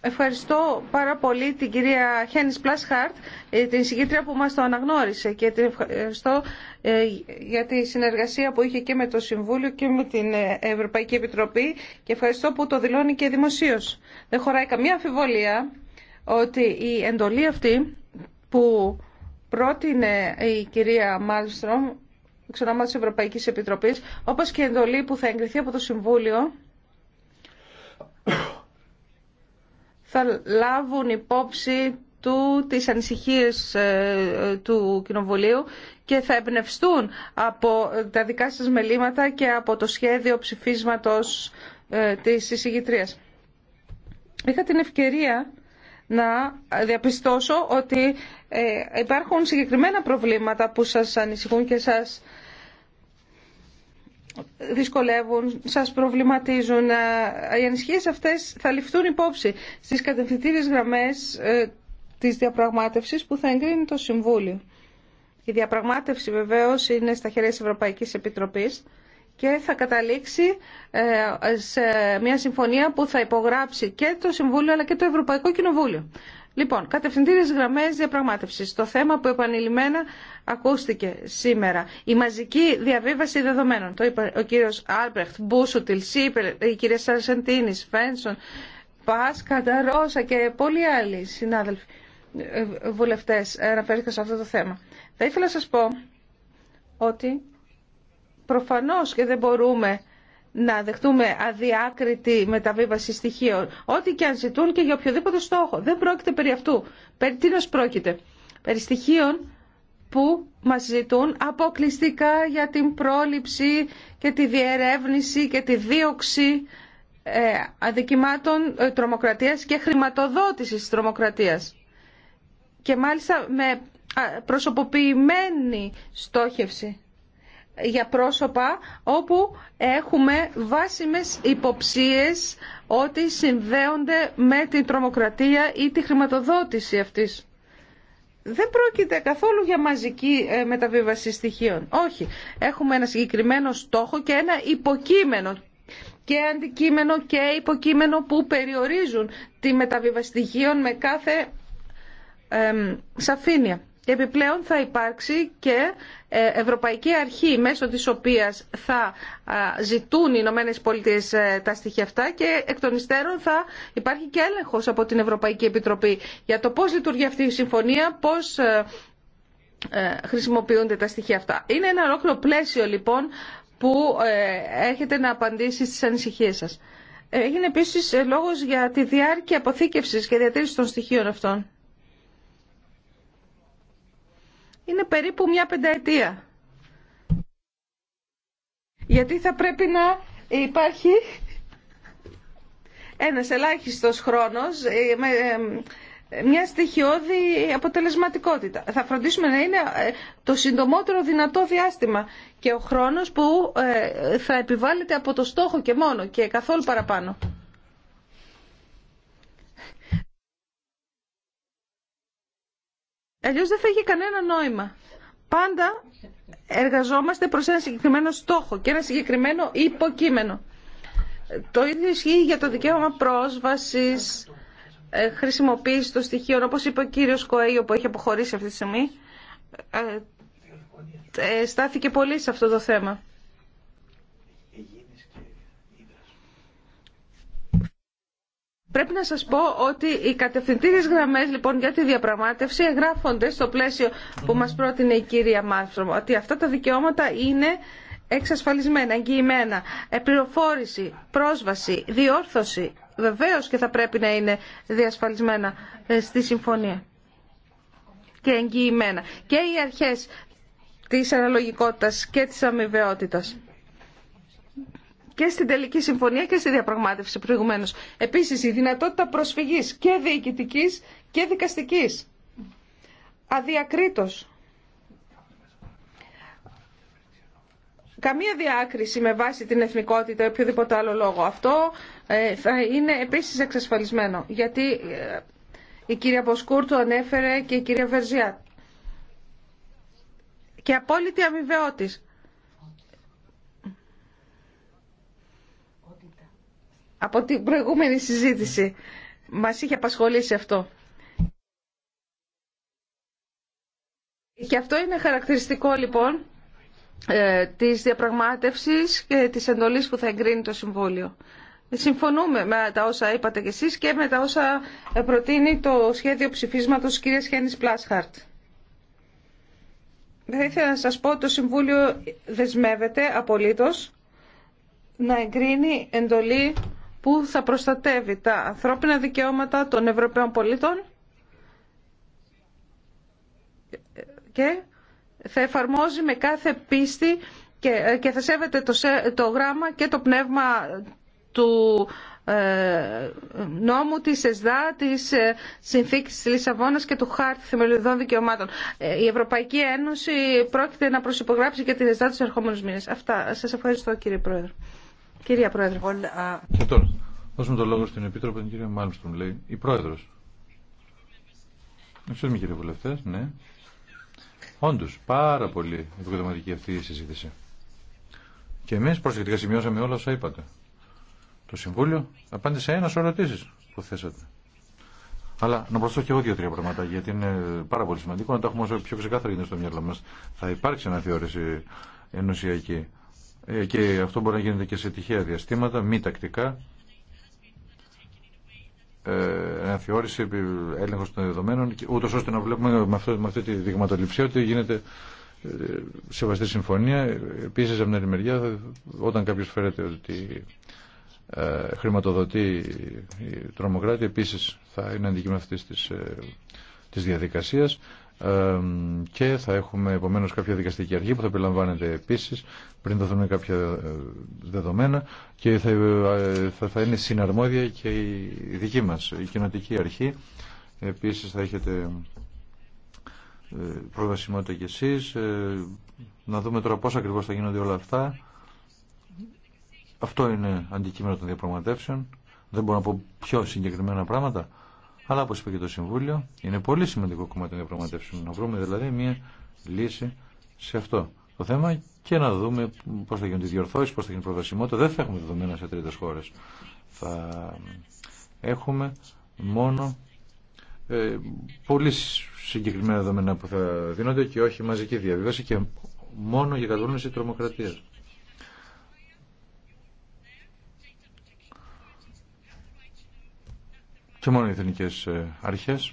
Ευχαριστώ πάρα πολύ την κυρία Χένις Πλάσχαρτ, ε, την συγκήτρια που μας το αναγνώρισε και την ευχαριστώ ε, για τη συνεργασία που είχε και με το Συμβούλιο και με την ε, Ευρωπαϊκή Επιτροπή και ευχαριστώ που το δηλώνει και δημοσίως. Δεν χωράει καμία αμφιβολία ότι η εντολή αυτή που πρότεινε η κυρία Μάλστρομ εξ ονόματος της Ευρωπαϊκής Επιτροπής, όπως και η εντολή που θα εγκριθεί από το Συμβούλιο, θα λάβουν υπόψη του τις ανησυχίες ε, του Κοινοβουλίου και θα εμπνευστούν από ε, τα δικά σας μελήματα και από το σχέδιο ψηφίσματος ε, της εισηγητρίας. Είχα την ευκαιρία να διαπιστώσω ότι υπάρχουν συγκεκριμένα προβλήματα που σας ανησυχούν και σας δυσκολεύουν, σας προβληματίζουν. Ε, οι ανησυχίες αυτές θα ληφθούν υπόψη στις κατευθυντήριες γραμμές ε, της διαπραγμάτευσης που θα εγκρίνει το Συμβούλιο. Η διαπραγμάτευση βεβαίως είναι στα χέρια της Ευρωπαϊκής Επιτροπής και θα καταλήξει ε, σε μια συμφωνία που θα υπογράψει και το Συμβούλιο αλλά και το Ευρωπαϊκό Κοινοβούλιο. Λοιπόν, κατευθυντήριες γραμμέ διαπραγμάτευσης. Το θέμα που επανειλημμένα ακούστηκε σήμερα. Η μαζική διαβίβαση δεδομένων, το είπε ο κύριος Άλμπρεχτ, Μπούσουτιλ, Σίπερ, η κυρία Σαρσεντίνη, Φένσον, Πάσκα, Ρόσα και πολλοί άλλοι συνάδελφοι ε, βουλευτές ε, αναφέρθηκαν σε αυτό το θέμα. Θα ήθελα να σας πω ότι προφανώς και δεν μπορούμε να δεχτούμε αδιάκριτη μεταβίβαση στοιχείων, ό,τι και αν ζητούν και για οποιοδήποτε στόχο. Δεν πρόκειται περί αυτού. Περί τίνος πρόκειται. Περί στοιχείων που μας ζητούν αποκλειστικά για την πρόληψη και τη διερεύνηση και τη δίωξη ε, αδικημάτων ε, τρομοκρατίας και χρηματοδότησης τρομοκρατίας. Και μάλιστα με προσωποποιημένη στόχευση για πρόσωπα όπου έχουμε βάσιμες υποψίες ότι συνδέονται με την τρομοκρατία ή τη χρηματοδότηση αυτής δεν πρόκειται καθόλου για μαζική ε, μεταβίβαση στοιχείων. Όχι. Έχουμε ένα συγκεκριμένο στόχο και ένα υποκείμενο και αντικείμενο και υποκείμενο που περιορίζουν τη μεταβίβαση στοιχείων με κάθε σαφήνεια. Επιπλέον θα υπάρξει και ε, Ευρωπαϊκή Αρχή μέσω της οποίας θα ζητούν οι Ηνωμένε Πολιτείες ε, τα στοιχεία αυτά και εκ των υστέρων θα υπάρχει και έλεγχος από την Ευρωπαϊκή Επιτροπή για το πώς λειτουργεί αυτή η συμφωνία, πώς ε, χρησιμοποιούνται τα στοιχεία αυτά. Είναι ένα ολόκληρο πλαίσιο λοιπόν που έχετε να απαντήσει στις ανησυχίες σας. Έγινε επίσης λόγος για τη διάρκεια αποθήκευσης και διατήρηση των στοιχείων αυτών. είναι περίπου μια πενταετία. Γιατί θα πρέπει να υπάρχει ένας ελάχιστος χρόνος ε, με ε, μια στοιχειώδη αποτελεσματικότητα. Θα φροντίσουμε να είναι ε, το συντομότερο δυνατό διάστημα και ο χρόνος που θα επιβάλλεται από το στόχο και μόνο και καθόλου παραπάνω. Αλλιώς δεν θα είχε κανένα νόημα. Πάντα εργαζόμαστε προς ένα συγκεκριμένο στόχο και ένα συγκεκριμένο υποκείμενο. Το ίδιο ισχύει για το δικαίωμα πρόσβασης, ε, χρησιμοποίηση των στοιχείων, όπως είπε ο κύριος Κοέιο που έχει αποχωρήσει αυτή τη στιγμή, ε, ε, στάθηκε πολύ σε αυτό το θέμα. Πρέπει να σας πω ότι οι κατευθυντήριες γραμμές λοιπόν για τη διαπραγμάτευση εγγράφονται στο πλαίσιο που μας πρότεινε η κυρία Μάλστρομ ότι αυτά τα δικαιώματα είναι εξασφαλισμένα, εγγυημένα, ε, πληροφόρηση, πρόσβαση, διόρθωση βεβαίως και θα πρέπει να είναι διασφαλισμένα ε, στη συμφωνία και εγγυημένα και οι αρχές της αναλογικότητας και της αμοιβαιότητας και στην τελική συμφωνία και στη διαπραγμάτευση προηγουμένω. Επίση, η δυνατότητα προσφυγή και διοικητική και δικαστική. Αδιακρίτω. Καμία διάκριση με βάση την εθνικότητα ή οποιοδήποτε άλλο λόγο. Αυτό ε, θα είναι επίσης εξασφαλισμένο. Γιατί ε, η κυρία επιση εξασφαλισμενο γιατι η κυρια μποσκουρ ανέφερε και η κυρία Βερζιά. Και απόλυτη αμοιβαιότητα. από την προηγούμενη συζήτηση. Μας είχε απασχολήσει αυτό. Και αυτό είναι χαρακτηριστικό λοιπόν ε, της διαπραγμάτευσης και της εντολής που θα εγκρίνει το Συμβούλιο. Συμφωνούμε με τα όσα είπατε κι εσείς και με τα όσα προτείνει το σχέδιο ψηφίσματος κυρίας Χένης Πλάσχαρτ. Θα ήθελα να σας πω ότι το Συμβούλιο δεσμεύεται απολύτως να εγκρίνει εντολή που θα προστατεύει τα ανθρώπινα δικαιώματα των Ευρωπαίων πολίτων και θα εφαρμόζει με κάθε πίστη και θα σέβεται το γράμμα και το πνεύμα του ε, νόμου της ΕΣΔΑ, της ε, Συνθήκης της Λισαβόνας και του Χάρτη Θεμελιωδών Δικαιωμάτων. Ε, η Ευρωπαϊκή Ένωση πρόκειται να προσυπογράψει και την ΕΣΔΑ τους ερχόμενους μήνες. Αυτά. Σας ευχαριστώ κύριε Πρόεδρε. Κυρία Πρόεδρε. Λοιπόν, και τώρα, δώσουμε το λόγο στην Επίτροπο, την κυρία Μάλμστρομ, λέει, η Πρόεδρος. Ευχαριστούμε κύριε Βουλευτέ, ναι. Όντω, πάρα πολύ επικοδοματική αυτή η συζήτηση. Και εμεί προσεκτικά σημειώσαμε όλα όσα είπατε. Το Συμβούλιο απάντησε ένα σωρό ερωτήσει που θέσατε. Αλλά να προσθέσω και εγώ δύο-τρία πράγματα, γιατί είναι πάρα πολύ σημαντικό να τα έχουμε όσο πιο ξεκάθαρα γίνεται στο μυαλό μα. Θα υπάρξει αναθεώρηση ενωσιακή ε, και αυτό μπορεί να γίνεται και σε τυχαία διαστήματα, μη τακτικά, ε, θεώρηση έλεγχο των δεδομένων, ούτω ώστε να βλέπουμε με, αυτό, αυτή τη δειγματοληψία ότι γίνεται ε, σεβαστή συμφωνία. Επίση, από την άλλη μεριά, όταν κάποιο φέρεται ότι χρηματοδοτεί η τρομοκράτη, επίση θα είναι αντικείμενο αυτή τη διαδικασία και θα έχουμε επομένω κάποια δικαστική αρχή που θα περιλαμβάνεται επίση πριν δοθούν κάποια ε, δεδομένα και θα, ε, θα, θα είναι συναρμόδια και η δική μα η κοινοτική αρχή. Επίση θα έχετε ε, προβασιμότητα κι εσεί. Να δούμε τώρα πώ ακριβώ θα γίνονται όλα αυτά. Αυτό είναι αντικείμενο των διαπραγματεύσεων. Δεν μπορώ να πω πιο συγκεκριμένα πράγματα. Αλλά όπως είπε και το Συμβούλιο, είναι πολύ σημαντικό κομμάτι να διαπραγματεύσουμε. Να βρούμε δηλαδή μια λύση σε αυτό το θέμα και να δούμε πώ θα γίνουν οι διορθώσει, πώ θα γίνει η προβασιμότητα. Δεν θα έχουμε δεδομένα σε τρίτε χώρε. Θα έχουμε μόνο ε, πολύ συγκεκριμένα δεδομένα που θα δίνονται και όχι μαζική διαβίβαση και μόνο για κατανόηση τρομοκρατία. και μόνο οι εθνικές ε, αρχές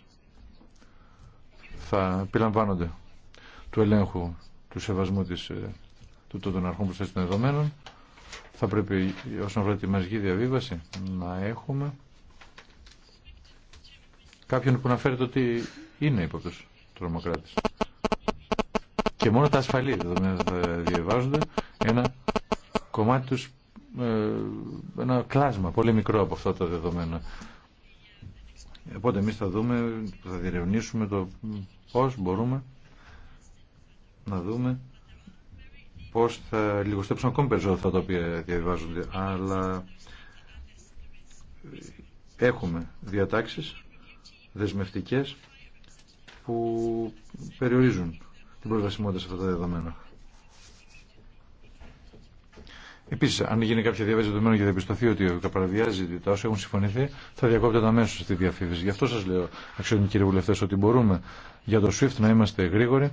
θα επιλαμβάνονται του ελέγχου του σεβασμού της, ε, του, των αρχών προσθέσεων των δεδομένων θα πρέπει όσον αφορά τη μαζική διαβίβαση να έχουμε κάποιον που να φέρει το ότι είναι υπόπτως τρομοκράτης. Και μόνο τα ασφαλή δεδομένα θα διαβάζονται ένα κομμάτι τους, ε, ένα κλάσμα πολύ μικρό από αυτά τα δεδομένα. Οπότε εμείς θα δούμε, θα διερευνήσουμε το πώς μπορούμε να δούμε πώς θα λιγοστέψουν ακόμη περισσότερο αυτά τα οποία διαβάζονται. Αλλά έχουμε διατάξεις δεσμευτικές που περιορίζουν την προσβασιμότητα σε αυτά τα δεδομένα. Επίση, αν γίνει κάποια διαβίβαση δεδομένων και διαπιστωθεί ότι παραβιάζει τα όσα έχουν συμφωνηθεί, θα διακόπτεται αμέσω στη διαφήμιση. Γι' αυτό σα λέω, αξιότιμοι κύριοι βουλευτέ, ότι μπορούμε για το SWIFT να είμαστε γρήγοροι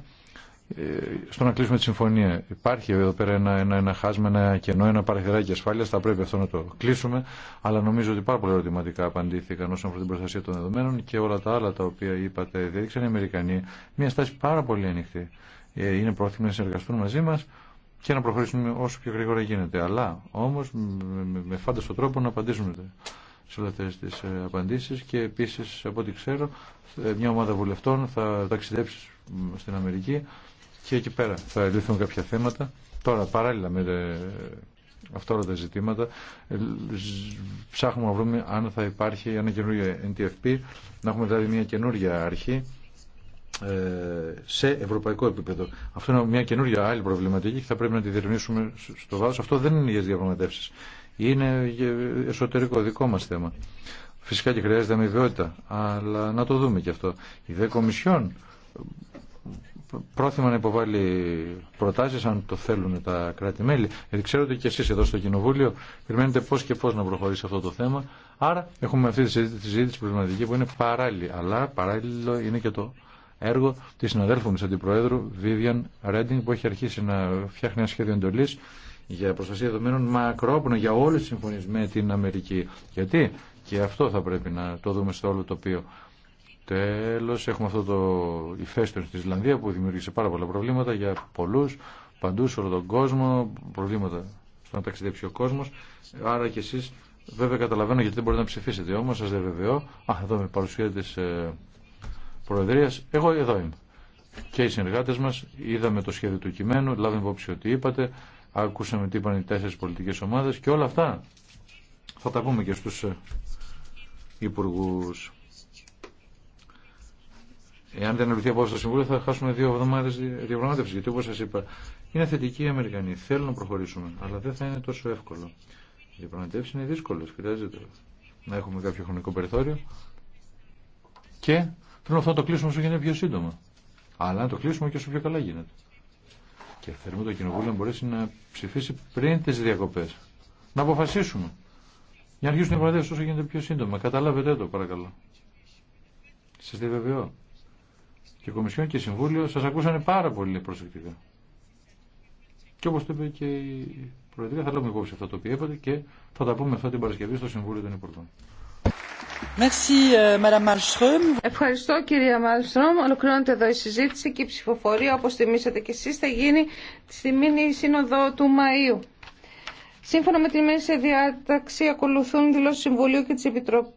ε, στο να κλείσουμε τη συμφωνία. Υπάρχει εδώ πέρα ένα, ένα, ένα χάσμα, ένα κενό, ένα παραθυράκι ασφάλεια. Θα πρέπει αυτό να το κλείσουμε. Αλλά νομίζω ότι πάρα πολλά ερωτηματικά απαντήθηκαν όσον αφορά την προστασία των δεδομένων και όλα τα άλλα τα οποία είπατε. Δείξαν οι Αμερικανοί μια στάση πάρα πολύ ανοιχτή. Ε, είναι πρόθυμοι να συνεργαστούν μαζί μα και να προχωρήσουμε όσο πιο γρήγορα γίνεται. Αλλά όμως με φάνταστο τρόπο να απαντήσουμε σε όλε τι ε, απαντήσεις και επίσης από ό,τι ξέρω ε, μια ομάδα βουλευτών θα ταξιδέψει στην Αμερική και εκεί πέρα θα λυθούν κάποια θέματα. Τώρα παράλληλα με ε, αυτά τα ζητήματα ψάχνουμε να βρούμε αν θα υπάρχει ένα καινούργιο NTFP, να έχουμε δηλαδή μια καινούργια αρχή ε, σε ευρωπαϊκό επίπεδο. Αυτό είναι μια καινούργια άλλη προβληματική και θα πρέπει να τη διερευνήσουμε στο βάθος. Αυτό δεν είναι για τις διαπραγματεύσεις. Είναι εσωτερικό δικό μας θέμα. Φυσικά και χρειάζεται αμοιβαιότητα, αλλά να το δούμε και αυτό. Η ΔΕ Κομισιόν πρόθυμα να υποβάλει προτάσεις αν το θέλουν τα κράτη-μέλη. Γιατί ξέρω ότι και εσείς εδώ στο Κοινοβούλιο περιμένετε πώς και πώς να προχωρήσει αυτό το θέμα. Άρα έχουμε αυτή τη συζήτηση προβληματική που είναι παράλληλη. Αλλά παράλληλο είναι και το έργο της συναδέλφου μου της Αντιπροέδρου Βίβιαν Ρέντινγκ που έχει αρχίσει να φτιάχνει ένα σχέδιο εντολής για προστασία δεδομένων μακρόπνο για όλες τις συμφωνίες με την Αμερική. Γιατί και αυτό θα πρέπει να το δούμε στο όλο τοπίο. Τέλος έχουμε αυτό το ηφαίστειο στην Ισλανδία που δημιούργησε πάρα πολλά προβλήματα για πολλούς παντού σε όλο τον κόσμο, προβλήματα στο να ταξιδέψει ο κόσμος. Άρα και εσείς Βέβαια καταλαβαίνω γιατί δεν μπορείτε να ψηφίσετε, όμως σας βεβαίω, Α, εδώ με παρουσία ε, Προεδρία εγώ εδώ είμαι. Και οι συνεργάτε μα είδαμε το σχέδιο του κειμένου, λάβαμε υπόψη ότι είπατε, ακούσαμε τι είπαν οι τέσσερι πολιτικέ ομάδε και όλα αυτά θα τα πούμε και στου ε, υπουργού. Εάν δεν αναλυθεί απόφαση στο Συμβούλιο, θα χάσουμε δύο εβδομάδε διαπραγμάτευση. Γιατί όπω σα είπα, είναι θετικοί οι Αμερικανοί. Θέλουν να προχωρήσουμε, αλλά δεν θα είναι τόσο εύκολο. Οι διαπραγματεύσει είναι δύσκολε. Χρειάζεται να έχουμε κάποιο χρονικό περιθώριο και Πρέπει αυτό να το κλείσουμε όσο γίνεται πιο σύντομα. Αλλά να το κλείσουμε και όσο πιο καλά γίνεται. Και θέλουμε το Κοινοβούλιο να μπορέσει να ψηφίσει πριν τι διακοπέ. Να αποφασίσουμε. Για να αρχίσουν οι παραδείγματα όσο γίνεται πιο σύντομα. Καταλάβετε το παρακαλώ. Σα διαβεβαιώ. Και η Κομισιόν και η Συμβούλιο σα ακούσαν πάρα πολύ προσεκτικά. Και όπω το είπε και η Προεδρία, θα λάβουμε υπόψη αυτά το οποίο είπατε και θα τα πούμε αυτά την Παρασκευή στο Συμβούλιο των Υπουργών. Euh, Ευχαριστώ κυρία Μάλστρομ. Ολοκληρώνεται εδώ η συζήτηση και η ψηφοφορία, όπως θυμήσατε και εσείς, θα γίνει στη μήνυ σύνοδο του Μαΐου. Σύμφωνα με τη μέση διάταξη ακολουθούν δηλώσεις Συμβουλίου και τη Επιτροπή.